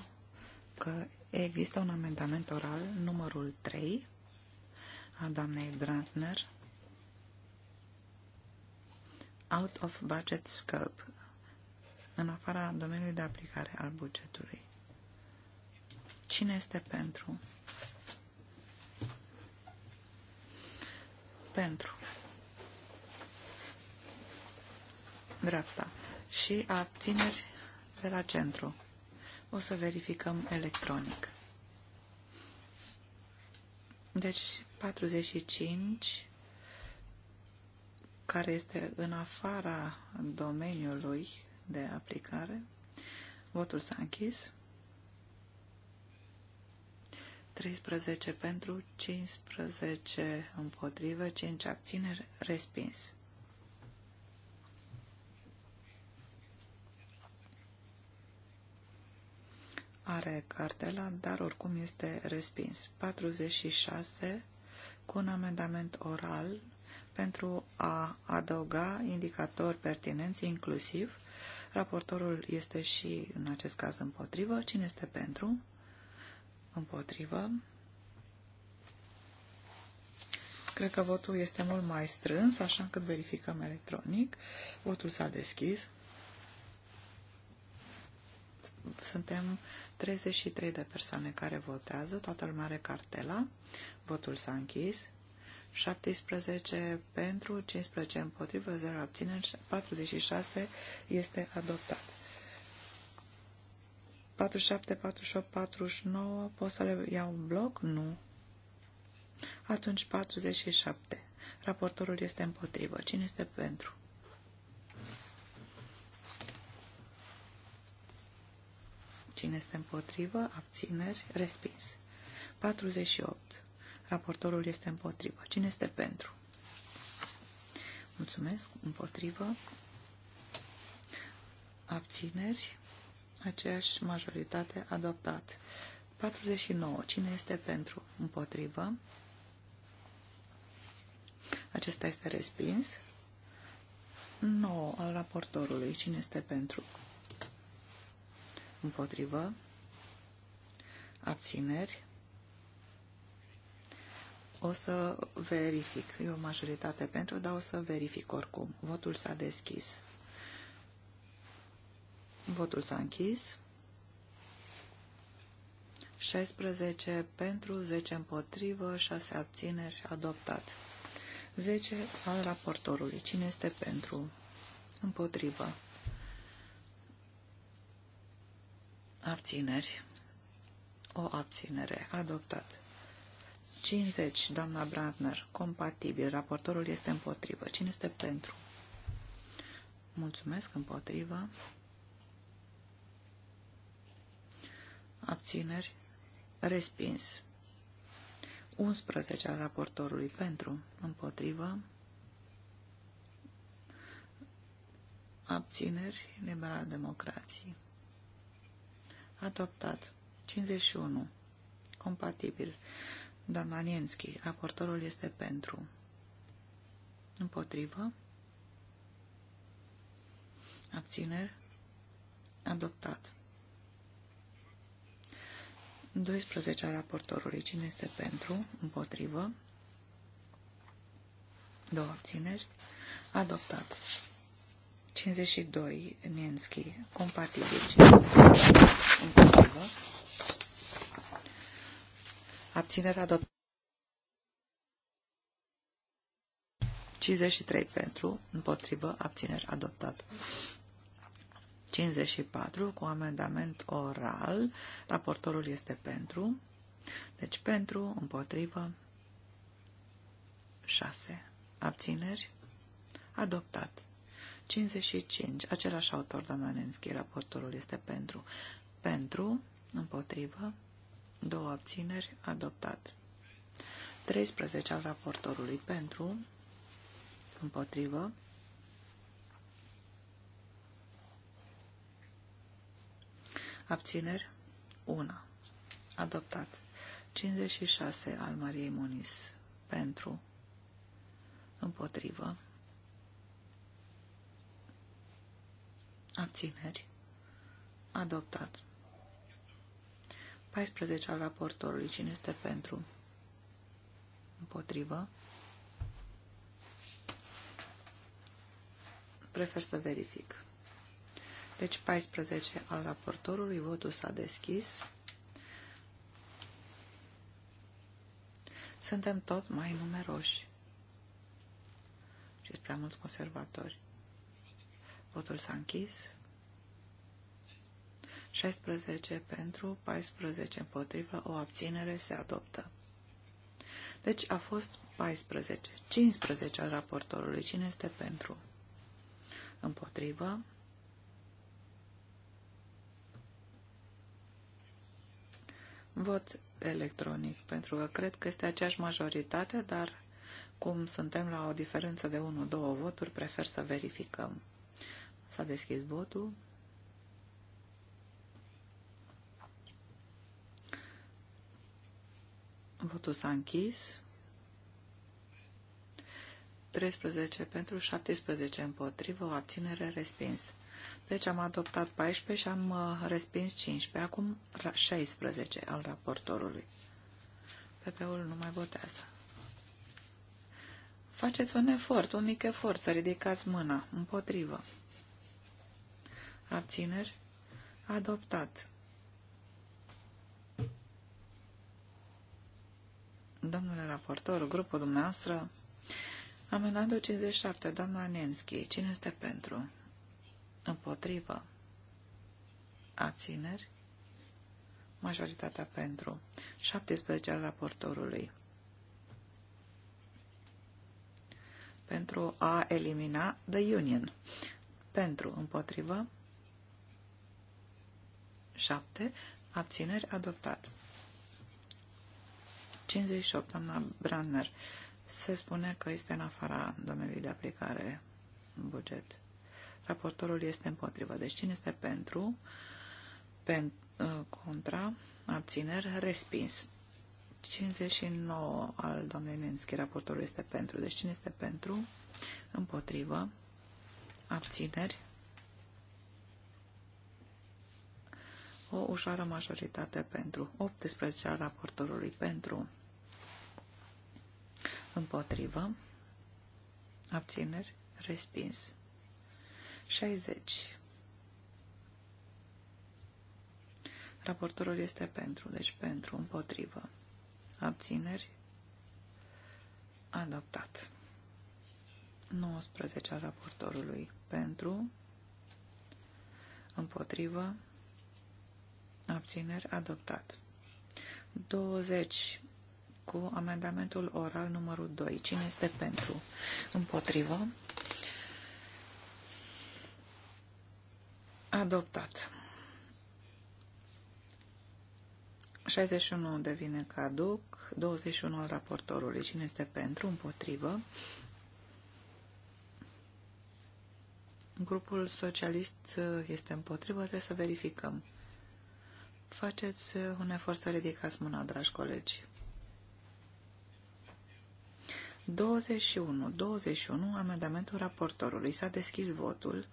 Speaker 2: că există un amendament oral, numărul 3, a doamnei Brandner, out of budget scope în afara domeniului de aplicare al bugetului. Cine este pentru? Pentru. Dreapta. Și abțineri de la centru. O să verificăm electronic. Deci 45 care este în afara domeniului de aplicare. Votul s-a închis. 13 pentru, 15 împotrivă, 5 abțineri, respins. Are cartela, dar oricum este respins. 46 cu un amendament oral pentru a adăuga indicatori pertinenți, inclusiv Raportorul este și în acest caz împotrivă. Cine este pentru? Împotrivă. Cred că votul este mult mai strâns, așa încât verificăm electronic. Votul s-a deschis. Suntem 33 de persoane care votează, toată lumea are cartela. Votul s-a închis. 17 pentru, 15 împotrivă, 0 abțineri, 46 este adoptat. 47, 48, 49, pot să le iau un bloc? Nu. Atunci 47. Raportorul este împotrivă. Cine este pentru? Cine este împotrivă? Abțineri? Respins. 48. Raportorul este împotrivă. Cine este pentru? Mulțumesc. Împotrivă. Abțineri. Aceeași majoritate adoptat. 49. Cine este pentru? Împotrivă. Acesta este respins. 9. Al raportorului. Cine este pentru? Împotrivă. Abțineri. O să verific. E o majoritate pentru, dar o să verific oricum. Votul s-a deschis. Votul s-a închis. 16 pentru, 10 împotrivă, 6 abțineri, adoptat. 10 al raportorului. Cine este pentru? Împotrivă. Abțineri. O abținere. Adoptat. 50, doamna Brandner, compatibil. Raportorul este împotrivă. Cine este pentru? Mulțumesc, împotrivă. Abțineri. Respins. 11 al raportorului pentru, împotrivă. Abțineri, liberal democrații. Adoptat. 51. Compatibil. Doamna Nienski, raportorul este pentru. Împotrivă. Abțineri. Adoptat. 12 raportorului. Cine este pentru? Împotrivă. Două abțineri. Adoptat. 52. Nienski. Compatibil. Cine împotrivă? abținerea adoptată. 53 pentru, împotrivă, abțineri adoptat. 54 cu amendament oral. Raportorul este pentru. Deci pentru, împotrivă, 6. Abțineri adoptat. 55. Același autor, doamna Nenschi, raportorul este pentru. Pentru, împotrivă, 2 abțineri, adoptat. 13 al raportorului pentru, împotrivă, abțineri, 1, adoptat. 56 al Mariei Muniz pentru, împotrivă, abțineri, adoptat. 14 al raportorului. Cine este pentru? Împotrivă. Prefer să verific. Deci 14 al raportorului, votul s-a deschis. Suntem tot mai numeroși și prea mulți conservatori. Votul s-a închis. 16 pentru, 14 împotrivă, o abținere se adoptă. Deci a fost 14, 15 al raportorului. Cine este pentru? Împotrivă. Vot electronic, pentru că cred că este aceeași majoritate, dar cum suntem la o diferență de 1-2 voturi, prefer să verificăm. S-a deschis votul. Votul s-a închis. 13 pentru 17 împotrivă, o abținere respins. Deci am adoptat 14 și am uh, respins 15. Acum 16 al raportorului. PP-ul nu mai votează. Faceți un efort, un mic efort, să ridicați mâna. Împotrivă. Abțineri? Adoptat. Domnule raportor, grupul dumneavoastră, amendamentul 57, doamna Nenski, cine este pentru? Împotrivă. Abțineri? Majoritatea pentru. 17 al raportorului. Pentru a elimina The Union. Pentru, împotrivă. 7. Abțineri adoptat. 58, doamna Brandner, se spune că este în afara domeniului de aplicare buget. Raportorul este împotrivă. Deci cine este pentru? Pen, uh, contra? Abțineri? Respins. 59 al doamnei Nenski, raportorul este pentru. Deci cine este pentru? Împotrivă. Abțineri. O ușoară majoritate pentru. 18 al raportorului pentru împotrivă, abțineri, respins. 60. Raportorul este pentru, deci pentru, împotrivă, abțineri, adoptat. 19 al raportorului pentru, împotrivă, abțineri, adoptat. 20 cu amendamentul oral numărul 2. Cine este pentru? Împotrivă? Adoptat. 61 devine caduc, 21 al raportorului. Cine este pentru? Împotrivă? Grupul socialist este împotrivă, trebuie să verificăm. Faceți un efort să ridicați mâna, dragi colegi. 21. 21. Amendamentul raportorului. S-a deschis votul.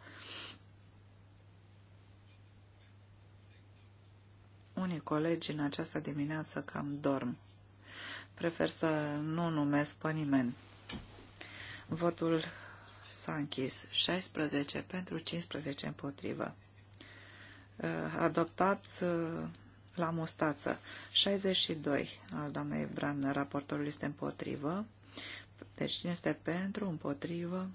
Speaker 2: Unii colegi în această dimineață cam dorm. Prefer să nu numesc pe nimeni. Votul s-a închis. 16 pentru 15 împotrivă. Uh, adoptat uh, la mustață. 62 al doamnei Bran, raportorul este împotrivă. Deci cine este pentru, împotrivă?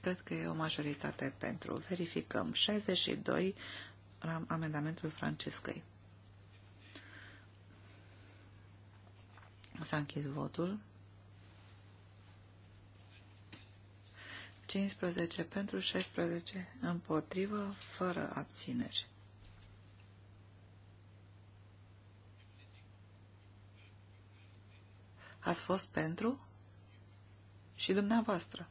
Speaker 2: Cred că e o majoritate pentru. Verificăm. 62 amendamentul Francescăi. S-a închis votul. 15 pentru, 16 împotrivă, fără abțineri. Ați fost pentru? Și dumneavoastră.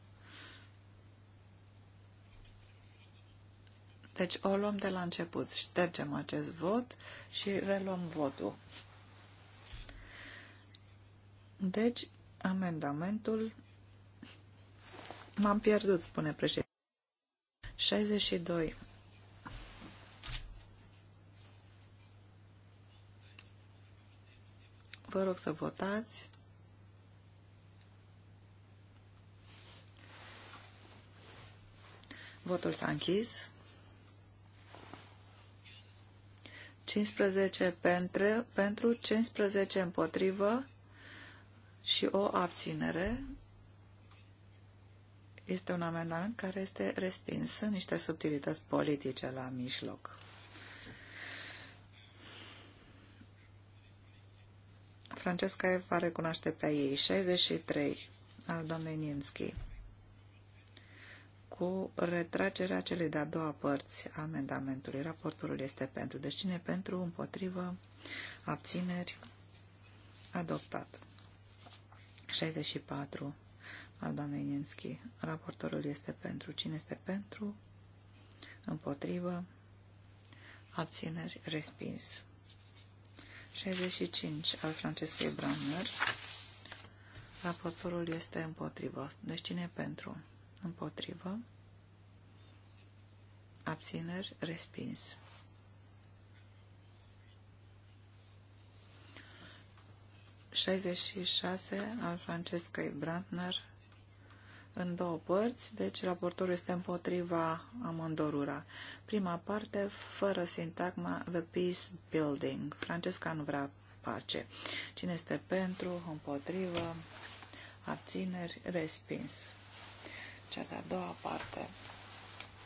Speaker 2: Deci o luăm de la început. Ștergem acest vot și reluăm votul. Deci, amendamentul... M-am pierdut, spune președinte. 62. Vă rog să votați. Votul s-a închis. 15 pentru, pentru 15 împotrivă și o abținere. Este un amendament care este respins Sunt niște subtilități politice la mijloc. Francesca va recunoaște pe ei. 63 al doamnei Ninski cu retragerea celei de-a doua părți a amendamentului. Raportul este pentru. Deci cine pentru, împotrivă, abțineri, adoptat. 64 al doamnei Nienski. Raportorul este pentru. Cine este pentru, împotrivă, abțineri, respins. 65 al Francescei Bramner. Raportorul este împotrivă. Deci cine e pentru? împotrivă, abțineri, respins. Șaizeci șase al Francesca Brandner în două părți, deci raportorul este împotriva amândorura. Prima parte, fără sintagma The Peace Building. Francesca nu vrea pace. Cine este pentru, împotrivă, abțineri, respins. Cea de-a doua parte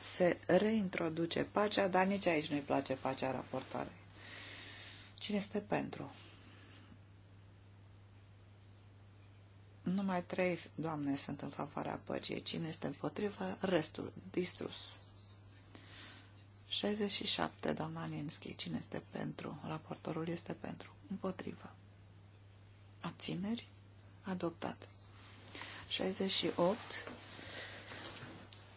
Speaker 2: se reintroduce pacea, dar nici aici nu-i place pacea raportoarei. Cine este pentru? Numai trei doamne sunt în favoarea păcii. Cine este împotriva? Restul. Distrus. 67, doamna Nienschi. Cine este pentru? Raportorul este pentru. Împotriva. Abțineri? Adoptat. 68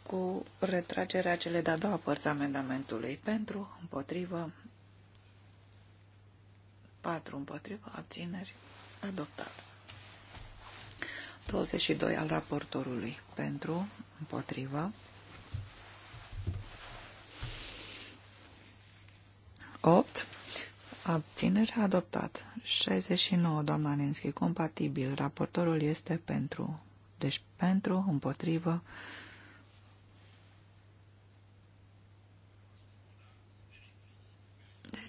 Speaker 2: cu retragerea cele de-a doua părți amendamentului pentru, împotrivă, 4 împotrivă, abțineri, adoptat. 22 al raportorului pentru, împotrivă, 8 abțineri, adoptat. 69, doamna Ninski, compatibil. Raportorul este pentru. Deci pentru, împotrivă,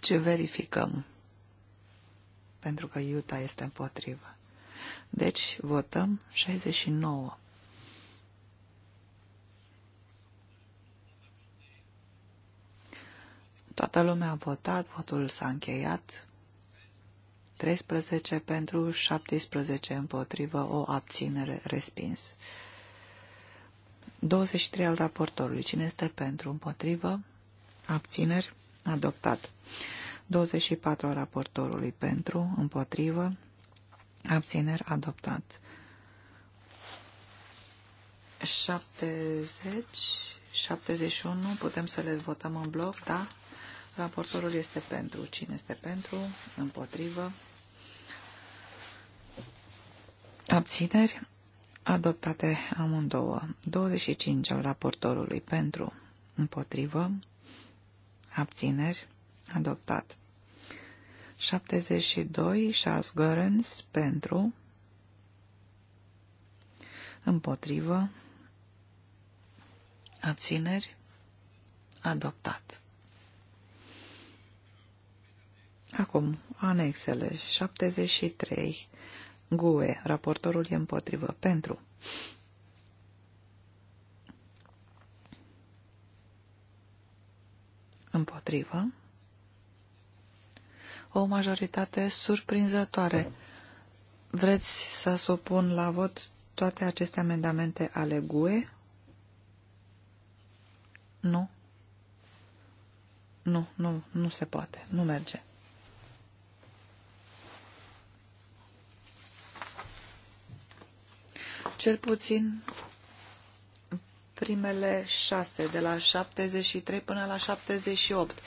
Speaker 2: Ce verificăm. Pentru că Iuta este împotrivă. Deci votăm 69. Toată lumea a votat, votul s-a încheiat. 13 pentru, 17 împotrivă, o abținere respins. 23 al raportorului. Cine este pentru, împotrivă, abțineri, Adoptat. 24 raportorului pentru, împotrivă, abțineri, adoptat. 70, 71, putem să le votăm în bloc, da? Raportorul este pentru. Cine este pentru? Împotrivă. Abțineri adoptate amândouă. 25 al raportorului pentru. Împotrivă abțineri, adoptat. 72, Charles Görens, pentru, împotrivă, abțineri, adoptat. Acum, anexele 73, GUE, raportorul e împotrivă, pentru, Împotrivă. O majoritate surprinzătoare. Vreți să supun la vot toate aceste amendamente ale GUE? Nu. Nu, nu, nu se poate. Nu merge. Cel puțin primele șase, de la 73 până la 78.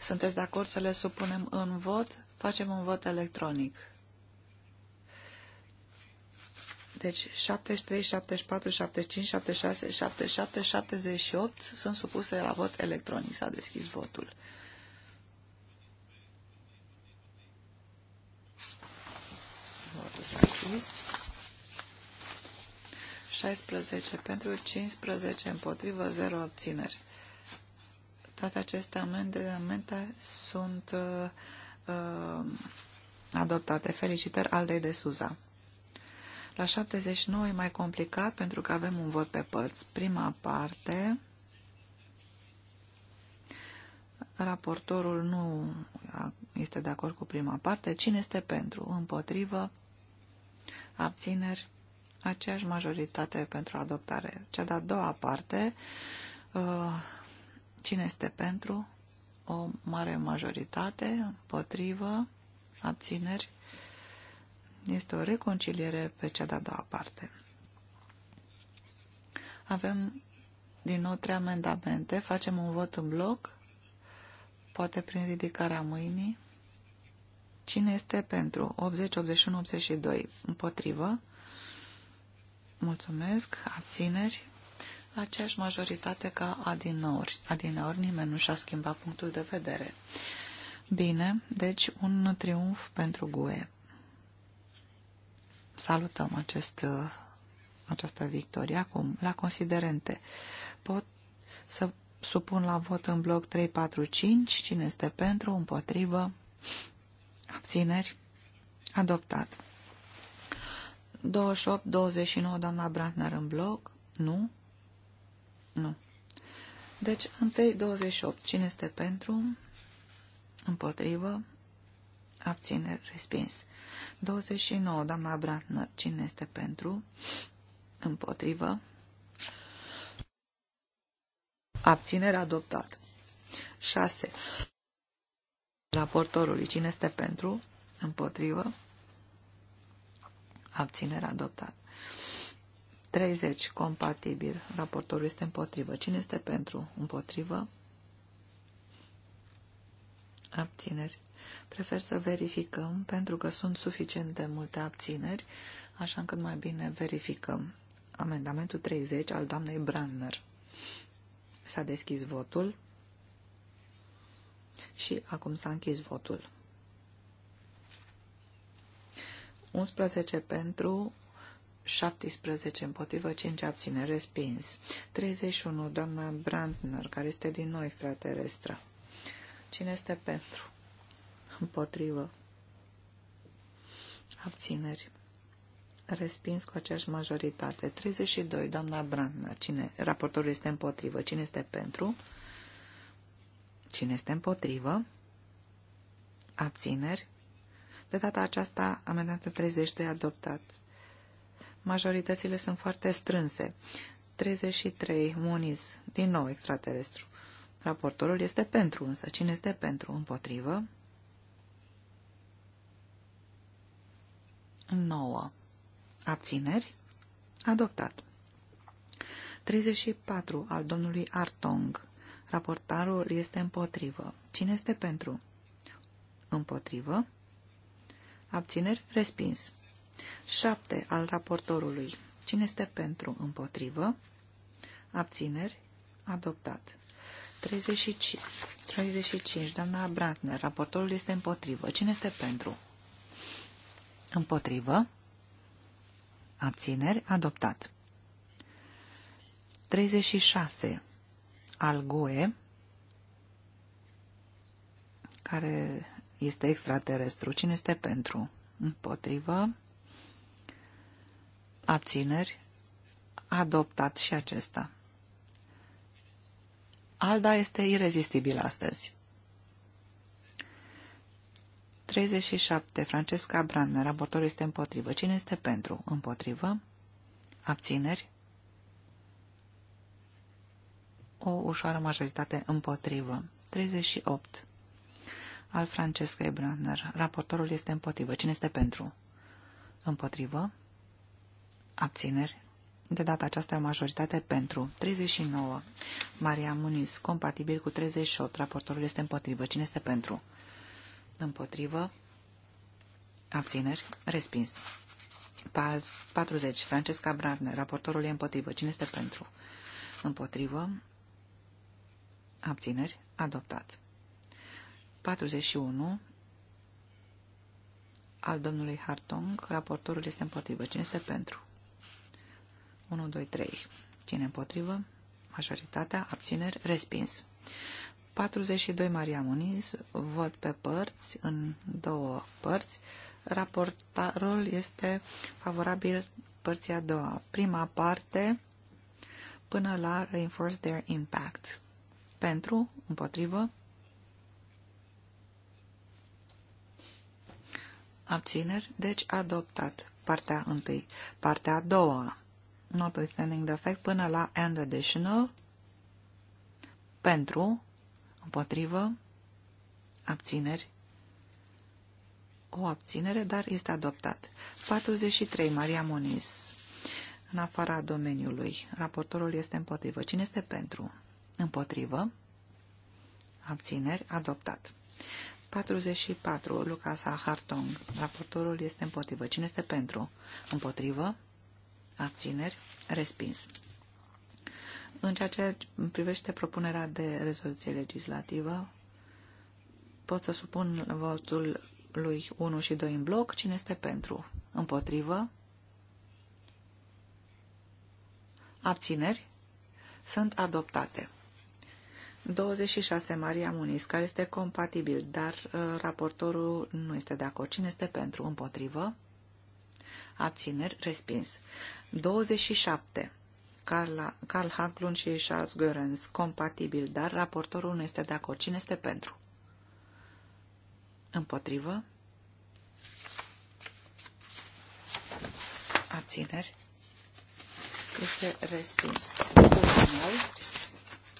Speaker 2: Sunteți de acord să le supunem în vot? Facem un vot electronic. Deci 73, 74, 75, 76, 77, 78 sunt supuse la vot electronic. S-a deschis votul. Votul s-a deschis. 16 pentru, 15 împotrivă, 0 obțineri. Toate aceste amendamente sunt uh, uh, adoptate. Felicitări Aldei de Suza. La 79 e mai complicat pentru că avem un vot pe părți. Prima parte, raportorul nu este de acord cu prima parte. Cine este pentru? Împotrivă? Abțineri? aceeași majoritate pentru adoptare. Cea de-a doua parte, uh, cine este pentru? O mare majoritate, împotrivă, abțineri. Este o reconciliere pe cea de-a doua parte. Avem din nou trei amendamente. Facem un vot în bloc, poate prin ridicarea mâinii. Cine este pentru? 80, 81, 82. Împotrivă. Mulțumesc. Abțineri. Aceeași majoritate ca adinaori. Adinaori nimeni nu și-a schimbat punctul de vedere. Bine, deci un triumf pentru GUE. Salutăm acest, această victorie. Acum, la considerente, pot să supun la vot în bloc 3, 4, 5. Cine este pentru, împotrivă, abțineri, adoptat. 28, 29, doamna Brantner în bloc? Nu? Nu. Deci, întâi 28. Cine este pentru? Împotrivă? Abține, respins. 29. Doamna Brantner. Cine este pentru? Împotrivă? Abținere adoptat. 6. Raportorului. Cine este pentru? Împotrivă? abținerea adoptat. 30. Compatibil. Raportorul este împotrivă. Cine este pentru? Împotrivă? Abțineri. Prefer să verificăm, pentru că sunt suficient de multe abțineri, așa încât mai bine verificăm. Amendamentul 30 al doamnei Branner. S-a deschis votul și acum s-a închis votul. 11 pentru, 17 împotrivă, 5 abține, respins. 31, doamna Brandner, care este din nou extraterestră. Cine este pentru? Împotrivă. Abțineri. Respins cu aceeași majoritate. 32, doamna Brandner. Cine? Raportorul este împotrivă. Cine este pentru? Cine este împotrivă? Abțineri. De data aceasta, amendamentul 32 adoptat. Majoritățile sunt foarte strânse. 33. Muniz. Din nou extraterestru. Raportorul este pentru, însă cine este pentru? Împotrivă? 9. Abțineri? Adoptat. 34. Al domnului Artong. Raportarul este împotrivă. Cine este pentru? Împotrivă? Abțineri? Respins. 7 al raportorului. Cine este pentru? Împotrivă. Abțineri? Adoptat. 35. 35. Doamna Brantner. Raportorul este împotrivă. Cine este pentru? Împotrivă. Abțineri? Adoptat. 36. Al GUE, care este extraterestru. Cine este pentru? Împotrivă. Abțineri. Adoptat și acesta. Alda este irezistibil astăzi. 37. Francesca Brandner. Raportorul este împotrivă. Cine este pentru? Împotrivă. Abțineri. O ușoară majoritate împotrivă. 38 al Francescai Brandner. Raportorul este împotrivă. Cine este pentru? Împotrivă. Abțineri. De data aceasta o majoritate pentru. 39. Maria Muniz, compatibil cu 38. Raportorul este împotrivă. Cine este pentru? Împotrivă. Abțineri. Respins. 40. Francesca Brandner. Raportorul e împotrivă. Cine este pentru? Împotrivă. Abțineri. Adoptat. 41 al domnului Hartong. Raportorul este împotrivă. Cine este pentru? 1, 2, 3. Cine împotrivă? Majoritatea. Abțineri. Respins. 42 Maria Muniz. Vot pe părți, în două părți. Raportarul este favorabil părții a doua. Prima parte până la Reinforce Their Impact. Pentru, împotrivă, abțineri, deci adoptat. Partea întâi. Partea a doua. Notwithstanding the fact până la and additional. Pentru, împotrivă, abțineri. O abținere, dar este adoptat. 43. Maria Moniz. În afara domeniului. Raportorul este împotrivă. Cine este pentru? Împotrivă. Abțineri. Adoptat. 44. Lucas Hartong. Raportorul este împotrivă. Cine este pentru? Împotrivă. Abțineri. Respins. În ceea ce privește propunerea de rezoluție legislativă, pot să supun votul lui 1 și 2 în bloc. Cine este pentru? Împotrivă. Abțineri. Sunt adoptate. 26, Maria Muniz, care este compatibil, dar uh, raportorul nu este de acord. Cine este pentru? Împotrivă? Abțineri? Respins. 27, Carla, Carl Haglund și Charles Görens, compatibil, dar raportorul nu este de acord. Cine este pentru? Împotrivă? Abțineri? Este respins.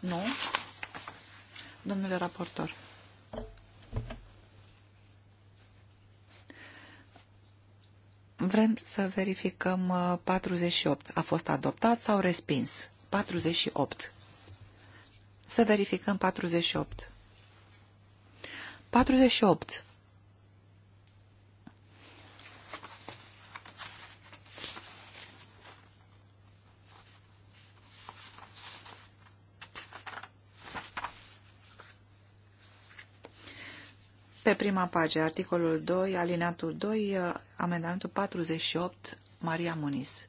Speaker 2: Nu? Domnule raportor. Vrem să verificăm 48. Uh, A fost adoptat sau respins? 48. Să verificăm 48. 48. Pe prima pagină, articolul 2, alineatul 2, uh, amendamentul 48, Maria Muniz.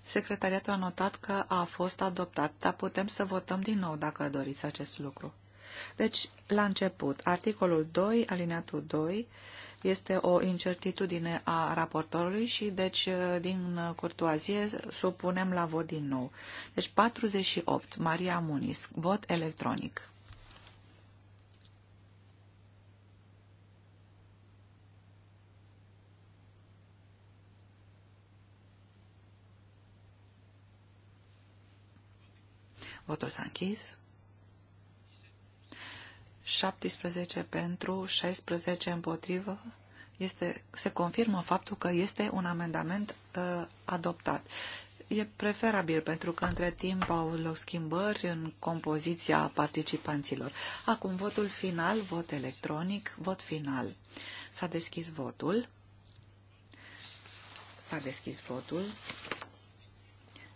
Speaker 2: Secretariatul a notat că a fost adoptat, dar putem să votăm din nou dacă doriți acest lucru. Deci, la început, articolul 2, alineatul 2, este o incertitudine a raportorului și deci din curtoazie supunem la vot din nou. Deci 48, Maria Munis, vot electronic. Votul s-a închis. 17 pentru, 16 împotrivă, este, se confirmă faptul că este un amendament uh, adoptat. E preferabil pentru că între timp au loc schimbări în compoziția participanților. Acum votul final, vot electronic, vot final. S-a deschis votul. S-a deschis votul.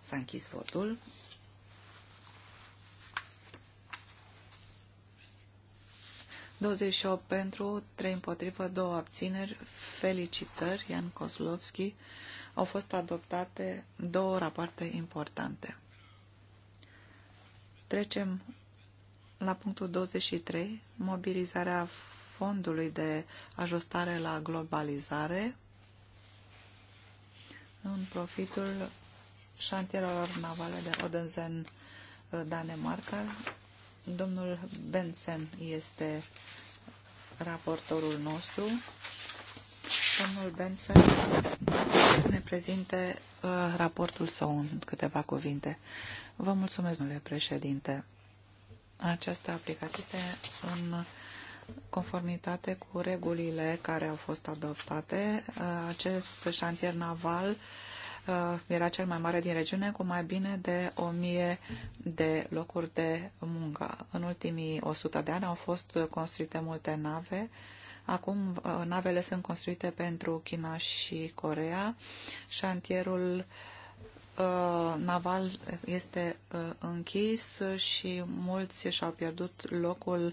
Speaker 2: S-a închis votul. 28 pentru, 3 împotrivă, 2 abțineri. Felicitări, Ian Kozlovski. Au fost adoptate două rapoarte importante. Trecem la punctul 23, mobilizarea fondului de ajustare la globalizare în profitul șantierelor navale de Odenzen, uh, Danemarca, Domnul Benson este raportorul nostru. Domnul Benson ne prezinte uh, raportul său în câteva cuvinte. Vă mulțumesc, domnule președinte. Această aplicație în conformitate cu regulile care au fost adoptate, uh, acest șantier naval era cel mai mare din regiune, cu mai bine de 1000 de locuri de muncă. În ultimii 100 de ani au fost construite multe nave. Acum uh, navele sunt construite pentru China și Corea. Șantierul uh, Uh, naval este uh, închis și mulți și-au pierdut locul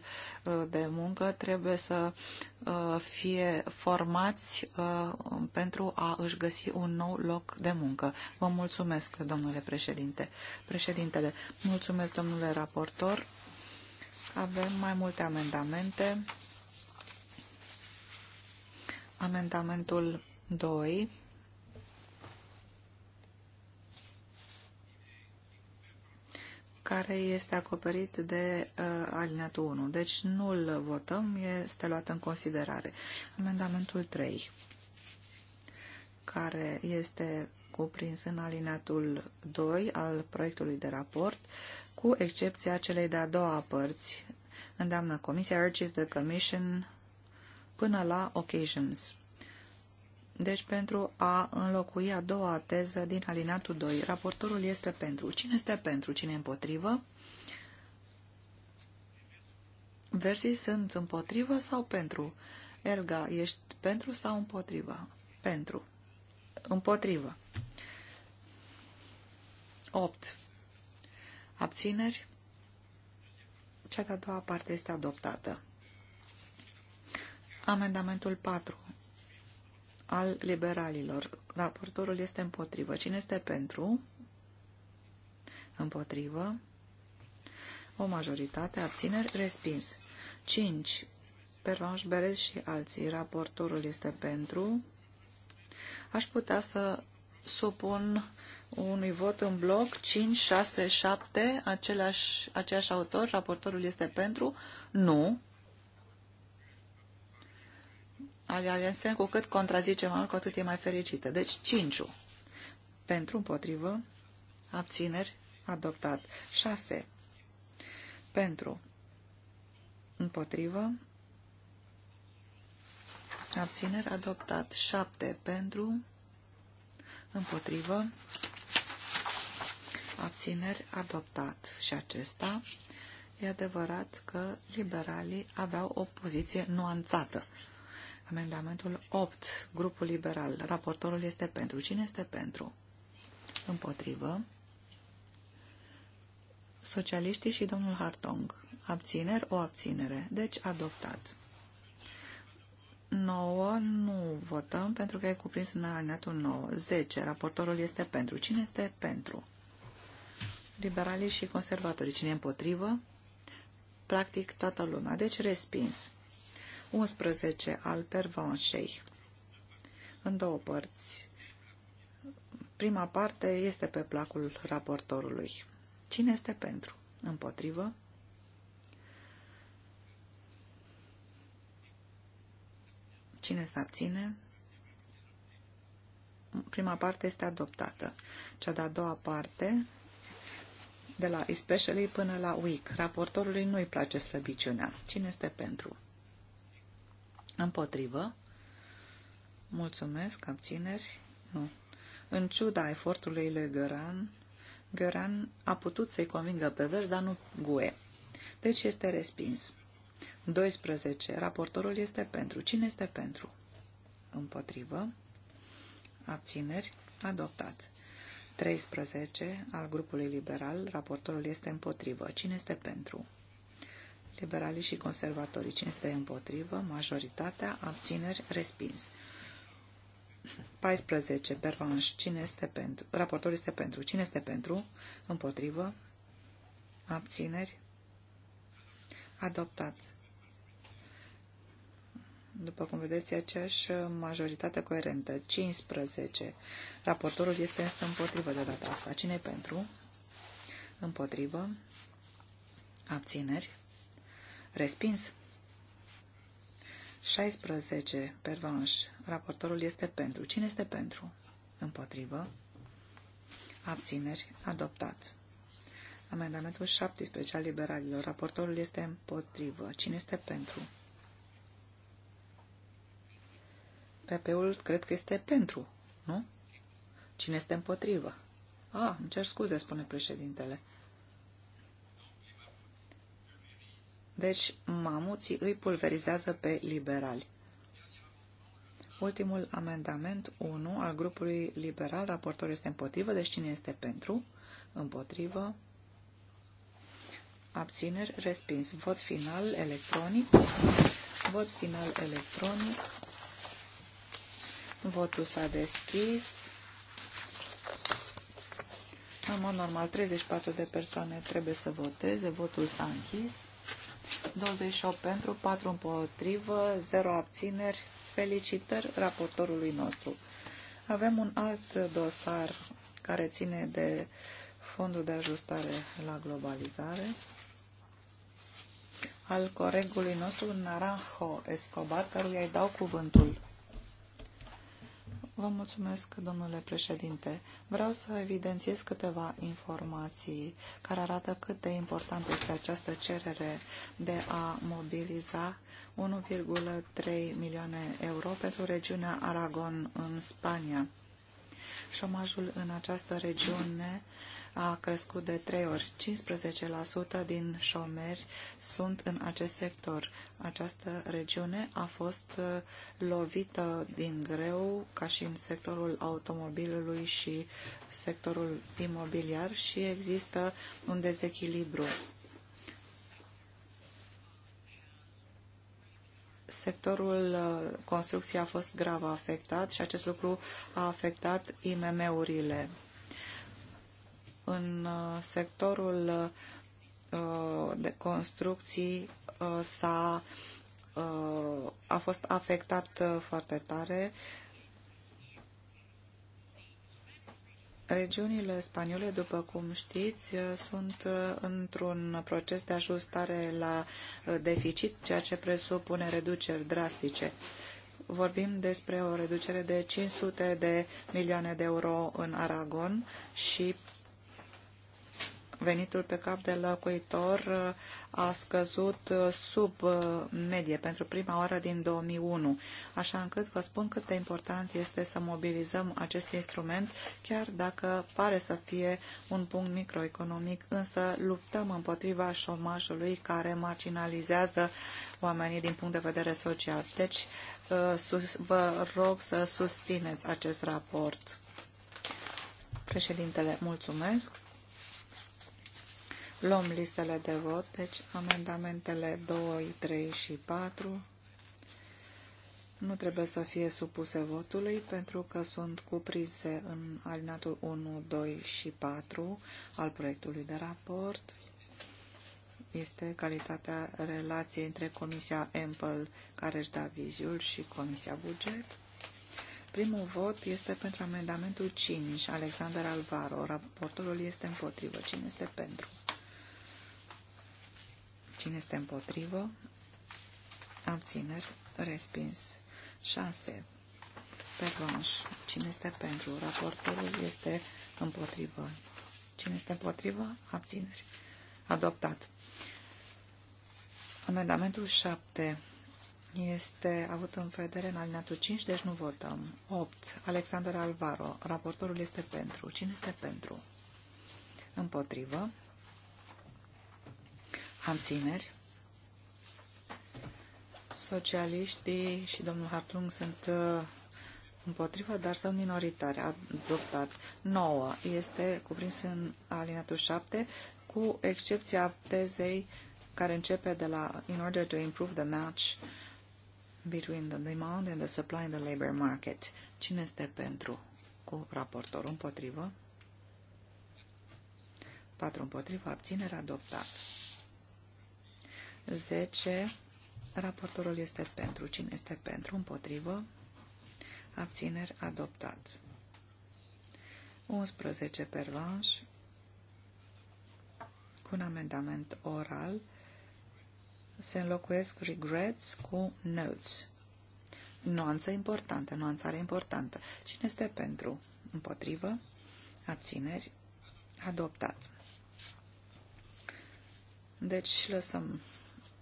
Speaker 2: uh, de muncă, trebuie să fie formați pentru a își găsi un nou loc de muncă. Vă mulțumesc, domnule președinte. Președintele, mulțumesc, domnule raportor. Avem mai multe amendamente. Amendamentul 2 care este acoperit de uh, alineatul 1. Deci nu îl votăm, este luat în considerare. Amendamentul 3, care este cuprins în alineatul 2 al proiectului de raport, cu excepția celei de-a doua părți, îndeamnă Comisia urges the Commission până la occasions. Deci pentru a înlocui a doua teză din alinatul 2, raportorul este pentru. Cine este pentru? Cine împotrivă? Versii sunt împotrivă sau pentru? Elga, ești pentru sau împotriva? Pentru. Împotrivă. 8. Abțineri. Cea de-a doua parte este adoptată. Amendamentul 4 al liberalilor. Raportorul este împotrivă. Cine este pentru? Împotrivă. O majoritate. Abțineri. Respins. 5. Peron, Berez și alții. Raportorul este pentru. Aș putea să supun unui vot în bloc 5, 6, 7, același, aceeași autor, raportorul este pentru, nu, alianse, cu cât contrazice mai mult, cu atât e mai fericită. Deci cinciu. pentru, împotrivă, abțineri, adoptat. Șase. pentru, împotrivă, abțineri, adoptat. Șapte. pentru, împotrivă, abțineri, adoptat. Și acesta, e adevărat că liberalii aveau o poziție nuanțată Amendamentul 8, grupul liberal. Raportorul este pentru. Cine este pentru? Împotrivă. Socialiștii și domnul Hartong. Abțineri, o abținere. Deci adoptat. 9 nu votăm pentru că e cuprins în alineatul 9. 10. Raportorul este pentru. Cine este pentru? Liberalii și conservatorii. Cine e împotrivă? Practic toată lumea. Deci respins. 11 al pervanșei în două părți. Prima parte este pe placul raportorului. Cine este pentru? Împotrivă? Cine se abține? Prima parte este adoptată. Cea de-a doua parte, de la especially până la week. Raportorului nu-i place slăbiciunea. Cine este pentru? Împotrivă. Mulțumesc. Abțineri. Nu. În ciuda efortului lui Găran, Găran a putut să-i convingă pe vers, dar nu Gue. Deci este respins. 12. Raportorul este pentru. Cine este pentru? Împotrivă. Abțineri. Adoptat. 13. Al grupului liberal. Raportorul este împotrivă. Cine este pentru? liberalii și conservatorii 500 împotrivă, majoritatea, abțineri, respins. 14. Pervanș. Cine este pentru? Raportorul este pentru. Cine este pentru? Împotrivă. Abțineri. Adoptat. După cum vedeți, aceeași majoritate coerentă. 15. Raportorul este împotrivă de data asta. Cine pentru? Împotrivă. Abțineri. Respins. 16. Pervanș. Raportorul este pentru. Cine este pentru? Împotrivă. Abțineri. Adoptat. Amendamentul 17 al liberalilor. Raportorul este împotrivă. Cine este pentru? PP-ul cred că este pentru, nu? Cine este împotrivă? A, ah, îmi cer scuze, spune președintele. Deci, mamuții îi pulverizează pe liberali. Ultimul amendament 1 al grupului liberal, raportorul este împotrivă, deci cine este pentru? Împotrivă. Abțineri, respins. Vot final electronic. Vot final electronic. Votul s-a deschis. În mod normal, 34 de persoane trebuie să voteze. Votul s-a închis. 28 pentru, 4 împotrivă, 0 abțineri. Felicitări raportorului nostru. Avem un alt dosar care ține de fondul de ajustare la globalizare al coregului nostru Naranjo Escobar, căruia îi dau cuvântul. Vă mulțumesc, domnule președinte. Vreau să evidențiez câteva informații care arată cât de importantă este această cerere de a mobiliza 1,3 milioane euro pentru regiunea Aragon în Spania. Șomajul în această regiune uh, a crescut de 3 ori. 15% din șomeri sunt în acest sector. Această regiune a fost uh, lovită din greu, ca și în sectorul automobilului și sectorul imobiliar și există un dezechilibru. sectorul uh, construcției a fost grav afectat și acest lucru a afectat IMM-urile. În uh, sectorul uh, de construcții uh, s-a a fost afectat foarte tare. Regiunile spaniole, după cum știți, sunt într-un proces de ajustare la deficit, ceea ce presupune reduceri drastice. Vorbim despre o reducere de 500 de milioane de euro în Aragon și venitul pe cap de locuitor uh, a scăzut uh, sub uh, medie pentru prima oară din 2001, așa încât vă spun cât de important este să mobilizăm acest instrument, chiar dacă pare să fie un punct microeconomic, însă luptăm împotriva șomajului care marginalizează oamenii din punct de vedere social. Deci, vă rog să susțineți acest raport. Președintele, mulțumesc. Luăm listele de vot, deci amendamentele 2, 3 și 4 nu trebuie să fie supuse votului pentru că sunt cuprinse în alinatul 1, 2 și 4 al proiectului de raport. Este calitatea relației între Comisia Ample, care își da viziul, și Comisia Buget. Primul vot este pentru amendamentul 5, Alexander Alvaro. Raportorul este împotrivă. Cine este pentru? Cine este împotrivă? Abțineri. Respins. 6. Pervanș. Cine este pentru? Raportorul este împotrivă. Cine este împotrivă? Abțineri. Adoptat. Amendamentul 7 este avut în vedere în alineatul 5, deci nu votăm. 8. Alexander Alvaro. Raportorul este pentru. Cine este pentru? Împotrivă abțineri. Socialiștii și domnul Hartung sunt uh, împotrivă, dar sunt minoritari. Adoptat. 9 este cuprins în alineatul 7, cu excepția tezei care începe de la In order to improve the match between the demand and the supply in the labor market. Cine este pentru? Cu raportorul împotrivă. 4 împotrivă, abținere adoptat. 10. Raportorul este pentru. Cine este pentru? Împotrivă. Abțineri adoptat. 11 pervanș cu un amendament oral se înlocuiesc regrets cu notes. Nuanță importantă, nuanțare importantă. Cine este pentru? Împotrivă? Abțineri? Adoptat. Deci lăsăm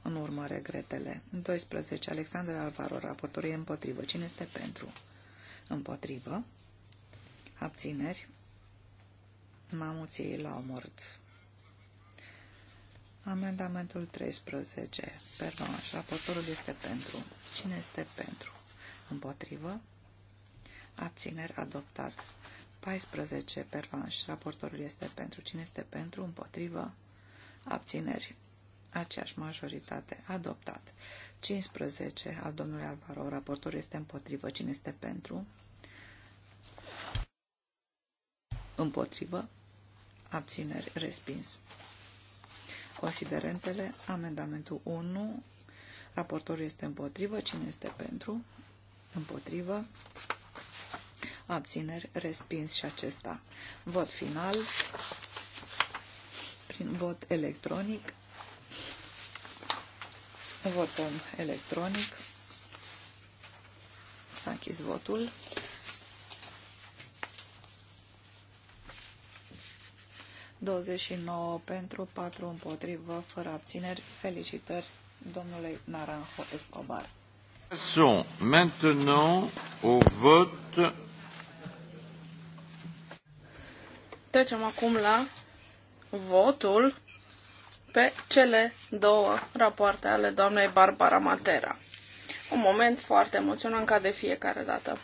Speaker 2: în urmă regretele. 12. Alexandra Alvaro, raportorul e împotrivă. Cine este pentru? Împotrivă. Abțineri. Mamuții l-au mort. Amendamentul 13. Pervanș. Raportorul este pentru. Cine este pentru? Împotrivă. Abțineri adoptat. 14. Pervanș. Raportorul este pentru. Cine este pentru? Împotrivă. Abțineri aceeași majoritate, adoptat. 15 al domnului Alvaro, raportorul este împotrivă. Cine este pentru? Împotrivă. Abțineri. Respins. Considerentele. Amendamentul 1. Raportorul este împotrivă. Cine este pentru? Împotrivă. Abțineri. Respins și acesta. Vot final. Prin vot electronic. Votăm electronic. S-a închis votul. ...29 pentru, 4 împotrivă, fără abțineri. Felicitări domnului Naranjo Escobar. Sunt maintenant au vot.
Speaker 3: Trecem acum la votul pe cele două rapoarte ale doamnei Barbara Matera. Un moment foarte emoționant ca de fiecare dată.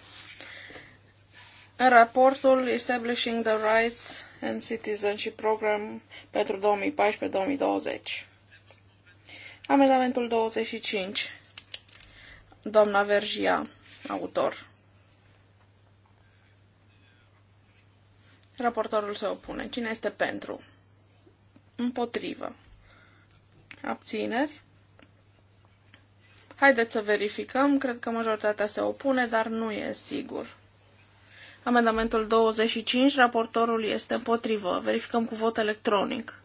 Speaker 3: În raportul Establishing the Rights and Citizenship Program pentru 2014-2020. Amendamentul 25. Doamna Vergia, autor. Raportorul se opune. Cine este pentru? Împotrivă. Abțineri. Haideți să verificăm. Cred că majoritatea se opune, dar nu e sigur. Amendamentul 25, raportorul este împotrivă. Verificăm cu vot electronic.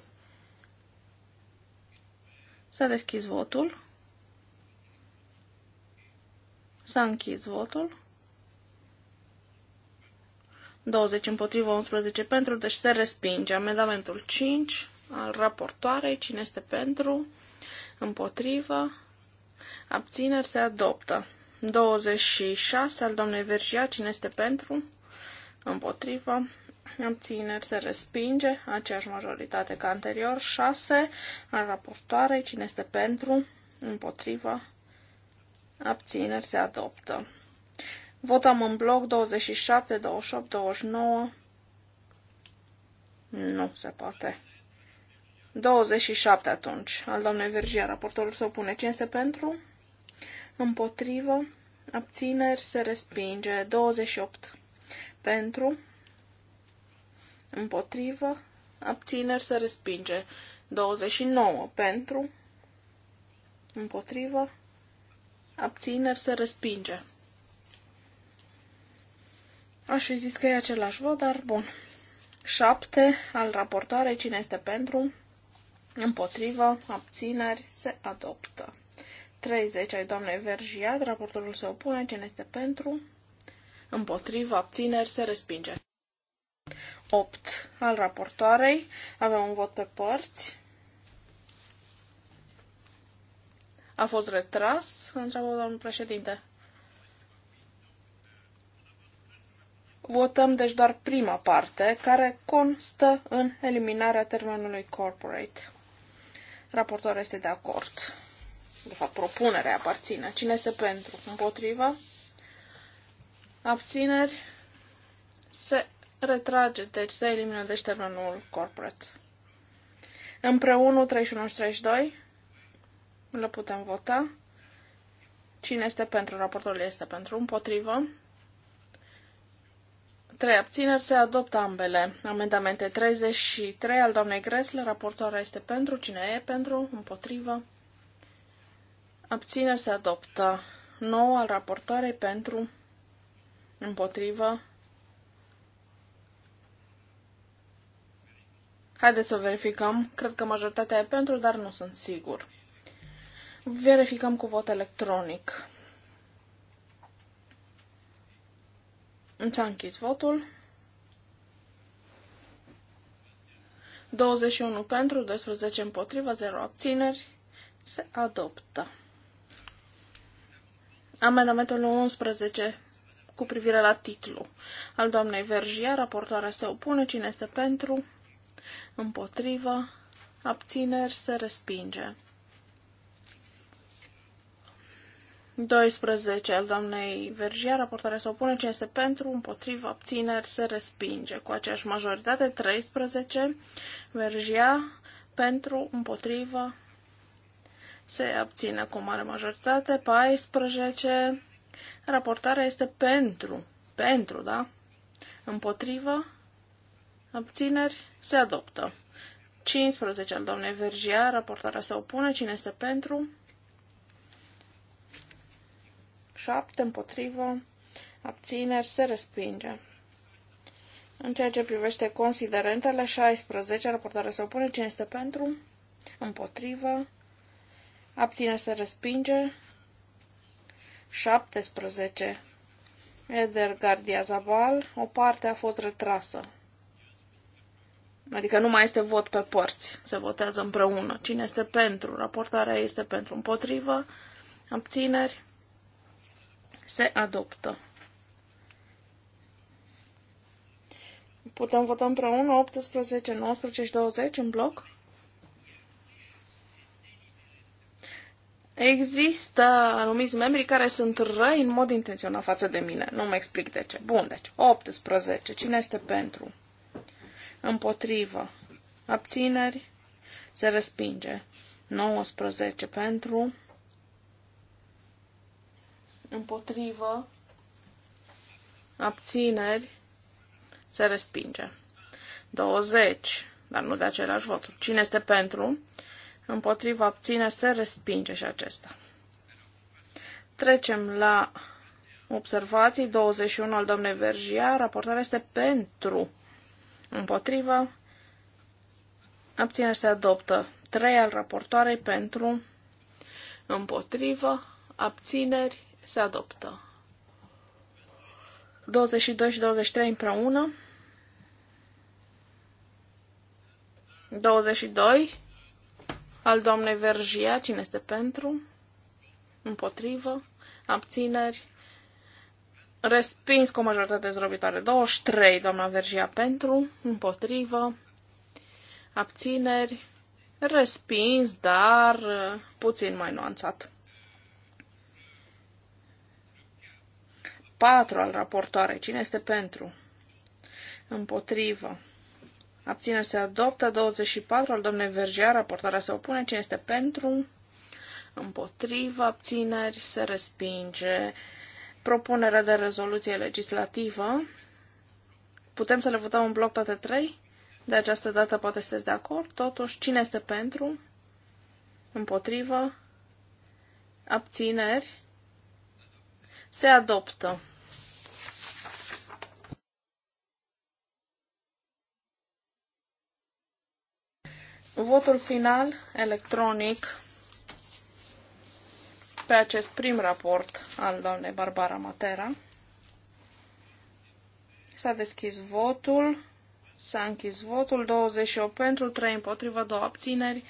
Speaker 3: S-a deschis votul. S-a închis votul. 20 împotrivă, 11 pentru, deci se respinge. Amendamentul 5 al raportoarei. Cine este pentru? Împotrivă? Abțineri se adoptă. 26 al doamnei Vergia. Cine este pentru? Împotrivă? Abțineri se respinge. Aceeași majoritate ca anterior. 6 al raportoarei. Cine este pentru? Împotrivă? Abțineri se adoptă. Votăm în bloc 27, 28, 29. Nu se poate. 27 atunci, al doamnei Vergia, raportorul se opune. Cine este pentru? Împotrivă. Abțineri se respinge. 28 pentru. Împotrivă. Abțineri se respinge. 29 pentru. Împotrivă. Abțineri se respinge. Aș fi zis că e același vot, dar bun. 7 al raportoare. Cine este pentru? Împotrivă, abțineri, se adoptă. 30 ai doamnei Vergiat, raportorul se opune, cine este pentru? Împotrivă, abțineri, se respinge. 8 al raportoarei, avem un vot pe părți. A fost retras, întreabă domnul președinte. Votăm deci doar prima parte, care constă în eliminarea termenului corporate. Raportoarea este de acord. De fapt, propunerea aparține. Cine este pentru? Împotriva? Abțineri? Se retrage, deci se elimină de termenul corporate. Împreună 31 și 32 le putem vota. Cine este pentru? Raportul este pentru împotrivă. Trei abțineri se adoptă ambele. Amendamente 33 al doamnei Gresle, raportoarea este pentru, cine e pentru, împotrivă. Abțineri se adoptă. 9 al raportoarei pentru, împotrivă. Haideți să verificăm. Cred că majoritatea e pentru, dar nu sunt sigur. Verificăm cu vot electronic. S-a închis votul. 21 pentru, 12 împotriva, 0 abțineri. Se adoptă. Amendamentul 11 cu privire la titlu al doamnei Vergia, raportoarea se opune, cine este pentru, împotrivă, abțineri, se respinge. 12 da? al doamnei Vergia, raportarea se opune, cine este pentru, împotriva, abțineri, se respinge. Cu aceeași majoritate, 13, Vergia, pentru, împotriva, se abține cu mare majoritate, 14, raportarea este pentru, pentru, da? Împotriva, abțineri, se adoptă. 15 al doamnei Vergia, raportarea se opune, cine este pentru, 7 împotrivă, abțineri, se respinge. În ceea ce privește considerentele, 16, raportarea se opune, cine este pentru, împotrivă, abțineri, se respinge, 17. Eder Gardia Zabal, o parte a fost retrasă. Adică nu mai este vot pe părți, se votează împreună. Cine este pentru? Raportarea este pentru împotrivă, abțineri, se adoptă. Putem vota împreună 18, 19 și 20 în bloc? Există anumiți membri care sunt răi în mod intenționat față de mine. Nu mă explic de ce. Bun, deci 18. Cine este pentru? Împotrivă. Abțineri? Se respinge. 19 pentru împotrivă, abțineri, se respinge. 20, dar nu de același vot. Cine este pentru, împotrivă, abțineri, se respinge și acesta. Trecem la observații. 21 al domnului Vergia. Raportarea este pentru, împotrivă, abțineri, se adoptă. 3 al raportoarei pentru, împotrivă, abțineri, se adoptă. 22 și 23 împreună. 22 al doamnei Vergia, cine este pentru? Împotrivă. Abțineri. Respins cu o majoritate zdrobitoare. 23, doamna Vergia, pentru. Împotrivă. Abțineri. Respins, dar uh, puțin mai nuanțat. 4 al raportoare. Cine este pentru? Împotrivă. Abțineri se adoptă. 24 al domnului Vergea. Raportarea se opune. Cine este pentru? Împotrivă. Abțineri se respinge. Propunerea de rezoluție legislativă. Putem să le votăm în bloc toate trei? De această dată poate sunteți de acord. Totuși, cine este pentru? Împotrivă? Abțineri? Se adoptă. Votul final electronic pe acest prim raport al doamnei Barbara Matera. S-a deschis votul, s-a închis votul, 28 pentru, 3 împotrivă, 2 abțineri.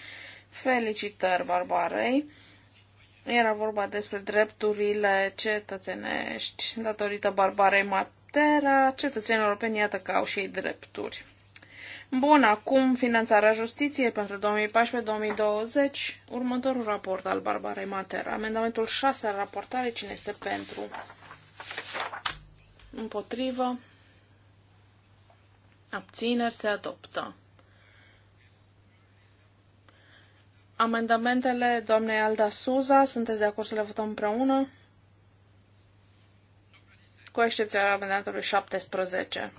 Speaker 3: Felicitări Barbarei! Era vorba despre drepturile cetățenești datorită Barbarei Matera. Cetățenii europeni iată că au și ei drepturi. Bun, acum finanțarea justiției pentru 2014-2020, următorul raport al Barbarei Mater, amendamentul 6 al raportare, cine este pentru? Împotrivă. Abțineri se adoptă. Amendamentele doamnei Alda Suza, sunteți de acord să le votăm împreună? Cu excepția amendamentului 17.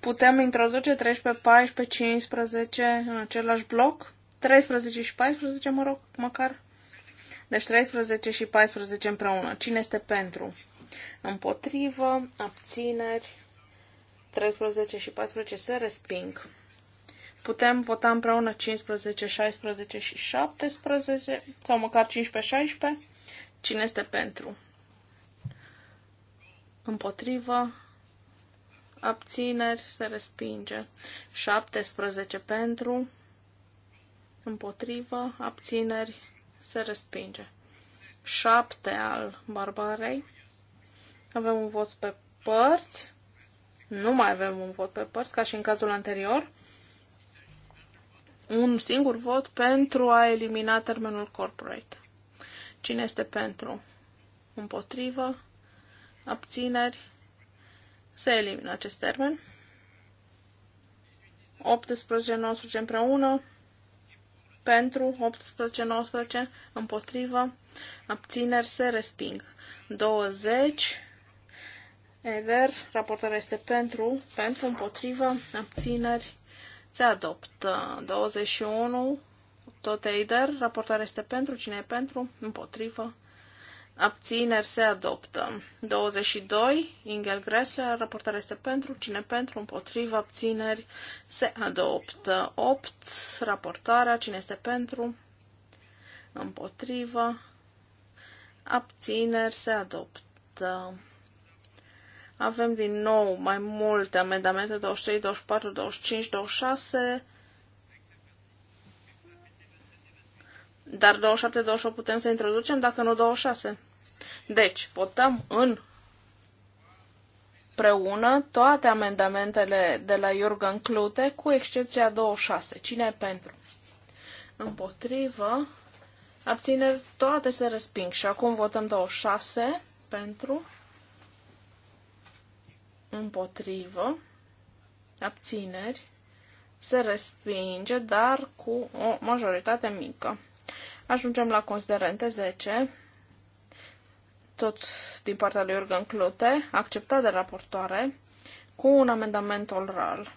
Speaker 3: putem introduce 13, 14, 15 în același bloc? 13 și 14, mă rog, măcar? Deci 13 și 14 împreună. Cine este pentru? Împotrivă, abțineri, 13 și 14 se resping. Putem vota împreună 15, 16 și 17 sau măcar 15, 16. Cine este pentru? Împotrivă, abțineri, se respinge. 17 pentru, împotrivă, abțineri, se respinge. 7 al barbarei. Avem un vot pe părți. Nu mai avem un vot pe părți, ca și în cazul anterior. Un singur vot pentru a elimina termenul corporate. Cine este pentru? Împotrivă? Abțineri? Să elimin acest termen. 18-19 împreună. Pentru 18-19 împotrivă. Abțineri se resping. 20 Eder, raportarea este pentru, pentru, împotrivă, abțineri, se adoptă. 21, tot Eder, raportarea este pentru, cine e pentru, împotrivă, Abțineri se adoptă. 22. Ingel Gressler. Raportarea este pentru. Cine pentru? Împotriva. Abțineri se adoptă. 8. Raportarea. Cine este pentru? Împotriva. Abțineri se adoptă. Avem din nou mai multe amendamente. 23, 24, 25, 26. Dar 27, 28 putem să introducem, dacă nu 26. Deci, votăm în preună toate amendamentele de la Jurgen Clute, cu excepția 26. Cine e pentru? Împotrivă. Abțineri toate se resping. Și acum votăm 26 pentru. Împotrivă. Abțineri. Se respinge, dar cu o majoritate mică. Ajungem la considerente 10 tot din partea lui Jurgen Clote, acceptat de raportoare, cu un amendament oral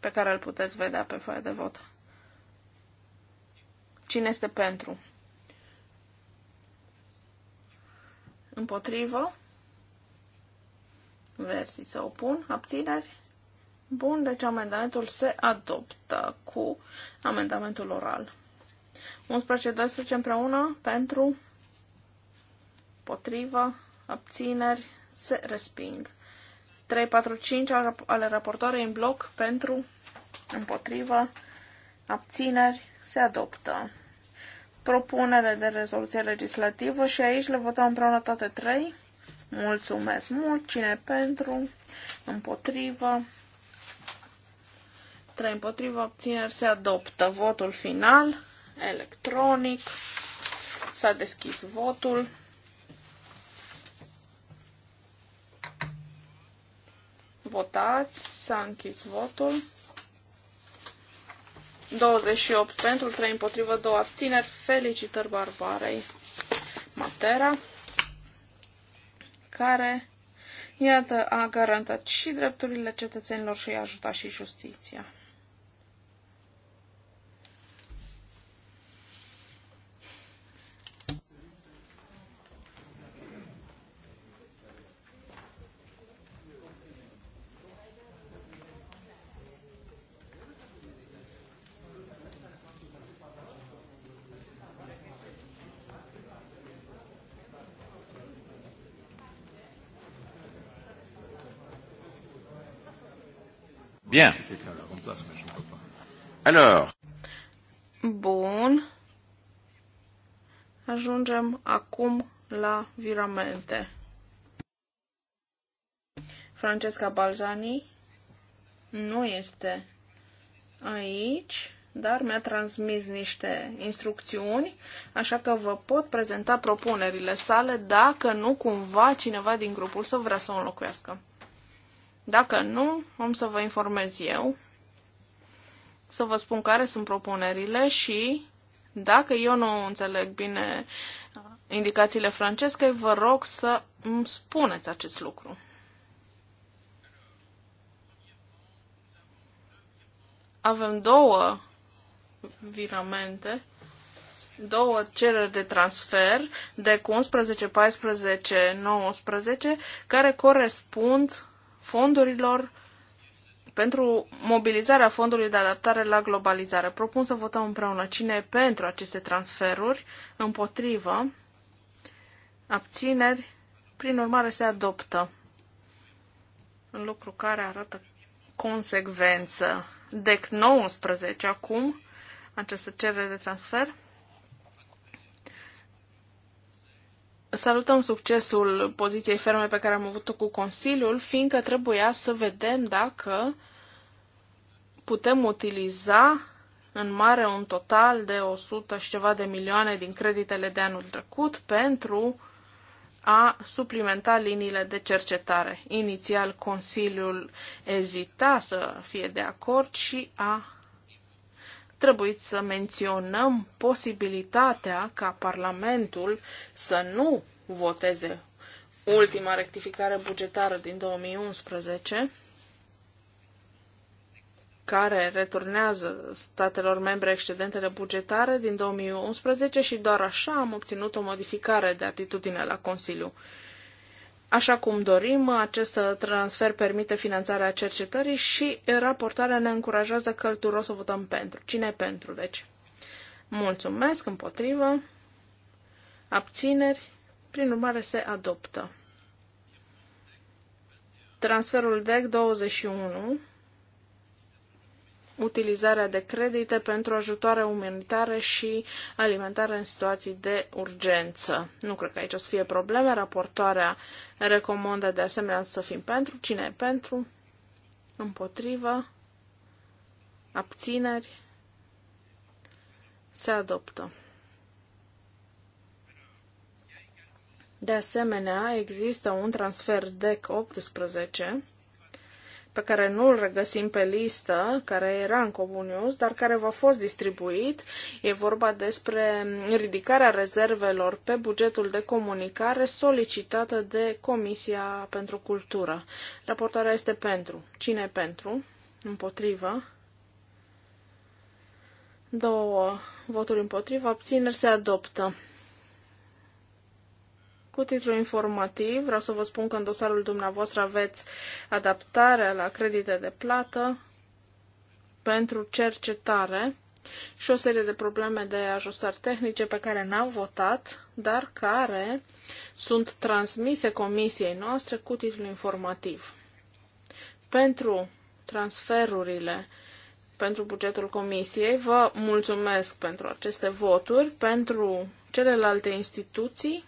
Speaker 3: pe care îl puteți vedea pe foaia de vot. Cine este pentru? Împotrivă? Versii se opun? Abțineri? Bun, deci amendamentul se adoptă cu amendamentul oral. 11-12 împreună pentru, potrivă, abțineri, se resping. 3, 4, 5 ale raportoarei în bloc pentru, împotrivă, abțineri, se adoptă. Propunere de rezoluție legislativă și aici le votăm împreună toate trei. Mulțumesc mult. Cine pentru? Împotrivă? 3 împotrivă, abțineri, se adoptă. Votul final electronic. S-a deschis votul. Votați, s-a închis votul. 28 pentru, 3 împotrivă, 2 abțineri. Felicitări Barbarei Matera, care, iată, a garantat și drepturile cetățenilor și a ajutat și justiția.
Speaker 2: Bien. Alors.
Speaker 3: Bun. Ajungem acum la viramente. Francesca Balzani nu este aici, dar mi-a transmis niște instrucțiuni, așa că vă pot prezenta propunerile sale dacă nu cumva cineva din grupul său vrea să o înlocuiască. Dacă nu, am să vă informez eu, să vă spun care sunt propunerile și dacă eu nu înțeleg bine uh, indicațiile francescă, vă rog să îmi spuneți acest lucru. Avem două viramente, două cereri de transfer de cu 11, 14, 19, care corespund fondurilor pentru mobilizarea fondului de adaptare la globalizare. Propun să votăm împreună cine e pentru aceste transferuri, împotrivă, abțineri, prin urmare se adoptă. Un lucru care arată consecvență. DEC 19 acum, această cerere de transfer. Salutăm succesul poziției ferme pe care am avut-o cu Consiliul, fiindcă trebuia să vedem dacă putem utiliza în mare un total de 100 și ceva de milioane din creditele de anul trecut pentru a suplimenta liniile de cercetare. Inițial, Consiliul ezita să fie de acord și a Trebuie să menționăm posibilitatea ca Parlamentul să nu voteze ultima rectificare bugetară din 2011, care returnează statelor membre excedentele bugetare din 2011 și doar așa am obținut o modificare de atitudine la Consiliu. Așa cum dorim, acest transfer permite finanțarea cercetării și raportarea ne încurajează călduros să votăm pentru. Cine e pentru, deci? Mulțumesc, împotrivă, abțineri, prin urmare se adoptă. Transferul DEC 21 utilizarea de credite pentru ajutoare umanitare și alimentare în situații de urgență. Nu cred că aici o să fie probleme. Raportoarea recomandă de asemenea să fim pentru. Cine e pentru? Împotrivă? Abțineri? Se adoptă. De asemenea, există un transfer DEC 18 pe care nu îl regăsim pe listă, care era în Comunius, dar care v-a fost distribuit. E vorba despre ridicarea rezervelor pe bugetul de comunicare solicitată de Comisia pentru Cultură. Raportarea este pentru. Cine pentru? Împotrivă. Două voturi împotrivă, abțineri se adoptă. Cu titlu informativ, vreau să vă spun că în dosarul dumneavoastră aveți adaptarea la credite de plată pentru cercetare și o serie de probleme de ajustări tehnice pe care n-am votat, dar care sunt transmise comisiei noastre cu titlu informativ. Pentru transferurile pentru bugetul comisiei, vă mulțumesc pentru aceste voturi, pentru celelalte instituții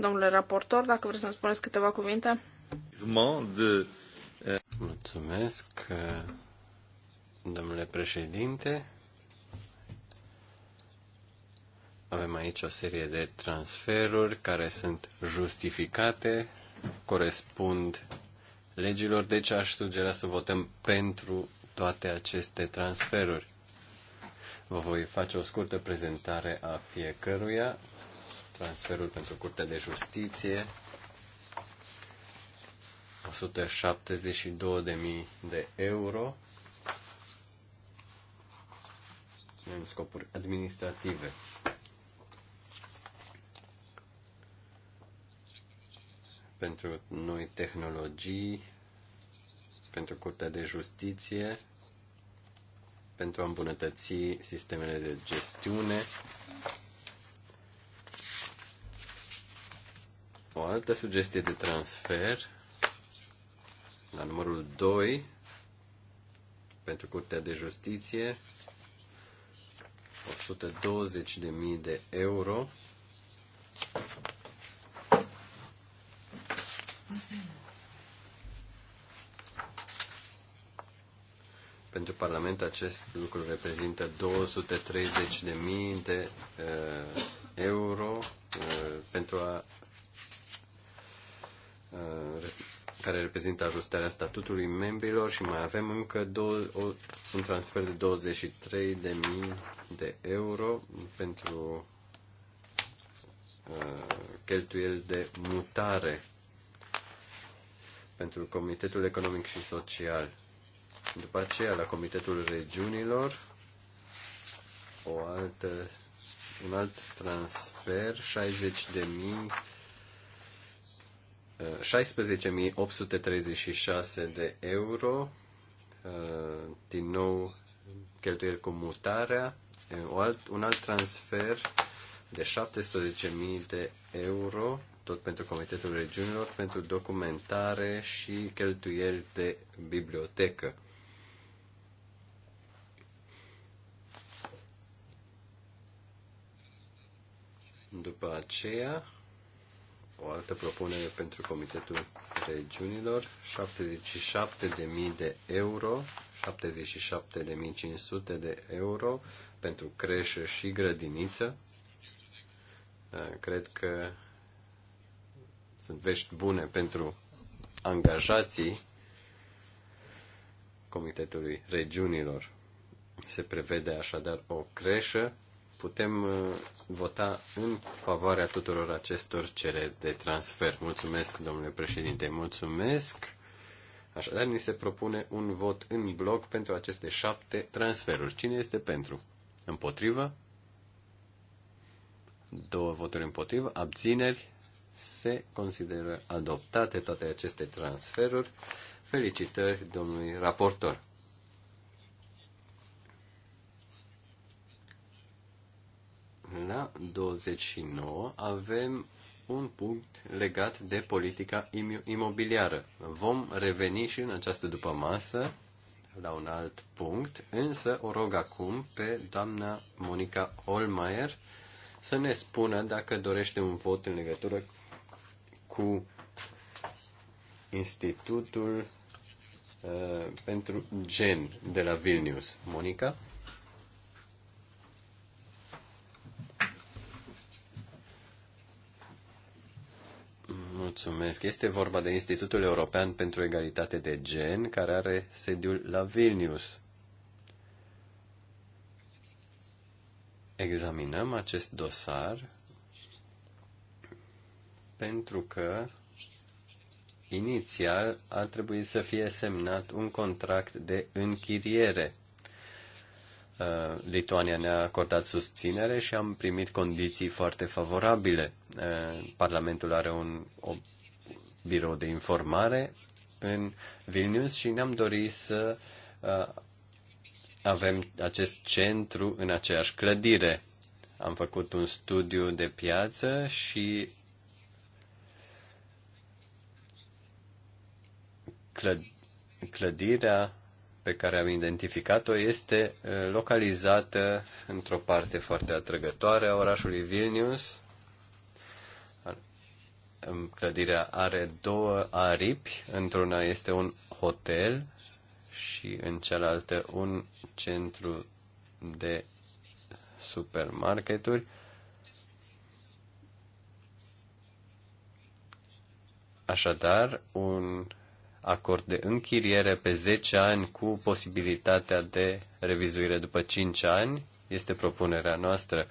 Speaker 3: Domnule raportor, dacă vreți să-mi spuneți câteva cuvinte.
Speaker 1: Mulțumesc, domnule președinte. Avem aici o serie de transferuri care sunt justificate, corespund legilor, deci aș sugera să votăm pentru toate aceste transferuri. Vă voi face o scurtă prezentare a fiecăruia transferul pentru Curtea de Justiție, 172.000 de euro în scopuri administrative. Pentru noi tehnologii, pentru Curtea de Justiție, pentru a îmbunătăți sistemele de gestiune, O altă sugestie de transfer la numărul 2 pentru Curtea de Justiție 120.000 de euro Pentru Parlament acest lucru reprezintă 230.000 de uh, euro uh, pentru a Uh, care reprezintă ajustarea statutului membrilor și mai avem încă două, o, un transfer de 23.000 de de euro pentru uh, cheltuieli de mutare pentru Comitetul Economic și Social. După aceea, la Comitetul Regiunilor, o altă, un alt transfer, 60.000 16.836 de euro, uh, din nou cheltuieli cu mutarea, uh, un alt transfer de 17.000 de euro, tot pentru Comitetul Regiunilor, pentru documentare și cheltuieli de bibliotecă. După aceea, o altă propunere pentru Comitetul Regiunilor, 77.000 de euro, 77.500 de euro pentru creșă și grădiniță. Eh, cred că sunt vești bune pentru angajații Comitetului Regiunilor. Se prevede așadar o creșă putem uh, vota în favoarea tuturor acestor cereri de transfer. Mulțumesc, domnule președinte, mulțumesc. Așadar, ni se propune un vot în bloc pentru aceste șapte transferuri. Cine este pentru? Împotrivă? Două voturi împotrivă. Abțineri? Se consideră adoptate toate aceste transferuri. Felicitări domnului raportor. la 29 avem un punct legat de politica imobiliară. Vom reveni și în această după masă la un alt punct, însă o rog acum pe doamna Monica Olmaier să ne spună dacă dorește un vot în legătură cu Institutul uh, pentru Gen de la Vilnius. Monica? Mulțumesc. Este vorba de Institutul European pentru Egalitate de Gen, care are sediul la Vilnius. Examinăm acest dosar pentru că inițial a trebuit să fie semnat un contract de închiriere Uh, Lituania ne-a acordat susținere și am primit condiții foarte favorabile. Uh, Parlamentul are un o, birou de informare în Vilnius și ne-am dorit să uh, avem acest centru în aceeași clădire. Am făcut un studiu de piață și clădirea pe care am identificat-o este uh, localizată într-o parte foarte atrăgătoare a orașului Vilnius. Clădirea are două aripi, într-una este un hotel și în cealaltă un centru de supermarketuri. Așadar, un acord de închiriere pe 10 ani cu posibilitatea de revizuire după 5 ani. Este propunerea noastră.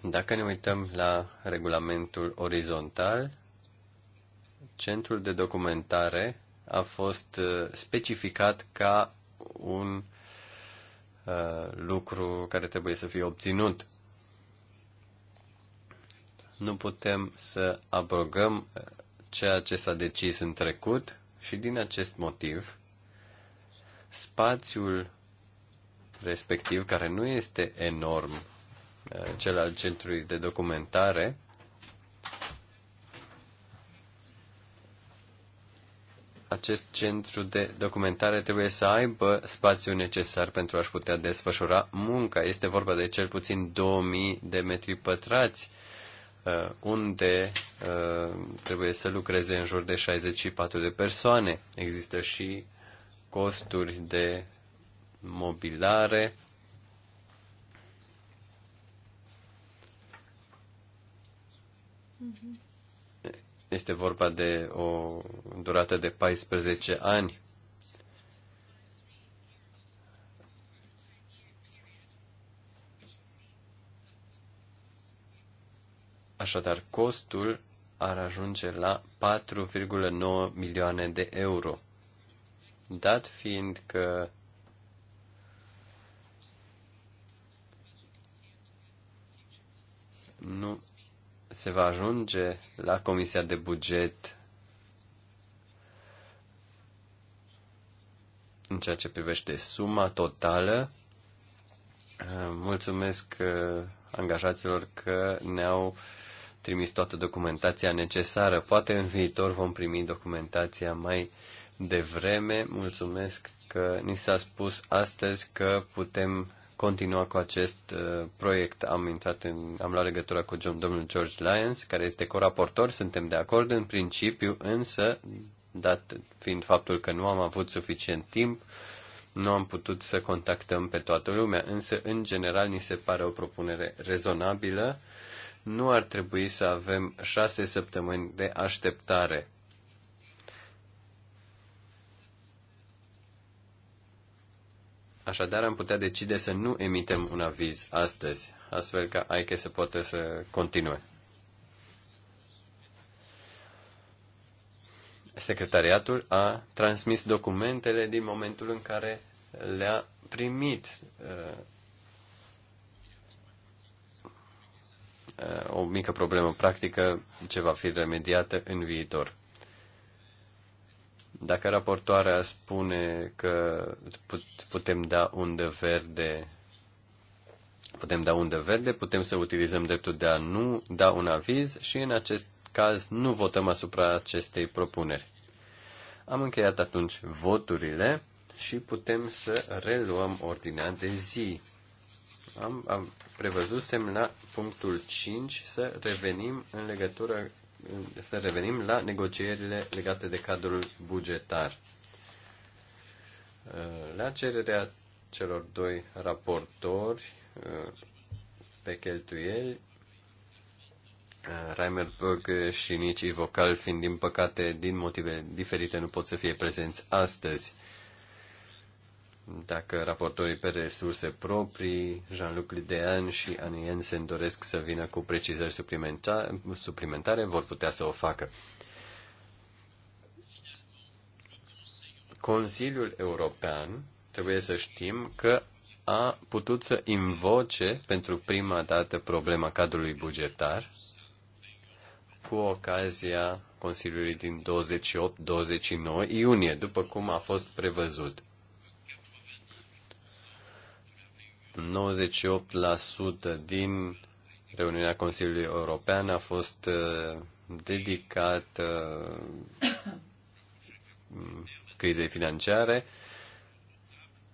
Speaker 1: Dacă ne uităm la regulamentul orizontal, centrul de documentare a fost uh, specificat ca un uh, lucru care trebuie să fie obținut. Nu putem să abrogăm uh, ceea ce s-a decis în trecut și din acest motiv spațiul respectiv, care nu este enorm, uh, cel al centrului de documentare, acest centru de documentare trebuie să aibă spațiu necesar pentru a-și putea desfășura munca. Este vorba de cel puțin 2000 de metri pătrați Uh, unde uh, trebuie să lucreze în jur de 64 de persoane. Există și costuri de mobilare. Mhm. Este vorba de o durată de 14 ani Așadar, costul ar ajunge la 4,9 milioane de euro. Dat fiind că nu se va ajunge la Comisia de Buget în ceea ce privește suma totală. Mulțumesc uh, angajaților că ne-au trimis toată documentația necesară. Poate în viitor vom primi documentația mai devreme. Mulțumesc că ni s-a spus astăzi că putem continua cu acest uh, proiect. Am intrat în, am luat legătura cu domnul George Lyons, care este coraportor, suntem de acord în principiu, însă, dat fiind faptul că nu am avut suficient timp, nu am putut să contactăm pe toată lumea, însă, în general, ni se pare o propunere rezonabilă nu ar trebui să avem șase săptămâni de așteptare. Așadar, am putea decide să nu emitem un aviz astăzi, astfel ca Aike să poată să continue. Secretariatul a transmis documentele din momentul în care le-a primit uh, Eh, o mică problemă practică ce va fi remediată în viitor. Dacă raportoarea spune că putem da undă verde, putem da undă verde, putem să utilizăm dreptul de a nu da un aviz și în acest caz nu votăm asupra acestei propuneri. Am încheiat atunci voturile și putem să reluăm ordinea de zi am, am prevăzut semna punctul 5 să revenim în legătură să revenim la negocierile legate de cadrul bugetar. Uh, la cererea celor doi raportori uh, pe cheltuieli, uh, Reimer Böge și Nici Vocal fiind din păcate din motive diferite nu pot să fie prezenți astăzi. Dacă raportorii pe resurse proprii, Jean-Luc Lidean și Anien se doresc să vină cu precizări suplimentare, suplimentare, vor putea să o facă. Consiliul European, trebuie să știm că a putut să invoce pentru prima dată problema cadrului bugetar cu ocazia Consiliului din 28-29 iunie, după cum a fost prevăzut. 98% din reuniunea Consiliului European a fost uh, dedicat uh, crizei financiare.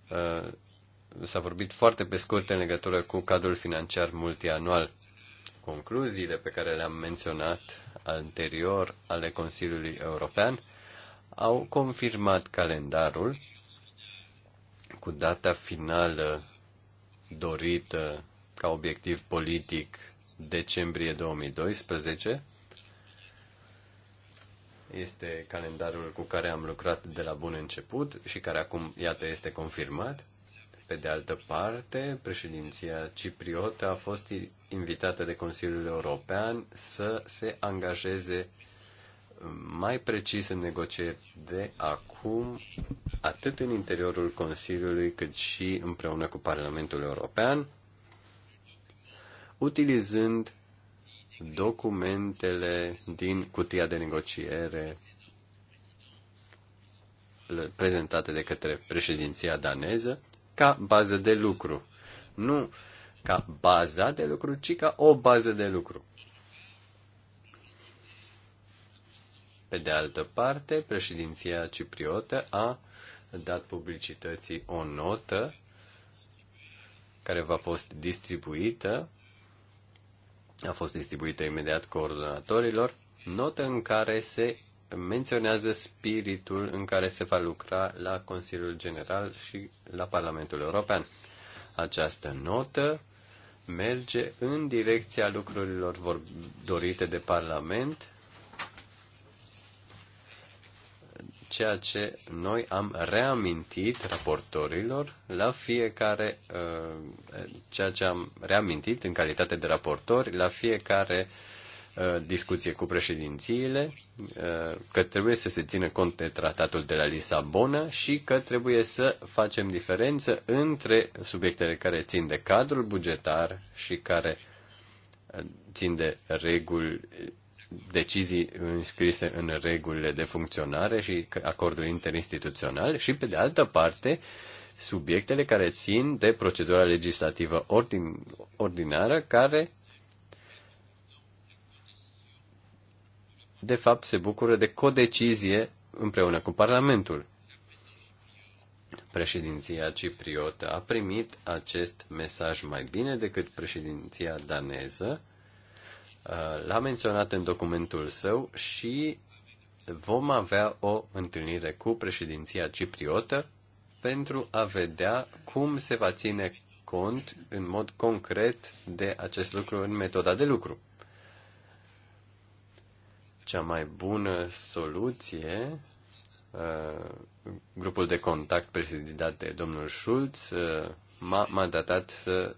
Speaker 1: Uh, s-a vorbit foarte pe scurt în legătură cu cadrul financiar multianual. Concluziile pe care le-am menționat anterior ale Consiliului European au confirmat calendarul cu data finală dorită uh, ca obiectiv politic decembrie 2012. Este calendarul cu care am lucrat de la bun început și care acum, iată, este confirmat. Pe de altă parte, președinția cipriotă a fost invitată de Consiliul European să se angajeze mai precis în negocieri de acum, atât în interiorul Consiliului, cât și împreună cu Parlamentul European, utilizând documentele din cutia de negociere prezentate de către președinția daneză ca bază de lucru. Nu ca baza de lucru, ci ca o bază de lucru. Pe de altă parte, președinția cipriotă a dat publicității o notă care va fost distribuită, a fost distribuită imediat coordonatorilor, notă în care se menționează spiritul în care se va lucra la Consiliul General și la Parlamentul European. Această notă merge în direcția lucrurilor vor dorite de Parlament ceea ce noi am reamintit raportorilor la fiecare, uh, ceea ce am reamintit în calitate de raportori la fiecare uh, discuție cu președințiile, uh, că trebuie să se țină cont de tratatul de la Lisabona și că trebuie să facem diferență între subiectele care țin de cadrul bugetar și care țin de reguli decizii înscrise în regulile de funcționare și acordul interinstituțional și, pe de altă parte, subiectele care țin de procedura legislativă ordin, ordinară, care, de fapt, se bucură de codecizie împreună cu Parlamentul. Președinția cipriotă a primit acest mesaj mai bine decât președinția daneză, Uh, l-a menționat în documentul său și vom avea o întâlnire cu președinția cipriotă pentru a vedea cum se va ține cont în mod concret de acest lucru în metoda de lucru. Cea mai bună soluție, uh, grupul de contact prezidat de domnul Schulz uh, m-a mandatat să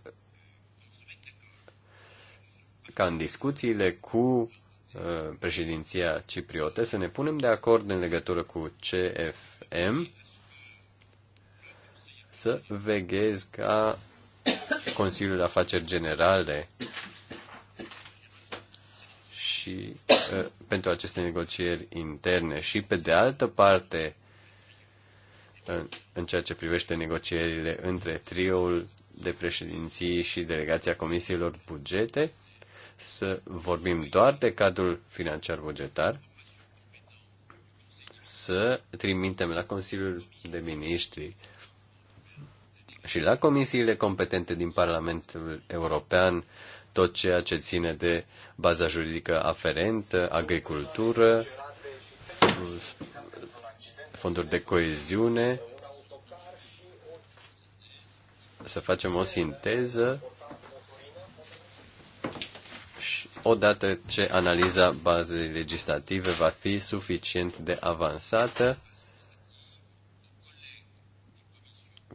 Speaker 1: ca în discuțiile cu uh, președinția cipriote să ne punem de acord în legătură cu CFM, să veghez ca Consiliul Afaceri Generale și uh, pentru aceste negocieri interne și pe de altă parte în, în ceea ce privește negocierile între trioul de președinții și delegația comisiilor bugete, să vorbim doar de cadrul financiar bugetar, să trimitem la Consiliul de Ministri și la comisiile competente din Parlamentul European tot ceea ce ține de baza juridică aferentă, agricultură, fonduri de coeziune, să facem o sinteză odată ce analiza bazei legislative va fi suficient de avansată,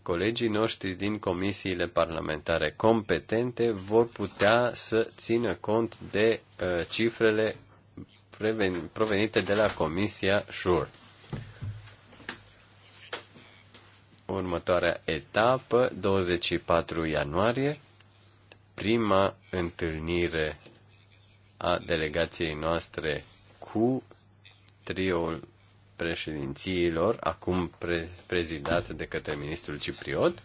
Speaker 1: colegii noștri din comisiile parlamentare competente vor putea să țină cont de uh, cifrele provenite de la Comisia Jur. Următoarea etapă, 24 ianuarie, prima întâlnire a delegației noastre cu trioul președințiilor, acum pre- prezidat de către ministrul cipriot.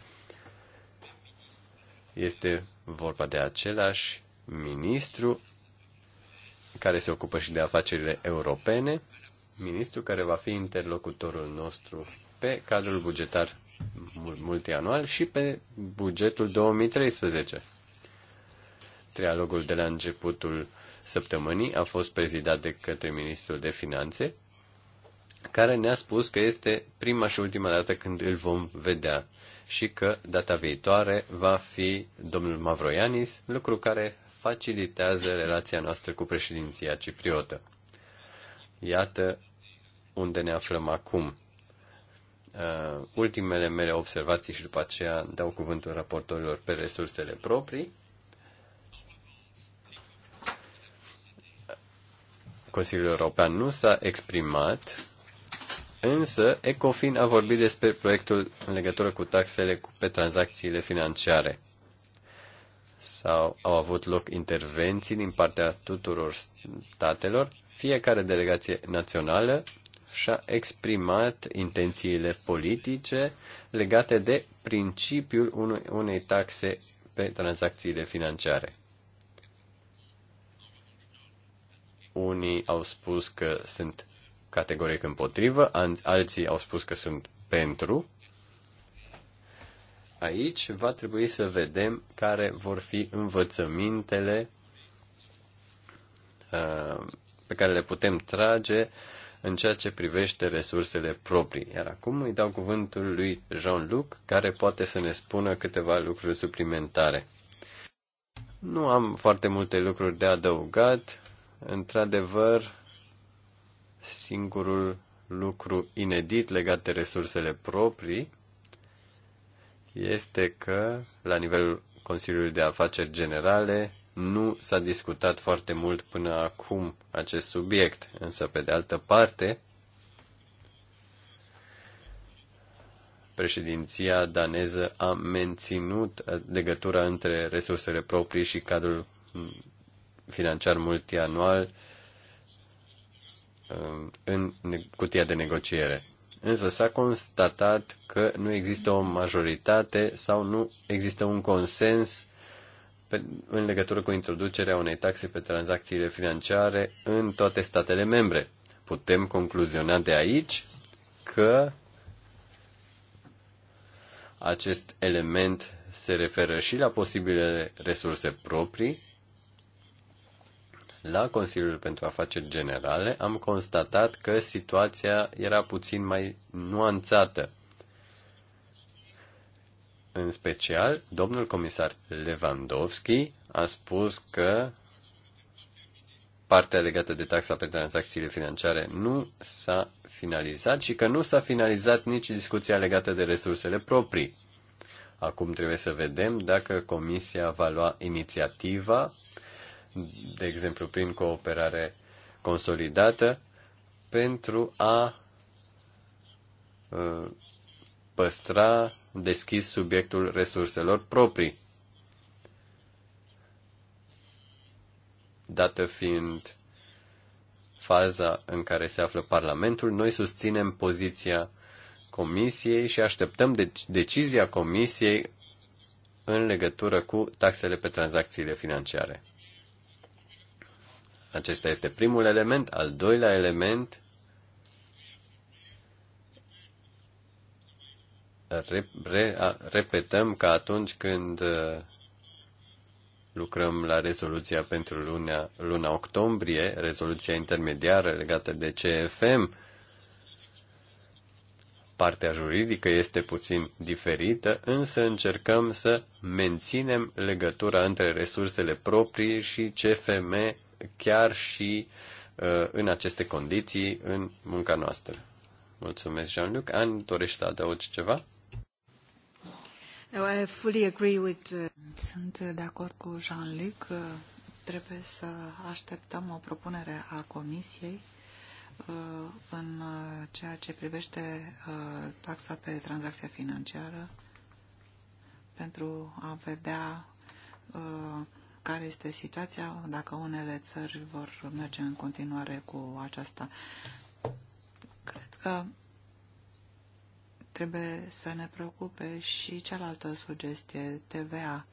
Speaker 1: Este vorba de același ministru care se ocupă și de afacerile europene, ministru care va fi interlocutorul nostru pe cadrul bugetar multianual și pe bugetul 2013. Trialogul de la începutul săptămânii a fost prezidat de către Ministrul de Finanțe, care ne-a spus că este prima și ultima dată când îl vom vedea și că data viitoare va fi domnul Mavroianis, lucru care facilitează relația noastră cu președinția cipriotă. Iată unde ne aflăm acum. Uh, ultimele mele observații și după aceea dau cuvântul raportorilor pe resursele proprii. Consiliul European nu s-a exprimat, însă Ecofin a vorbit despre proiectul în legătură cu taxele pe tranzacțiile financiare. Sau au avut loc intervenții din partea tuturor statelor, fiecare delegație națională și-a exprimat intențiile politice legate de principiul unei taxe pe tranzacțiile financiare. Unii au spus că sunt categoric împotrivă, alții au spus că sunt pentru. Aici va trebui să vedem care vor fi învățămintele uh, pe care le putem trage în ceea ce privește resursele proprii. Iar acum îi dau cuvântul lui Jean-Luc, care poate să ne spună câteva lucruri suplimentare. Nu am foarte multe lucruri de adăugat. Într-adevăr, singurul lucru inedit legat de resursele proprii este că, la nivelul Consiliului de Afaceri Generale, nu s-a discutat foarte mult până acum acest subiect, însă, pe de altă parte, președinția daneză a menținut legătura între resursele proprii și cadrul financiar multianual um, în cutia de negociere. Însă s-a constatat că nu există o majoritate sau nu există un consens pe, în legătură cu introducerea unei taxe pe tranzacțiile financiare în toate statele membre. Putem concluziona de aici că acest element se referă și la posibile resurse proprii la Consiliul pentru Afaceri Generale am constatat că situația era puțin mai nuanțată. În special, domnul comisar Lewandowski a spus că partea legată de taxa pe tranzacțiile financiare nu s-a finalizat și că nu s-a finalizat nici discuția legată de resursele proprii. Acum trebuie să vedem dacă Comisia va lua inițiativa de exemplu prin cooperare consolidată, pentru a uh, păstra deschis subiectul resurselor proprii. Dată fiind faza în care se află Parlamentul, noi susținem poziția Comisiei și așteptăm de- decizia Comisiei în legătură cu taxele pe tranzacțiile financiare. Acesta este primul element. Al doilea element re, re, a, repetăm că atunci când uh, lucrăm la rezoluția pentru luna, luna octombrie, rezoluția intermediară legată de CFM, partea juridică este puțin diferită, însă încercăm să menținem legătura între resursele proprii și CFM chiar și uh, în aceste condiții, în munca noastră. Mulțumesc, Jean-Luc. Ani dorești să adaugi ceva?
Speaker 2: I fully agree with... Uh, Sunt de acord cu Jean-Luc. Trebuie să așteptăm o propunere a Comisiei uh, în ceea ce privește taxa pe tranzacția financiară pentru a vedea care este situația, dacă unele țări vor merge în continuare cu aceasta. Cred că trebuie să ne preocupe și cealaltă sugestie, TVA,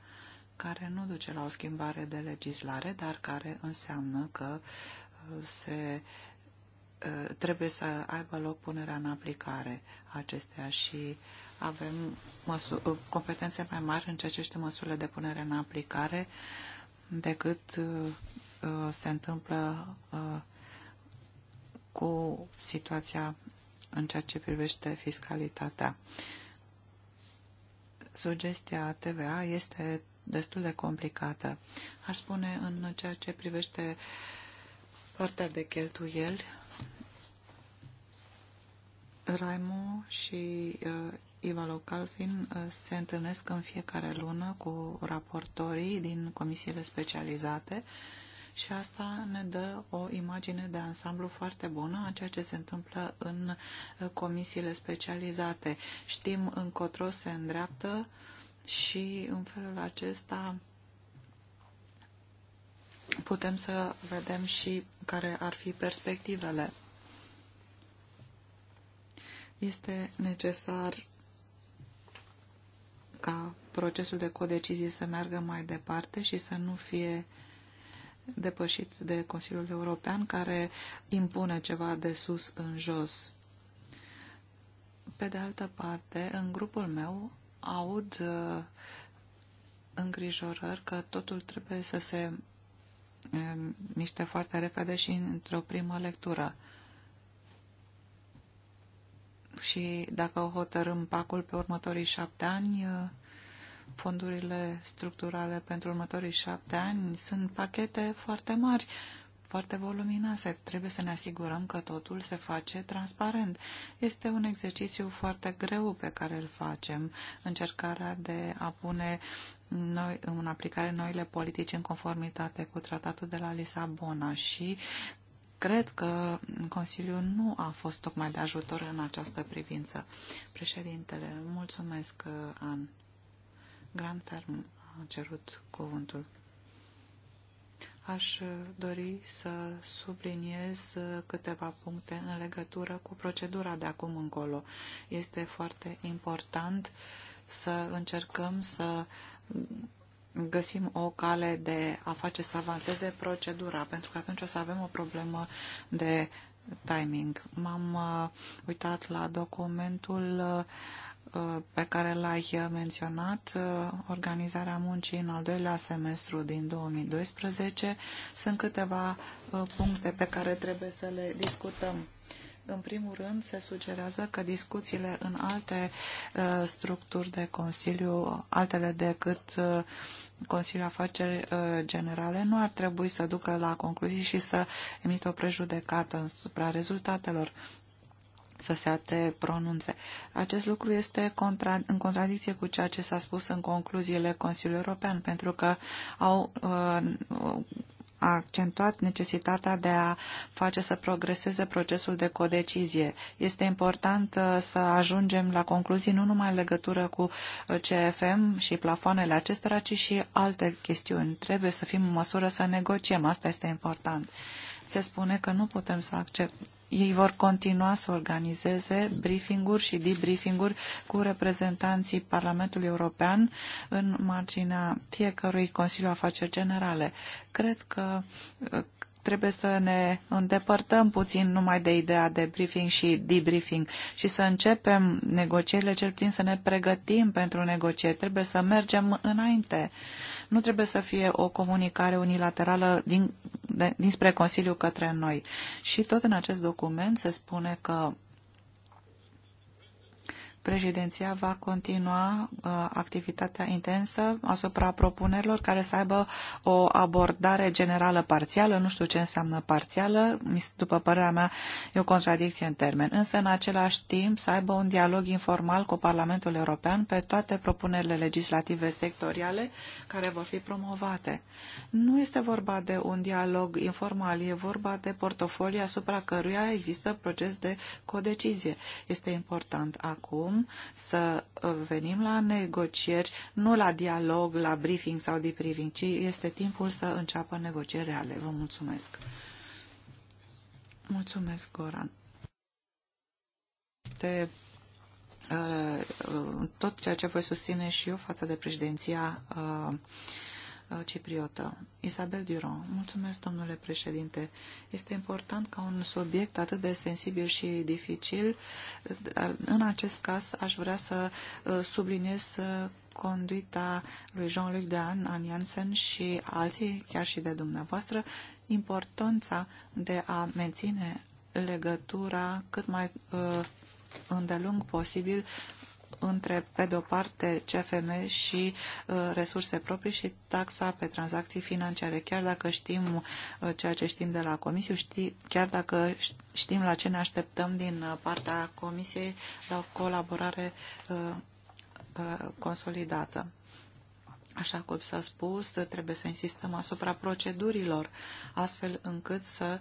Speaker 2: care nu duce la o schimbare de legislare, dar care înseamnă că uh, se uh, trebuie să aibă loc punerea în aplicare acestea și avem uh, competențe mai mari în ceea ce este măsurile de punere în aplicare decât uh, uh, se întâmplă uh, cu situația în ceea ce privește fiscalitatea. Sugestia TVA este destul de complicată. Aș spune în ceea ce privește partea de cheltuieli, Raimu și Iva Localfin uh, se întâlnesc în fiecare lună cu raportorii din comisiile specializate și asta ne dă o imagine de ansamblu foarte bună a ceea ce se întâmplă în uh, comisiile specializate. Știm încotro se îndreaptă și în felul acesta putem să vedem și care ar fi perspectivele. Este necesar ca procesul de codecizie să meargă mai departe și să nu fie depășit de Consiliul European, care impune ceva de sus în jos. Pe de altă parte, în grupul meu aud uh, îngrijorări că totul trebuie să se uh, miște foarte repede și într-o primă lectură și dacă o hotărâm pacul pe următorii șapte ani, uh, fondurile structurale pentru următorii șapte ani sunt pachete foarte mari, foarte voluminoase. Trebuie să ne asigurăm că totul se face transparent. Este un exercițiu foarte greu pe care îl facem, încercarea de a pune noi, în aplicare noile politici în conformitate cu tratatul de la Lisabona și Cred că Consiliul nu a fost tocmai de ajutor în această privință. Președintele, mulțumesc, uh, An. Grand Term a cerut cuvântul. Aș uh, dori să subliniez uh, câteva puncte în legătură cu procedura de acum încolo. Este foarte important să încercăm să găsim o cale de a face să avanseze procedura, pentru că atunci o să avem o problemă de timing. M-am uh, uitat la documentul uh, pe care l-ai menționat, uh, organizarea muncii în al doilea semestru din 2012. Sunt câteva puncte pe care trebuie să le discutăm. În primul rând, se sugerează că discuțiile în alte uh, structuri de Consiliu, altele decât uh, Consiliul Afaceri uh, Generale, nu ar trebui să ducă la concluzii și să emită o prejudecată asupra rezultatelor să se ate pronunțe. Acest lucru este contra, în contradicție cu ceea ce s-a spus în concluziile Consiliului European, pentru că au uh, a accentuat necesitatea de a face să progreseze procesul de codecizie. Este important uh, să ajungem la concluzii nu numai în legătură cu uh, CFM și plafoanele acestora, ci și alte chestiuni. Trebuie să fim în măsură să negociem, asta este important. Se spune că nu putem să accept, ei vor continua să organizeze briefinguri și debriefing-uri cu reprezentanții Parlamentului European în marginea fiecărui Consiliu Afaceri Generale. Cred că uh, trebuie să ne îndepărtăm puțin numai de ideea de briefing și debriefing și să începem negocierile, cel puțin să ne pregătim pentru negocieri. Trebuie să mergem înainte nu trebuie să fie o comunicare unilaterală din, de, dinspre Consiliu către noi. Și tot în acest document se spune că Președinția va continua uh, activitatea intensă asupra propunerilor care să aibă o abordare generală parțială. Nu știu ce înseamnă parțială, după părerea mea e o contradicție în termen. Însă, în același timp, să aibă un dialog informal cu Parlamentul European pe toate propunerile legislative sectoriale care vor fi promovate. Nu este vorba de un dialog informal, e vorba de portofolii asupra căruia există proces de codecizie. Este important acum acum să uh, venim la negocieri, nu la dialog, la briefing sau debriefing, ci este timpul să înceapă negocieri reale. Vă mulțumesc. Mulțumesc, Goran. Este uh, uh, tot ceea ce voi susține și eu față de președinția Uh, cipriotă. Isabel Duron, mulțumesc, domnule președinte. Este important ca un subiect atât de sensibil și dificil, uh, în acest caz aș vrea să uh, subliniez conduita lui Jean-Luc Dean, An Janssen și alții, chiar și de dumneavoastră, importanța de a menține legătura cât mai îndelung posibil între, pe de-o parte, CFM și uh, resurse proprii și taxa pe tranzacții financiare. Chiar dacă știm uh, ceea ce știm de la Comisie, ști, chiar dacă știm la ce ne așteptăm din uh, partea Comisiei, la o colaborare consolidată. Așa cum s-a spus, trebuie să insistăm asupra procedurilor, astfel încât să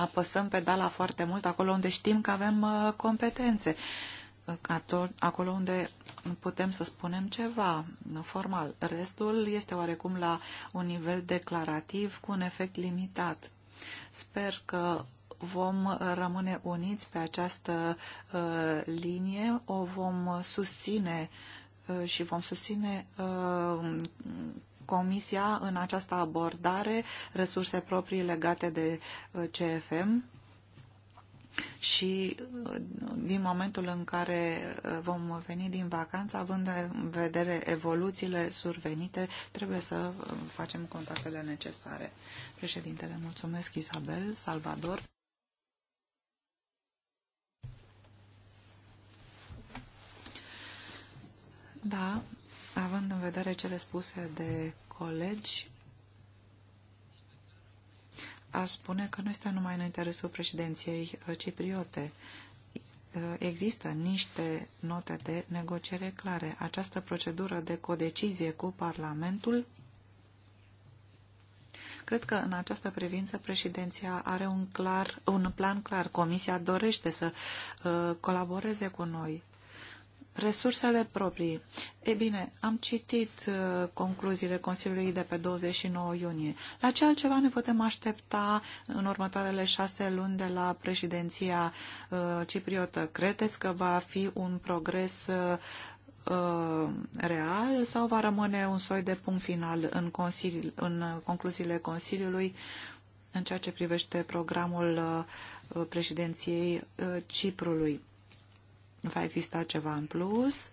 Speaker 2: apăsăm pedala foarte mult acolo unde știm că avem uh, competențe, uh, acolo unde putem să spunem ceva uh, formal. Restul este oarecum la un nivel declarativ cu un efect limitat. Sper că vom rămâne uniți pe această uh, linie, o vom susține uh, și vom susține uh, Comisia în această abordare resurse proprii legate de uh, CFM și uh, din momentul în care uh, vom veni din vacanță, având în vedere evoluțiile survenite, trebuie să facem contactele necesare. Președintele, mulțumesc Isabel, Salvador. Da, Având în vedere cele spuse de colegi, aș spune că nu este numai în interesul președinției uh, cipriote. Uh, există niște note de negociere clare. Această procedură de codecizie cu Parlamentul Cred că în această privință președinția are un, clar, un plan clar. Comisia dorește să uh, colaboreze cu noi. Resursele proprii. E bine, am citit uh, concluziile Consiliului de pe 29 iunie. La ce altceva ne putem aștepta în următoarele șase luni de la președinția uh, cipriotă? Credeți că va fi un progres uh, real sau va rămâne un soi de punct final în, consili, în concluziile Consiliului în ceea ce privește programul președinției Ciprului? va exista ceva în plus,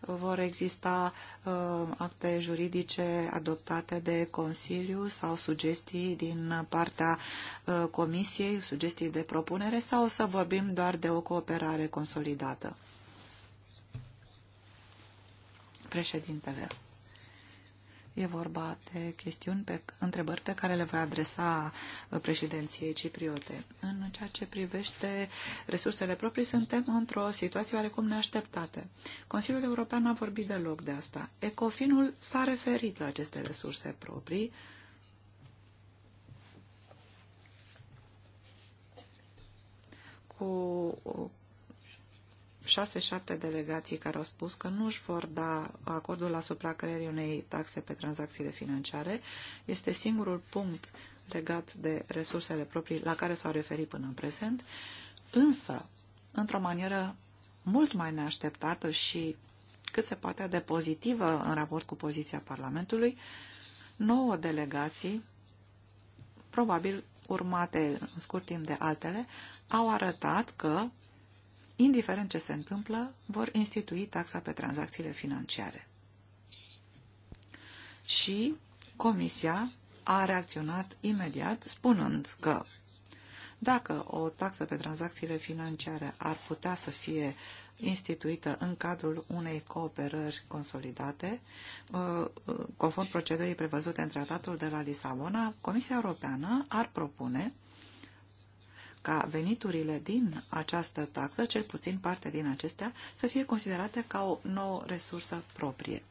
Speaker 2: vor exista uh, acte juridice adoptate de Consiliu sau sugestii din partea uh, Comisiei, sugestii de propunere sau o să vorbim doar de o cooperare consolidată? Președintele. E vorba de chestiuni, pe, întrebări pe care le voi adresa uh, președinției cipriote. În ceea ce privește resursele proprii, suntem într-o situație oarecum neașteptată. Consiliul European n-a vorbit deloc de asta. Ecofinul s-a referit la aceste resurse proprii, cu uh, 6-7 delegații care au spus că nu își vor da acordul asupra creierii unei taxe pe tranzacțiile financiare. Este singurul punct legat de resursele proprii la care s-au referit până în prezent, însă, într-o manieră mult mai neașteptată și cât se poate de pozitivă în raport cu poziția Parlamentului, nouă delegații, probabil urmate în scurt timp de altele, au arătat că indiferent ce se întâmplă, vor institui taxa pe tranzacțiile financiare. Și Comisia a reacționat imediat spunând că dacă o taxă pe tranzacțiile financiare ar putea să fie instituită în cadrul unei cooperări consolidate, uh, uh, conform procedurii prevăzute în tratatul de la Lisabona, Comisia Europeană ar propune ca veniturile din această taxă, cel puțin parte din acestea, să fie considerate ca o nouă resursă proprie.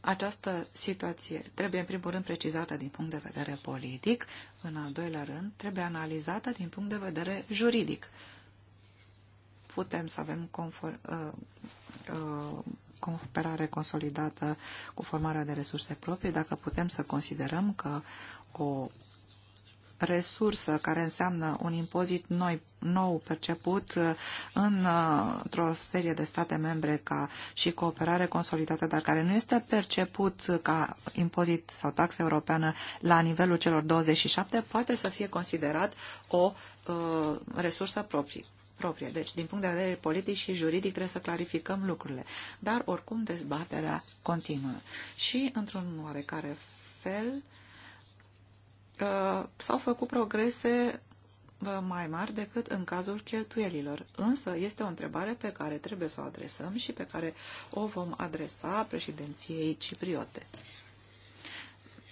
Speaker 2: Această situație trebuie, în primul rând, precizată din punct de vedere politic, în al doilea rând, trebuie analizată din punct de vedere juridic. Putem să avem conform, uh, uh, cooperare consolidată cu formarea de resurse proprii, dacă putem să considerăm că o resursă care înseamnă un impozit noi, nou perceput uh, în, uh, într-o serie de state membre ca și cooperare consolidată, dar care nu este perceput ca impozit sau taxă europeană la nivelul celor 27, poate să fie considerat o uh, resursă proprie proprie. Deci, din punct de vedere politic și juridic, trebuie să clarificăm lucrurile. Dar, oricum, dezbaterea continuă. Și, într-un oarecare fel, s-au făcut progrese mai mari decât în cazul cheltuielilor. Însă este o întrebare pe care trebuie să o adresăm și pe care o vom adresa președinției cipriote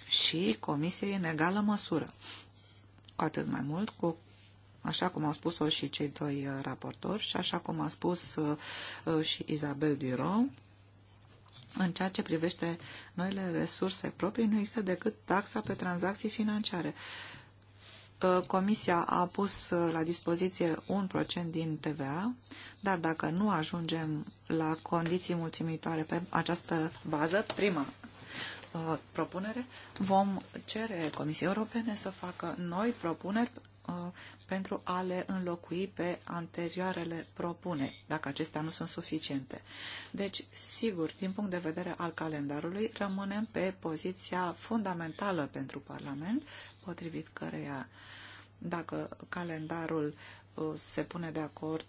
Speaker 2: și Comisiei în egală măsură. Cu atât mai mult, cu așa cum au spus-o și cei doi uh, raportori și așa cum a spus uh, uh, și Isabel Duron, în ceea ce privește noile resurse proprii, nu există decât taxa pe tranzacții financiare. Ă, Comisia a pus la dispoziție 1% din TVA, dar dacă nu ajungem la condiții mulțumitoare pe această bază, prima ă, propunere, vom cere Comisiei Europene să facă noi propuneri Uh, pentru a le înlocui pe anterioarele propune, dacă acestea nu sunt suficiente. Deci, sigur, din punct de vedere al calendarului, rămânem pe poziția fundamentală pentru Parlament, potrivit căreia dacă calendarul uh, se pune de acord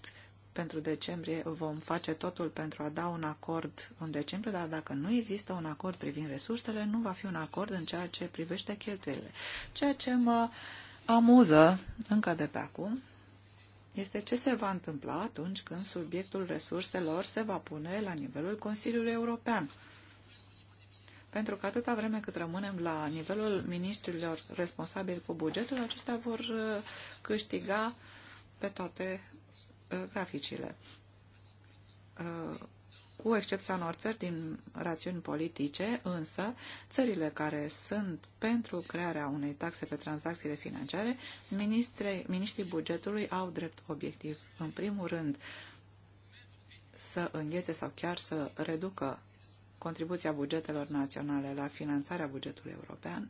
Speaker 2: pentru decembrie, vom face totul pentru a da un acord în decembrie, dar dacă nu există un acord privind resursele, nu va fi un acord în ceea ce privește cheltuielile. Ceea ce mă uh, amuză încă de pe acum este ce se va întâmpla atunci când subiectul resurselor se va pune la nivelul Consiliului European. Pentru că atâta vreme cât rămânem la nivelul ministrilor responsabili cu bugetul, aceștia vor uh, câștiga pe toate uh, graficile uh, cu excepția unor țări din rațiuni politice, însă țările care sunt pentru crearea unei taxe pe tranzacțiile financiare, miniștrii ministrii bugetului au drept obiectiv, în primul rând, să înghețe sau chiar să reducă contribuția bugetelor naționale la finanțarea bugetului european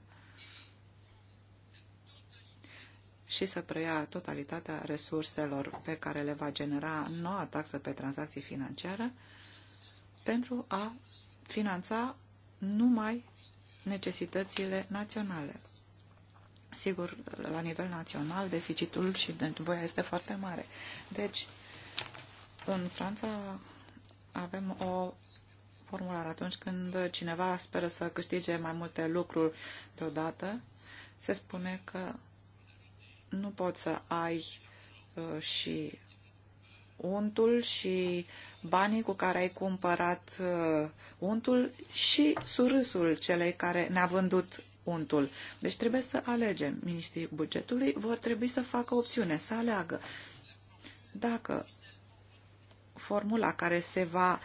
Speaker 2: și să preia totalitatea resurselor pe care le va genera noua taxă pe tranzacții financiare, pentru a finanța numai necesitățile naționale. Sigur, la nivel național, deficitul și nevoia este foarte mare. Deci, în Franța avem o formulare atunci când cineva speră să câștige mai multe lucruri deodată, se spune că nu poți să ai uh, și untul și banii cu care ai cumpărat uh, untul și surâsul celei care ne-a vândut untul. Deci trebuie să alegem. Ministrii bugetului vor trebui să facă opțiune, să aleagă. Dacă formula care se va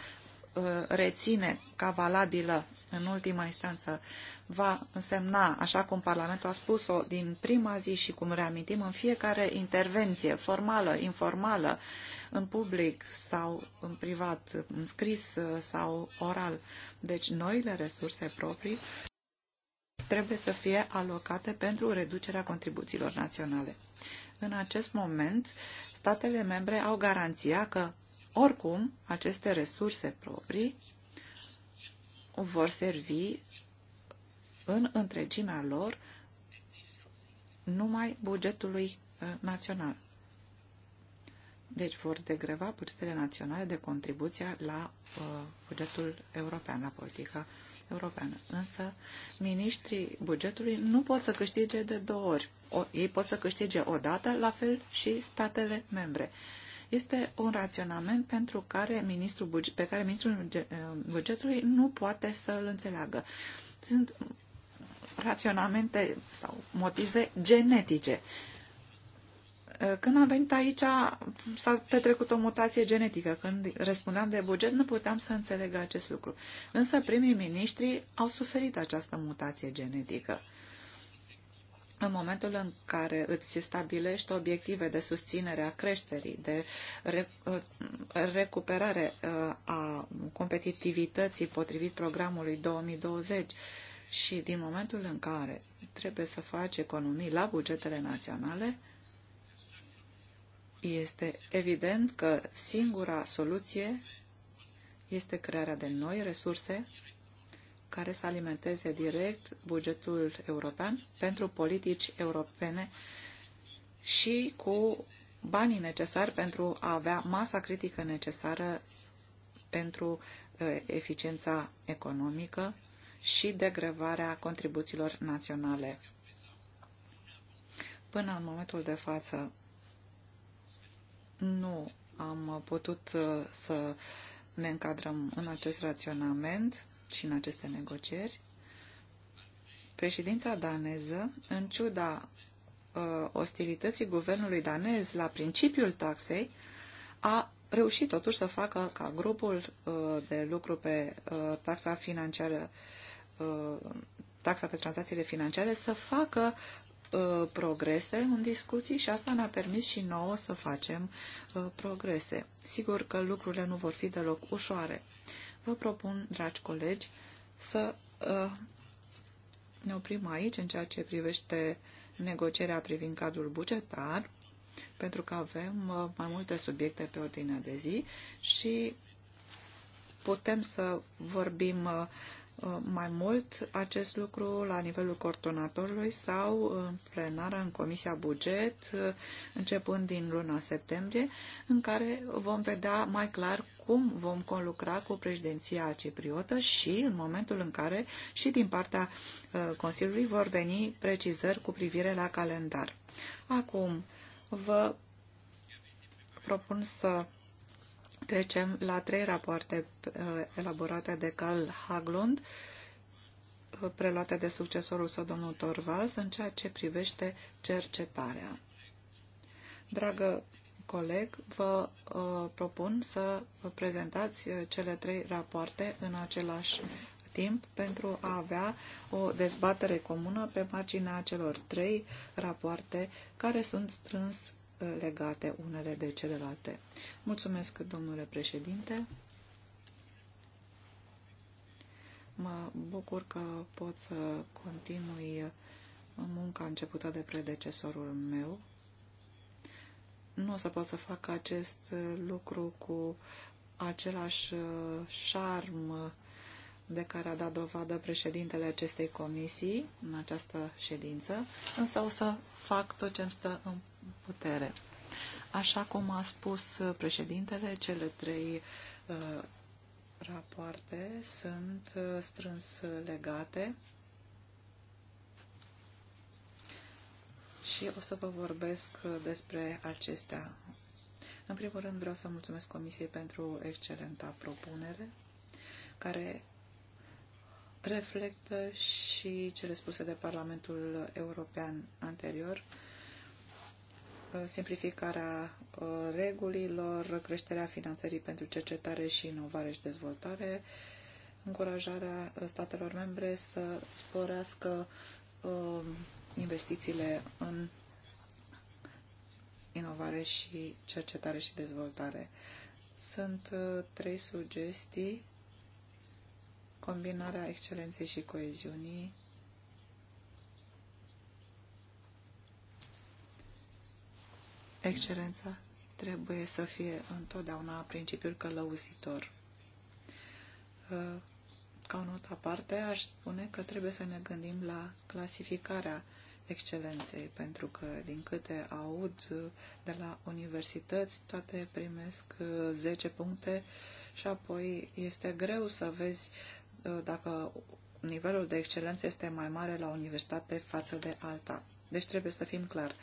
Speaker 2: uh, reține ca valabilă în ultima instanță va însemna, așa cum Parlamentul a spus-o din prima zi și cum reamintim în fiecare intervenție formală, informală, în public sau în privat, în scris uh, sau oral. Deci noile resurse proprii trebuie să fie alocate pentru reducerea contribuțiilor naționale. În acest moment, statele membre au garanția că, oricum, aceste resurse proprii vor servi în întregimea lor numai bugetului uh, național. Deci vor degreva bugetele naționale de contribuția la uh, bugetul european, la politica europeană. Însă, miniștrii bugetului nu pot să câștige de două ori. O, ei pot să câștige o dată, la fel și statele membre. Uh, este un raționament pentru care ministrul, pe care ministrul eh, bugetului nu poate să îl înțeleagă. Sunt raționamente sau motive genetice. Eh, când am venit aici, s-a petrecut o mutație genetică. Când răspundeam de buget, nu puteam să înțeleg acest lucru. Însă primii miniștri au suferit această mutație genetică în momentul în care îți stabilești obiective de susținere a creșterii, de uh, recuperare uh, a competitivității potrivit programului 2020 și din momentul în care trebuie să faci economii la bugetele naționale, este evident că singura soluție este crearea de noi resurse care să alimenteze direct bugetul european pentru politici europene și cu banii necesari pentru a avea masa critică necesară pentru uh, eficiența economică și degrevarea contribuțiilor naționale. Până în momentul de față nu am putut uh, să ne încadrăm în acest raționament și în aceste negocieri, președința daneză, în ciuda uh, ostilității guvernului danez la principiul taxei, a reușit totuși să facă ca grupul uh, de lucru pe uh, taxa financiară, uh, taxa pe tranzacțiile financiare, să facă uh, progrese în discuții și asta ne-a permis și nouă să facem uh, progrese. Sigur că lucrurile nu vor fi deloc ușoare. Vă propun, dragi colegi, să uh, ne oprim aici în ceea ce privește negocierea privind cadrul bugetar, pentru că avem uh, mai multe subiecte pe ordinea de zi și putem să vorbim uh, Uh, mai mult acest lucru la nivelul coordonatorului sau în plenară în Comisia Buget, uh, începând din luna septembrie, în care vom vedea mai clar cum vom conlucra cu președinția cipriotă și în momentul în care și din partea uh, Consiliului vor veni precizări cu privire la calendar. Acum, vă propun să Trecem la trei rapoarte uh, elaborate de Carl Haglund, uh, preluate de succesorul său, domnul Torvalds, în ceea ce privește cercetarea. Dragă coleg, vă uh, propun să prezentați uh, cele trei rapoarte în același timp pentru a avea o dezbatere comună pe marginea celor trei rapoarte care sunt strâns legate unele de celelalte. Mulțumesc, domnule președinte. Mă bucur că pot să continui munca începută de predecesorul meu. Nu o să pot să fac acest lucru cu același șarm de care a dat dovadă președintele acestei comisii în această ședință, însă o să fac tot ce îmi stă în putere. Așa cum a spus președintele, cele trei uh, rapoarte sunt uh, strâns legate și o să vă vorbesc uh, despre acestea. În primul rând vreau să mulțumesc Comisiei pentru excelenta propunere, care reflectă și cele spuse de Parlamentul European anterior, simplificarea uh, regulilor, creșterea finanțării pentru cercetare și inovare și dezvoltare, încurajarea uh, statelor membre să sporească uh, investițiile în inovare și cercetare și dezvoltare. Sunt trei sugestii, combinarea excelenței și coeziunii, Excelența trebuie să fie întotdeauna principiul călăuzitor. Ă, ca o notă aparte, aș spune că trebuie să ne gândim la clasificarea excelenței, pentru că, din câte aud de la universități, toate primesc 10 ă, puncte și apoi este greu să vezi ă, dacă nivelul de excelență este mai mare la universitate față de alta. Deci trebuie să fim clar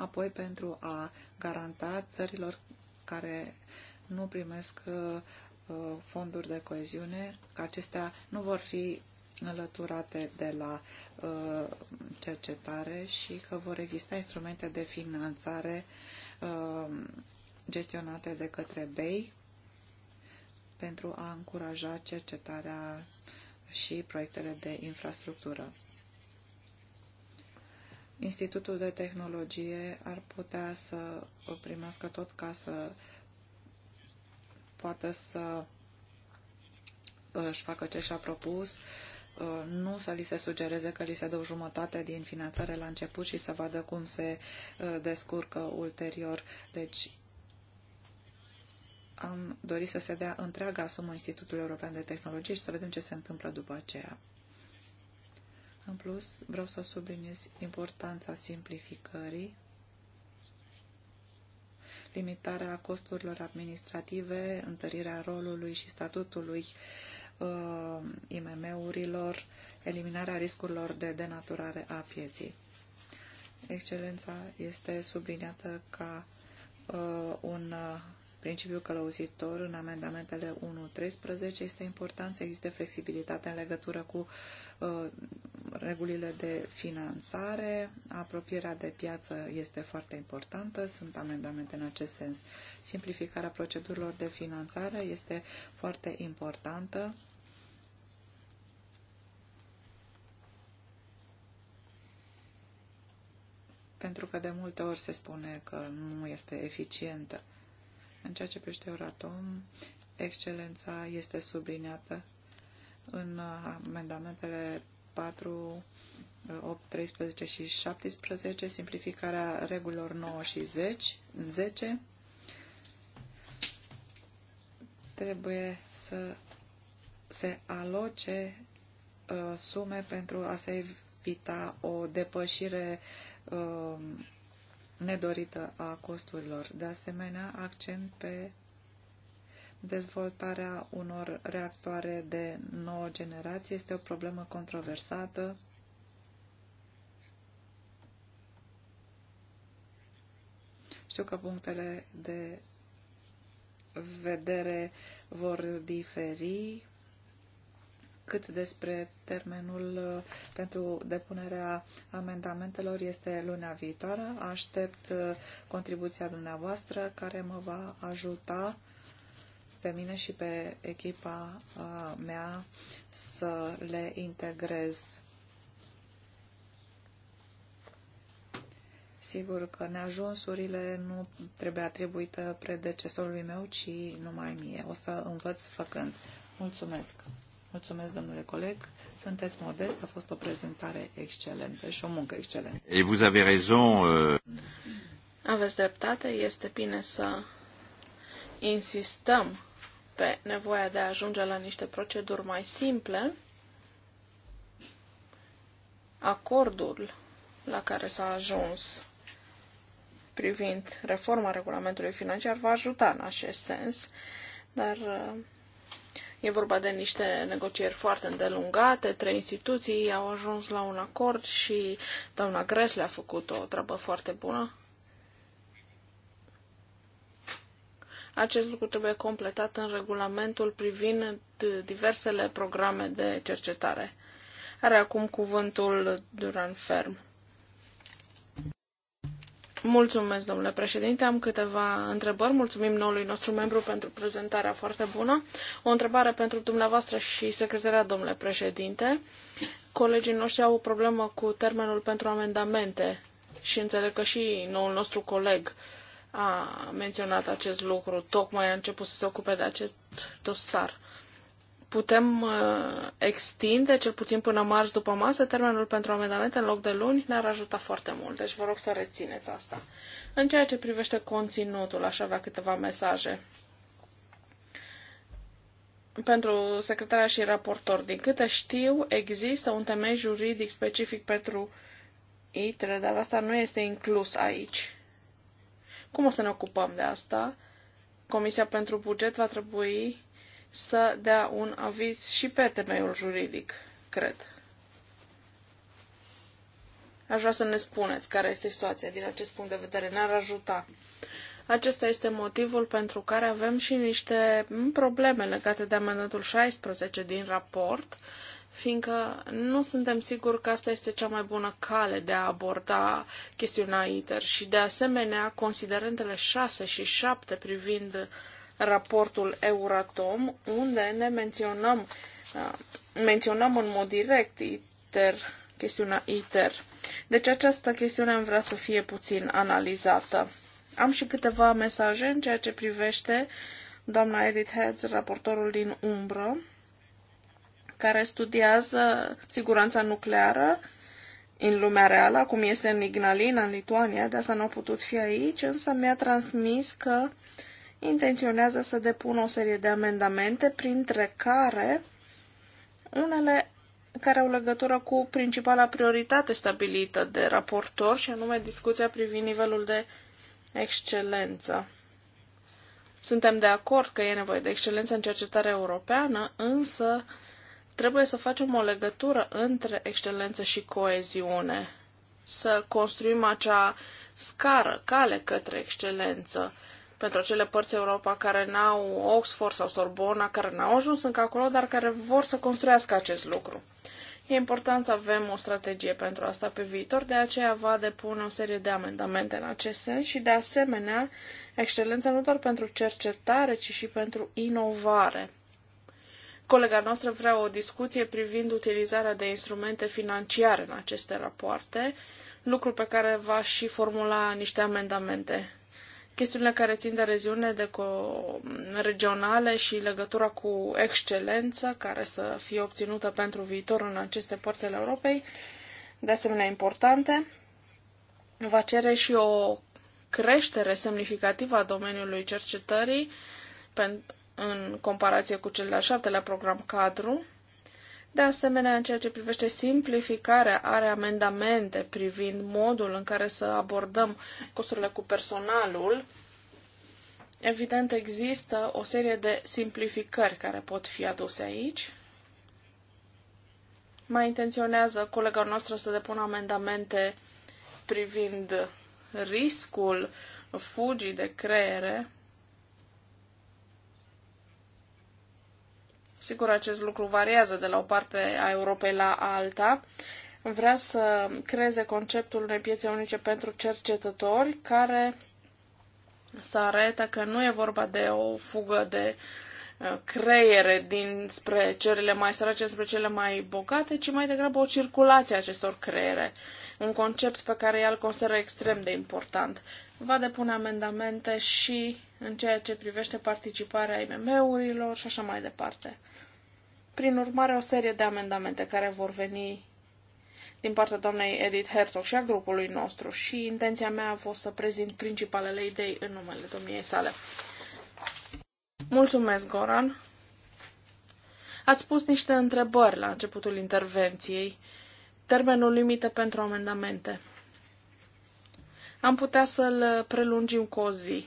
Speaker 2: apoi pentru a garanta țărilor care nu primesc uh, uh, fonduri de coeziune, că acestea nu vor fi înlăturate de la uh, cercetare și că vor exista instrumente de finanțare gestionate de către BEI pentru a încuraja cercetarea și proiectele de infrastructură. Institutul de Tehnologie ar putea să primească tot ca să poată să își facă ce și-a propus, uh, nu să li se sugereze că li se dă jumătate din finanțare la început și să vadă cum se uh, descurcă ulterior. Deci am dorit să se dea întreaga sumă Institutului European de Tehnologie și să vedem ce se întâmplă după aceea. În plus, vreau să subliniez importanța simplificării, limitarea costurilor administrative, întărirea rolului și statutului uh, IMM-urilor, eliminarea riscurilor de denaturare a pieții. Excelența este subliniată ca uh, un uh, principiu călăuzitor în amendamentele 1.13. Este important să existe flexibilitate în legătură cu uh, regulile de finanțare, apropierea de piață este foarte importantă, sunt amendamente în acest sens. Simplificarea procedurilor de finanțare este foarte importantă. Pentru că de multe ori se spune că nu este eficientă. În ceea ce privește Euratom, excelența este subliniată în amendamentele 4, 8, 13 și 17, simplificarea regulilor 9 și 10, 10. trebuie să se aloce uh, sume pentru a se evita o depășire uh, nedorită a costurilor. De asemenea, accent pe Dezvoltarea unor reactoare de nouă generație este o problemă controversată. Știu că punctele de vedere vor diferi cât despre termenul uh, pentru depunerea amendamentelor este luna viitoare. Aștept uh, contribuția dumneavoastră care mă va ajuta pe mine și pe echipa uh, mea să le integrez. Sigur că neajunsurile nu trebuie atribuită predecesorului meu, ci numai mie. O să învăț făcând. Mulțumesc! Mulțumesc, domnule coleg. Sunteți modest, a fost o prezentare excelentă și o muncă excelentă.
Speaker 1: Et vous avez raison. Euh...
Speaker 2: Aveți dreptate, este
Speaker 3: bine să insistăm pe nevoia de a ajunge la niște proceduri mai simple, acordul la care s-a ajuns privind reforma regulamentului financiar va ajuta în acest sens, dar uh, e vorba de niște negocieri foarte îndelungate, trei instituții au ajuns la un acord și doamna Gres le-a făcut o treabă foarte bună. Acest lucru trebuie completat în regulamentul privind diversele programe de cercetare. Are acum cuvântul Duran Ferm. Mulțumesc, domnule președinte. Am câteva întrebări. Mulțumim noului nostru membru pentru prezentarea foarte bună. O întrebare pentru dumneavoastră și secretarea, domnule președinte. Colegii noștri au o problemă cu termenul pentru amendamente și înțeleg că și noul nostru coleg uh, a menționat acest lucru, tocmai a început să se ocupe de acest dosar. Putem uh, extinde, cel puțin până marți după masă, termenul pentru amendamente în loc de luni, ne-ar ajuta foarte mult. Deci vă rog să rețineți asta. În ceea ce privește conținutul, aș avea câteva mesaje. Pentru secretarea și raportor, din câte știu, există un temei juridic specific pentru ITRE, dar asta nu este inclus aici cum o să ne ocupăm de asta? Comisia pentru buget va trebui să dea un aviz și pe temeiul juridic, cred. Aș vrea să ne spuneți care este situația din acest punct de vedere. Ne-ar ajuta. Acesta este motivul pentru care avem și niște probleme legate de amendatul 16 din raport, uh, fiindcă nu suntem siguri că asta este cea mai bună cale de a aborda chestiunea ITER și, de asemenea, considerentele 6 și 7 privind raportul Euratom, unde ne menționăm, uh, menționăm în mod direct ITER, chestiunea ITER. Deci această chestiune am vrea să fie puțin analizată. Am și câteva mesaje în ceea ce privește doamna Edith Heads, raportorul din umbră, care studiază siguranța nucleară în lumea reală, acum este în Ignalina, în Lituania, de asta nu a putut fi aici, însă mi-a transmis că intenționează să depună o serie de amendamente, printre care unele care au legătură cu principala prioritate stabilită de raportor și anume discuția privind nivelul de excelență. Suntem de acord că e nevoie de excelență în cercetare europeană, însă trebuie să facem o legătură între excelență și coeziune, să construim acea scară, cale către excelență pentru acele părți Europa care n-au Oxford sau Sorbona, care n-au ajuns încă acolo, dar care vor să construiască acest lucru. E important să avem o strategie pentru asta pe viitor, de aceea va depune o serie de amendamente în acest sens și, de asemenea, excelența nu doar pentru cercetare, ci și pentru inovare. Colega noastră vrea o discuție privind utilizarea de instrumente financiare în aceste rapoarte, lucru pe care va și formula niște amendamente. Chestiunile care țin de regiune de co- regionale și legătura cu excelență care să fie obținută pentru viitor în aceste părți ale Europei, de asemenea importante, va cere și o creștere semnificativă a domeniului cercetării în comparație cu cel de-al șaptelea program cadru. De asemenea, în ceea ce privește simplificarea, are amendamente privind modul în care să abordăm costurile cu personalul. Evident, există o serie de simplificări care pot fi aduse aici. Mai intenționează colega noastră să depună amendamente privind riscul fugii de creiere sigur acest lucru variază de la o parte a Europei la alta, vrea să creeze conceptul unei piețe unice pentru cercetători care să arate că nu e vorba de o fugă de uh, creiere dinspre cerile mai sărace spre cele mai bogate, ci mai degrabă o circulație a acestor creiere. Un concept pe care el consideră extrem de important. Va depune amendamente și în ceea ce privește participarea IMM-urilor și așa mai departe. Prin urmare, o serie de amendamente care vor veni din partea doamnei Edith Herzog și a grupului nostru și intenția mea a fost să prezint principalele idei în numele domniei sale. Mulțumesc, Goran. Ați pus niște întrebări la începutul intervenției. Termenul limită pentru amendamente. Am putea să-l prelungim cu o zi.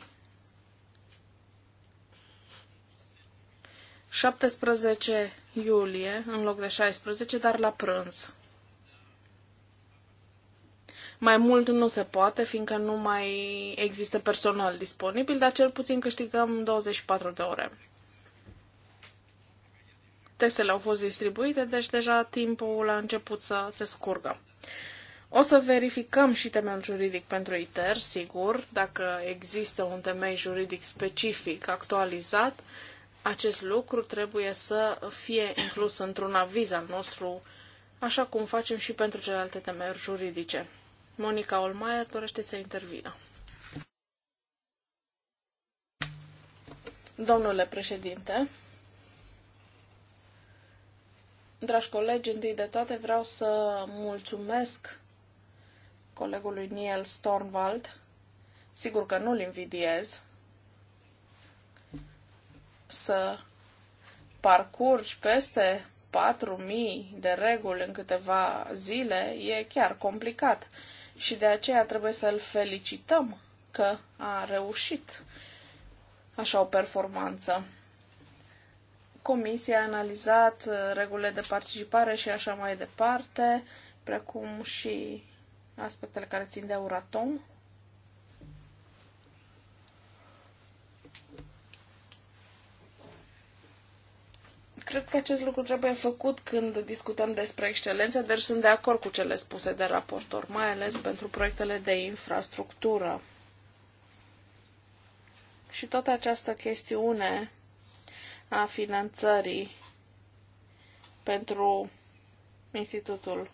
Speaker 3: 17 iulie, în loc de 16, dar la prânz. Mai mult nu se poate, fiindcă nu mai există personal disponibil, dar cel puțin câștigăm 24 de ore. Testele au fost distribuite, deci deja timpul a început să se scurgă. O să verificăm și temeiul juridic pentru ITER, sigur, dacă există un temei juridic specific actualizat, acest lucru trebuie să fie inclus într-un aviz al nostru, așa cum facem și pentru celelalte temeri juridice. Monica Olmaier dorește să intervină. Domnule președinte, dragi colegi, întâi de toate vreau să mulțumesc colegului Niel Stornwald. Sigur că nu-l invidiez, să parcurgi peste 4.000 de reguli în câteva zile e chiar complicat și de aceea trebuie să-l felicităm că a reușit așa o performanță. Comisia a analizat uh, regulile de participare și așa mai departe, precum și aspectele care țin de Euratom. Cred că acest lucru trebuie făcut când discutăm despre excelență, dar sunt de acord cu cele spuse de raportor, mai ales pentru proiectele de infrastructură. Și toată această chestiune a finanțării pentru Institutul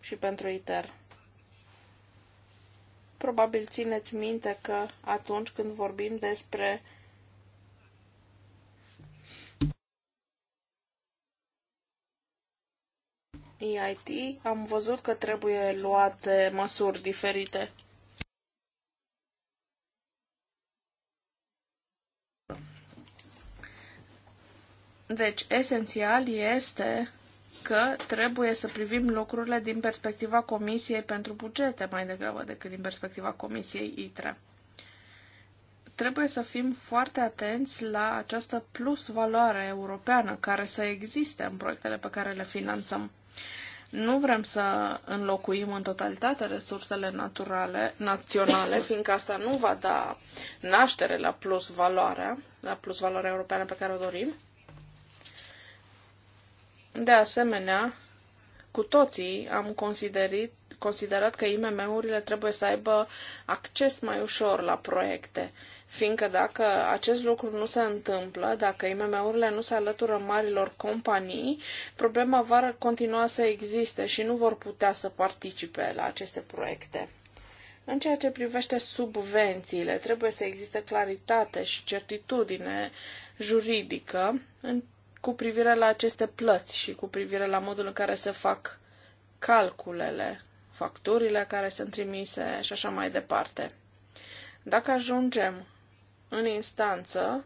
Speaker 3: și pentru ITER. Probabil țineți minte că atunci când vorbim despre EIT, am văzut că trebuie luate măsuri diferite. Deci, esențial este că trebuie să privim lucrurile din perspectiva Comisiei pentru bugete mai degrabă decât din perspectiva Comisiei ITRE. Trebuie să fim foarte atenți la această plus valoare europeană care să existe în proiectele pe care le finanțăm. Nu vrem să înlocuim în totalitate resursele naturale, naționale, fiindcă asta nu va da naștere la plus valoare, la plus valoare europeană pe care o dorim. De asemenea, cu toții am considerit considerat că IMM-urile trebuie să aibă acces mai ușor la proiecte, fiindcă dacă acest lucru nu se întâmplă, dacă IMM-urile nu se alătură marilor companii, problema va continua să existe și nu vor putea să participe la aceste proiecte. În ceea ce privește subvențiile, trebuie să existe claritate și certitudine juridică în, cu privire la aceste plăți și cu privire la modul în care se fac calculele facturile care sunt trimise și așa mai departe. Dacă ajungem în instanță,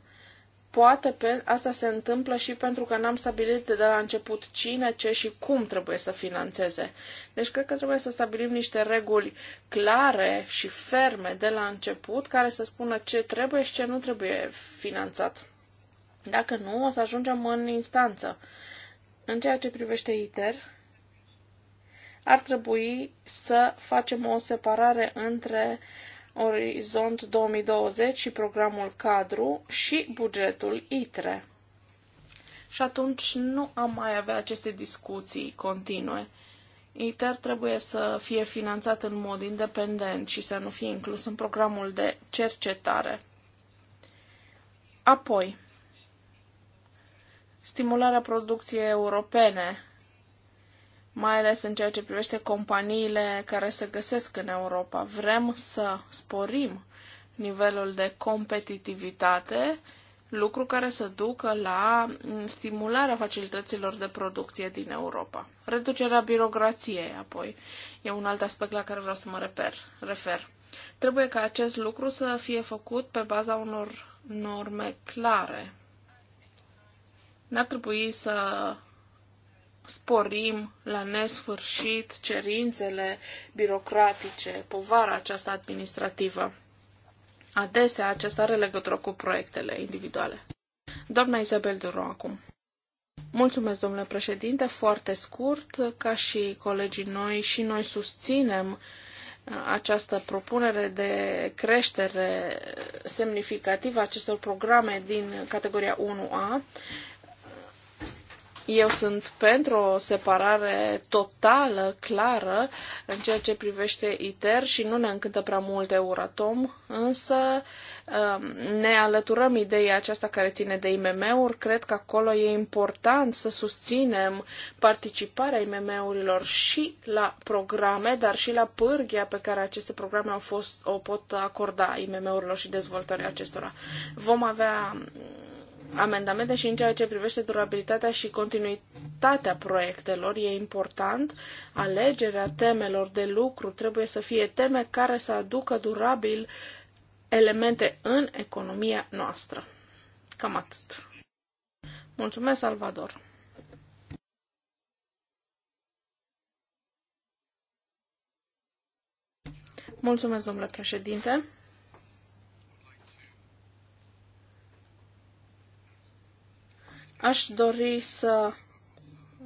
Speaker 3: poate pe, asta se întâmplă și pentru că n-am stabilit de la început cine, ce și cum trebuie să financeze. Deci cred că trebuie să stabilim niște reguli clare și ferme de la început care să spună ce trebuie și ce nu trebuie finanțat. Dacă nu, o să ajungem în instanță. În ceea ce privește ITER, ar trebui să facem o separare între Orizont 2020 și programul cadru și bugetul ITRE. Și atunci nu am mai avea aceste discuții continue. ITER trebuie să fie finanțat în mod independent și să nu fie inclus în programul de cercetare. Apoi, stimularea producției europene mai ales în ceea ce privește companiile care se găsesc în Europa. Vrem să sporim nivelul de competitivitate, lucru care să ducă la stimularea facilităților de producție din Europa. Reducerea birocrației, apoi, e un alt aspect la care vreau să mă reper, refer. Trebuie ca acest lucru să fie făcut pe baza unor norme clare. N-ar trebui să sporim la nesfârșit cerințele birocratice, povara aceasta administrativă. Adesea acesta are legătură cu proiectele individuale. Doamna Isabel Duron acum. Mulțumesc, domnule președinte, foarte scurt, ca și colegii noi, și noi susținem uh, această propunere de creștere semnificativă a acestor programe din categoria 1A eu sunt pentru o separare totală, clară, în ceea ce privește ITER și nu ne încântă prea mult Euratom, însă um, ne alăturăm ideea aceasta care ține de IMM-uri. Cred că acolo e important să susținem participarea IMM-urilor și la programe, dar și la pârghia pe care aceste programe au fost, o pot acorda IMM-urilor și dezvoltării acestora. Vom avea amendamente și în ceea ce privește durabilitatea și continuitatea proiectelor. E important, alegerea temelor de lucru trebuie să fie teme care să aducă durabil elemente în economia noastră. Cam atât. Mulțumesc, Salvador! Mulțumesc, domnule președinte! Aș dori să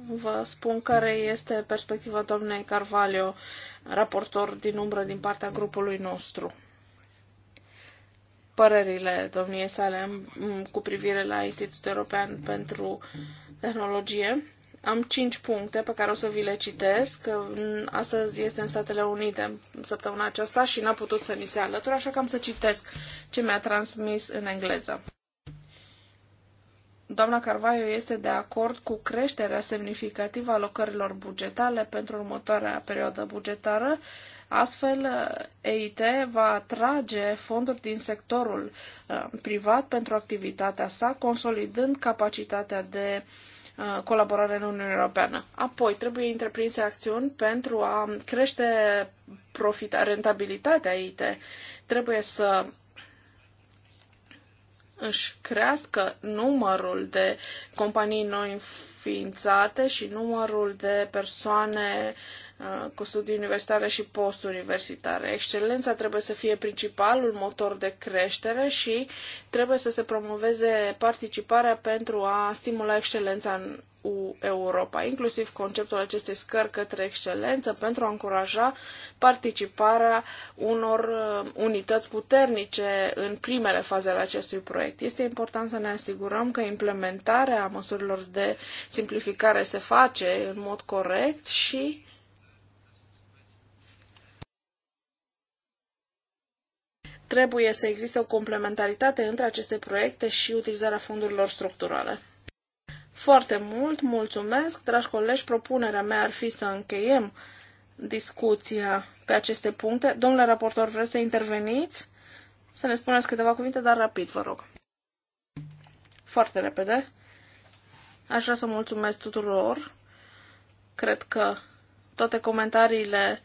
Speaker 3: vă spun care este perspectiva doamnei Carvalho, raportor din umbră din partea grupului nostru. Părerile domniei sale cu privire la Institutul European pentru Tehnologie. Am cinci puncte pe care o să vi le citesc. Astăzi este în Statele Unite săptămâna aceasta și n-a putut să ni se alăture, așa că am să citesc ce mi-a transmis în engleză. Doamna Carvaio este de acord cu creșterea semnificativă a locărilor bugetale pentru următoarea perioadă bugetară. Astfel, EIT va atrage fonduri din sectorul uh, privat pentru activitatea sa, consolidând capacitatea de uh, colaborare în Uniunea Europeană. Apoi, trebuie întreprinse acțiuni pentru a crește profita, rentabilitatea EIT. Trebuie să își crească numărul de companii noi înființate și numărul de persoane uh, cu studii universitare și postuniversitare. Excelența trebuie să fie principalul motor de creștere și trebuie să se promoveze participarea pentru a stimula excelența în Europa, inclusiv conceptul acestei scări către excelență pentru a încuraja participarea unor uh, unități puternice în primele faze ale acestui proiect. Este important să ne asigurăm că implementarea măsurilor de simplificare se face în mod corect și trebuie să existe o complementaritate între aceste proiecte și utilizarea fondurilor structurale foarte mult, mulțumesc. Dragi colegi, propunerea mea ar fi să încheiem discuția pe aceste puncte. Domnule raportor, vreți să interveniți? Să ne spuneți câteva cuvinte, dar rapid, vă rog. Foarte repede. Aș vrea să mulțumesc tuturor. Cred că toate comentariile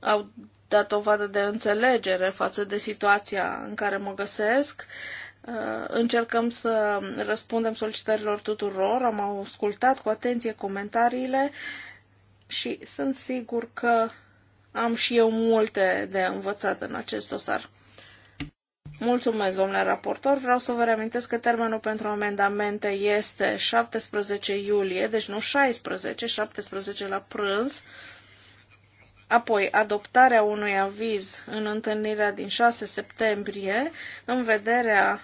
Speaker 3: au dat o vadă de înțelegere față de situația în care mă găsesc. Uh, încercăm să răspundem solicitărilor tuturor. Am ascultat cu atenție comentariile și sunt sigur că am și eu multe de învățat în acest dosar. Mulțumesc, domnule raportor. Vreau să vă reamintesc că termenul pentru amendamente este 17 iulie, deci nu 16, 17 la prânz. Apoi, adoptarea unui aviz în întâlnirea din 6 septembrie, în vederea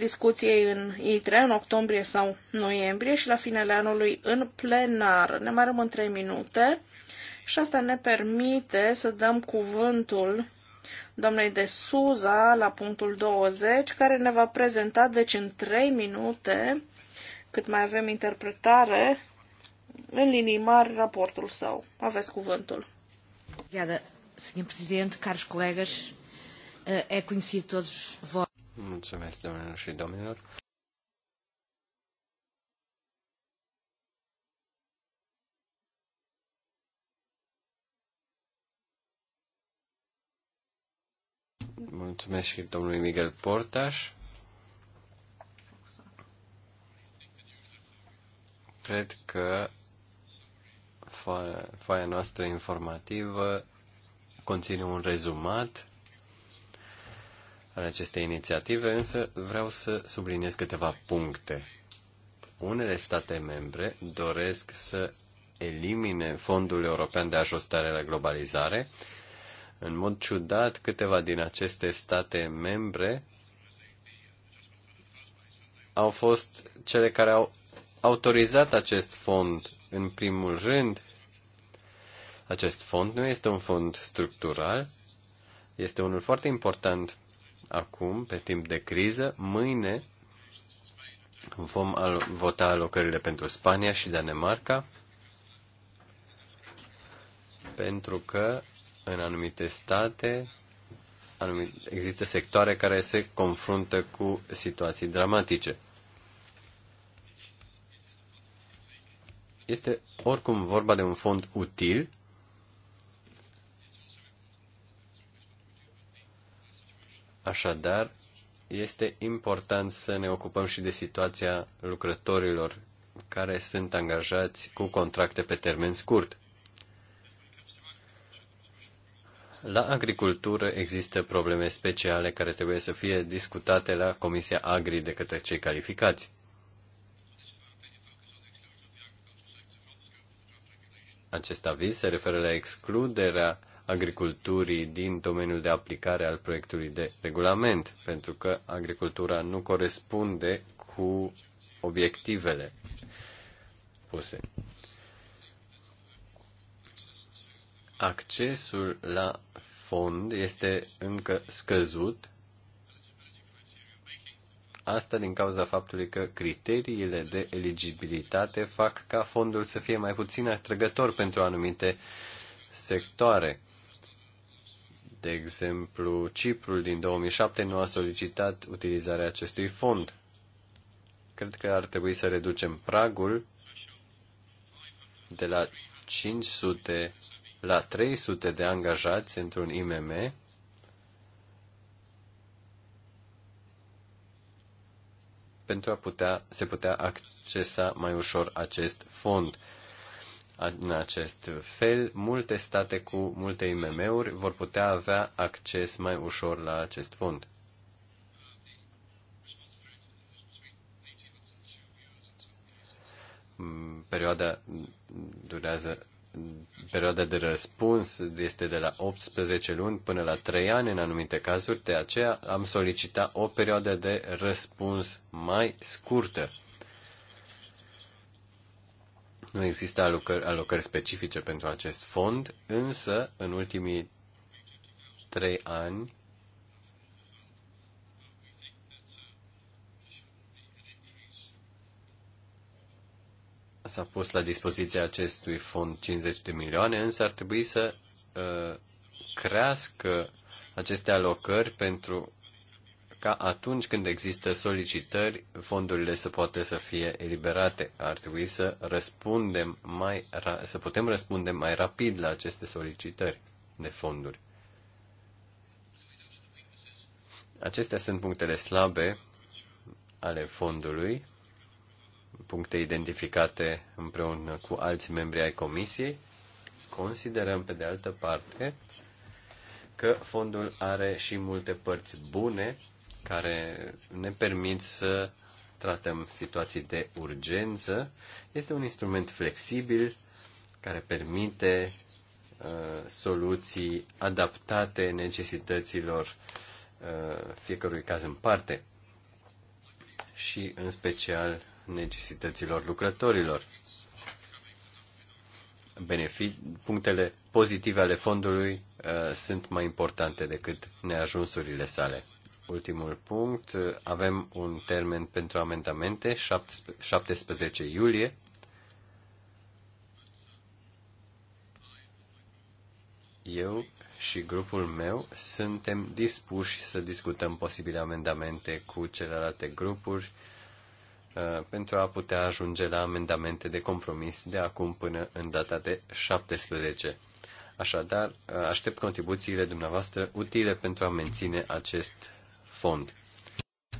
Speaker 3: discuției în ITRE în octombrie sau noiembrie și la finele anului în plenar. Ne mai rămân 3 minute și asta ne permite să dăm cuvântul doamnei de Suza la punctul 20, care ne va prezenta, deci în 3 minute, cât mai avem interpretare, în linii mari raportul său. Aveți cuvântul. Obrigada, Sr. Presidente, caros colegas, eh, é conhecido todos vós. Mulțumesc, domnilor și
Speaker 1: domnilor. Mulțumesc și domnului Miguel Portaș. Cred că foaia noastră informativă conține un rezumat al acestei inițiative, însă vreau să subliniez câteva puncte. Unele state membre doresc să elimine Fondul European de Ajustare la Globalizare. În mod ciudat, câteva din aceste state membre au fost cele care au autorizat acest fond în primul rând. Acest fond nu este un fond structural, este unul foarte important acum, pe timp de criză. Mâine vom al- vota alocările pentru Spania și Danemarca, pentru că în anumite state anumite, există sectoare care se confruntă cu situații dramatice. Este oricum vorba de un fond util Așadar, este important să ne ocupăm și de situația lucrătorilor care sunt angajați cu contracte pe termen scurt. La agricultură există probleme speciale care trebuie să fie discutate la Comisia Agri de către cei calificați. Acest aviz se referă la excluderea agriculturii din domeniul de aplicare al proiectului de regulament, pentru că agricultura nu corespunde cu obiectivele puse. Accesul la fond este încă scăzut, asta din cauza faptului că criteriile de eligibilitate fac ca fondul să fie mai puțin atrăgător pentru anumite sectoare de exemplu, Ciprul din 2007 nu a solicitat utilizarea acestui fond. Cred că ar trebui să reducem pragul de la 500 la 300 de angajați într-un IMM pentru a putea, se putea accesa mai ușor acest fond. În acest fel, multe state cu multe IMM-uri vor putea avea acces mai ușor la acest fond. Perioada durează perioada de răspuns este de la 18 luni până la 3 ani în anumite cazuri, de aceea am solicitat o perioadă de răspuns mai scurtă. Nu există alocări, alocări specifice pentru acest fond, însă în ultimii trei ani s-a pus la dispoziția acestui fond 50 de milioane, însă ar trebui să uh, crească aceste alocări pentru ca atunci când există solicitări, fondurile să poată să fie eliberate. Ar trebui să răspundem mai să putem răspunde mai rapid la aceste solicitări de fonduri. Acestea sunt punctele slabe ale fondului, puncte identificate împreună cu alți membri ai comisiei. Considerăm, pe de altă parte, că fondul are și multe părți bune care ne permit să tratăm situații de urgență. Este un instrument flexibil care permite uh, soluții adaptate necesităților uh, fiecărui caz în parte și în special necesităților lucrătorilor. Benefic- punctele pozitive ale fondului uh, sunt mai importante decât neajunsurile sale ultimul punct. Avem un termen pentru amendamente, 17 iulie. Eu și grupul meu suntem dispuși să discutăm posibile amendamente cu celelalte grupuri uh, pentru a putea ajunge la amendamente de compromis de acum până în data de 17. Așadar, uh, aștept contribuțiile dumneavoastră utile pentru a menține acest fond.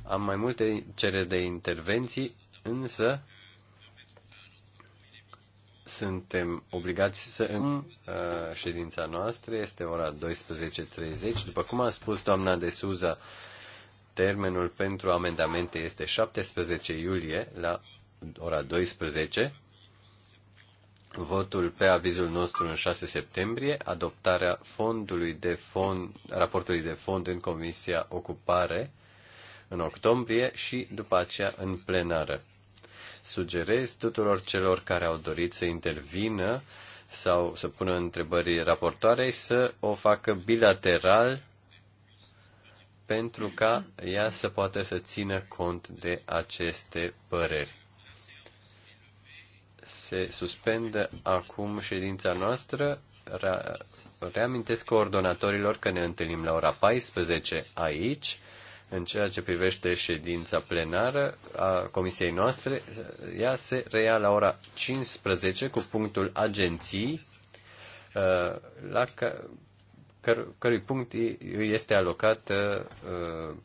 Speaker 1: Am mai multe cereri de intervenții, însă suntem obligați să în uh, ședința noastră este ora 12.30. După cum a spus doamna de Suza, termenul pentru amendamente este 17 iulie la ora 12 votul pe avizul nostru în 6 septembrie, adoptarea fondului de fond, raportului de fond în Comisia Ocupare în octombrie și după aceea în plenară. Sugerez tuturor celor care au dorit să intervină sau să pună întrebări raportoarei să o facă bilateral pentru ca ea să poată să țină cont de aceste păreri se suspendă acum ședința noastră. Reamintesc coordonatorilor că ne întâlnim la ora 14 aici. În ceea ce privește ședința plenară a comisiei noastre, ea se reia la ora 15 cu punctul agenții, uh, la cărui punct este alocată uh,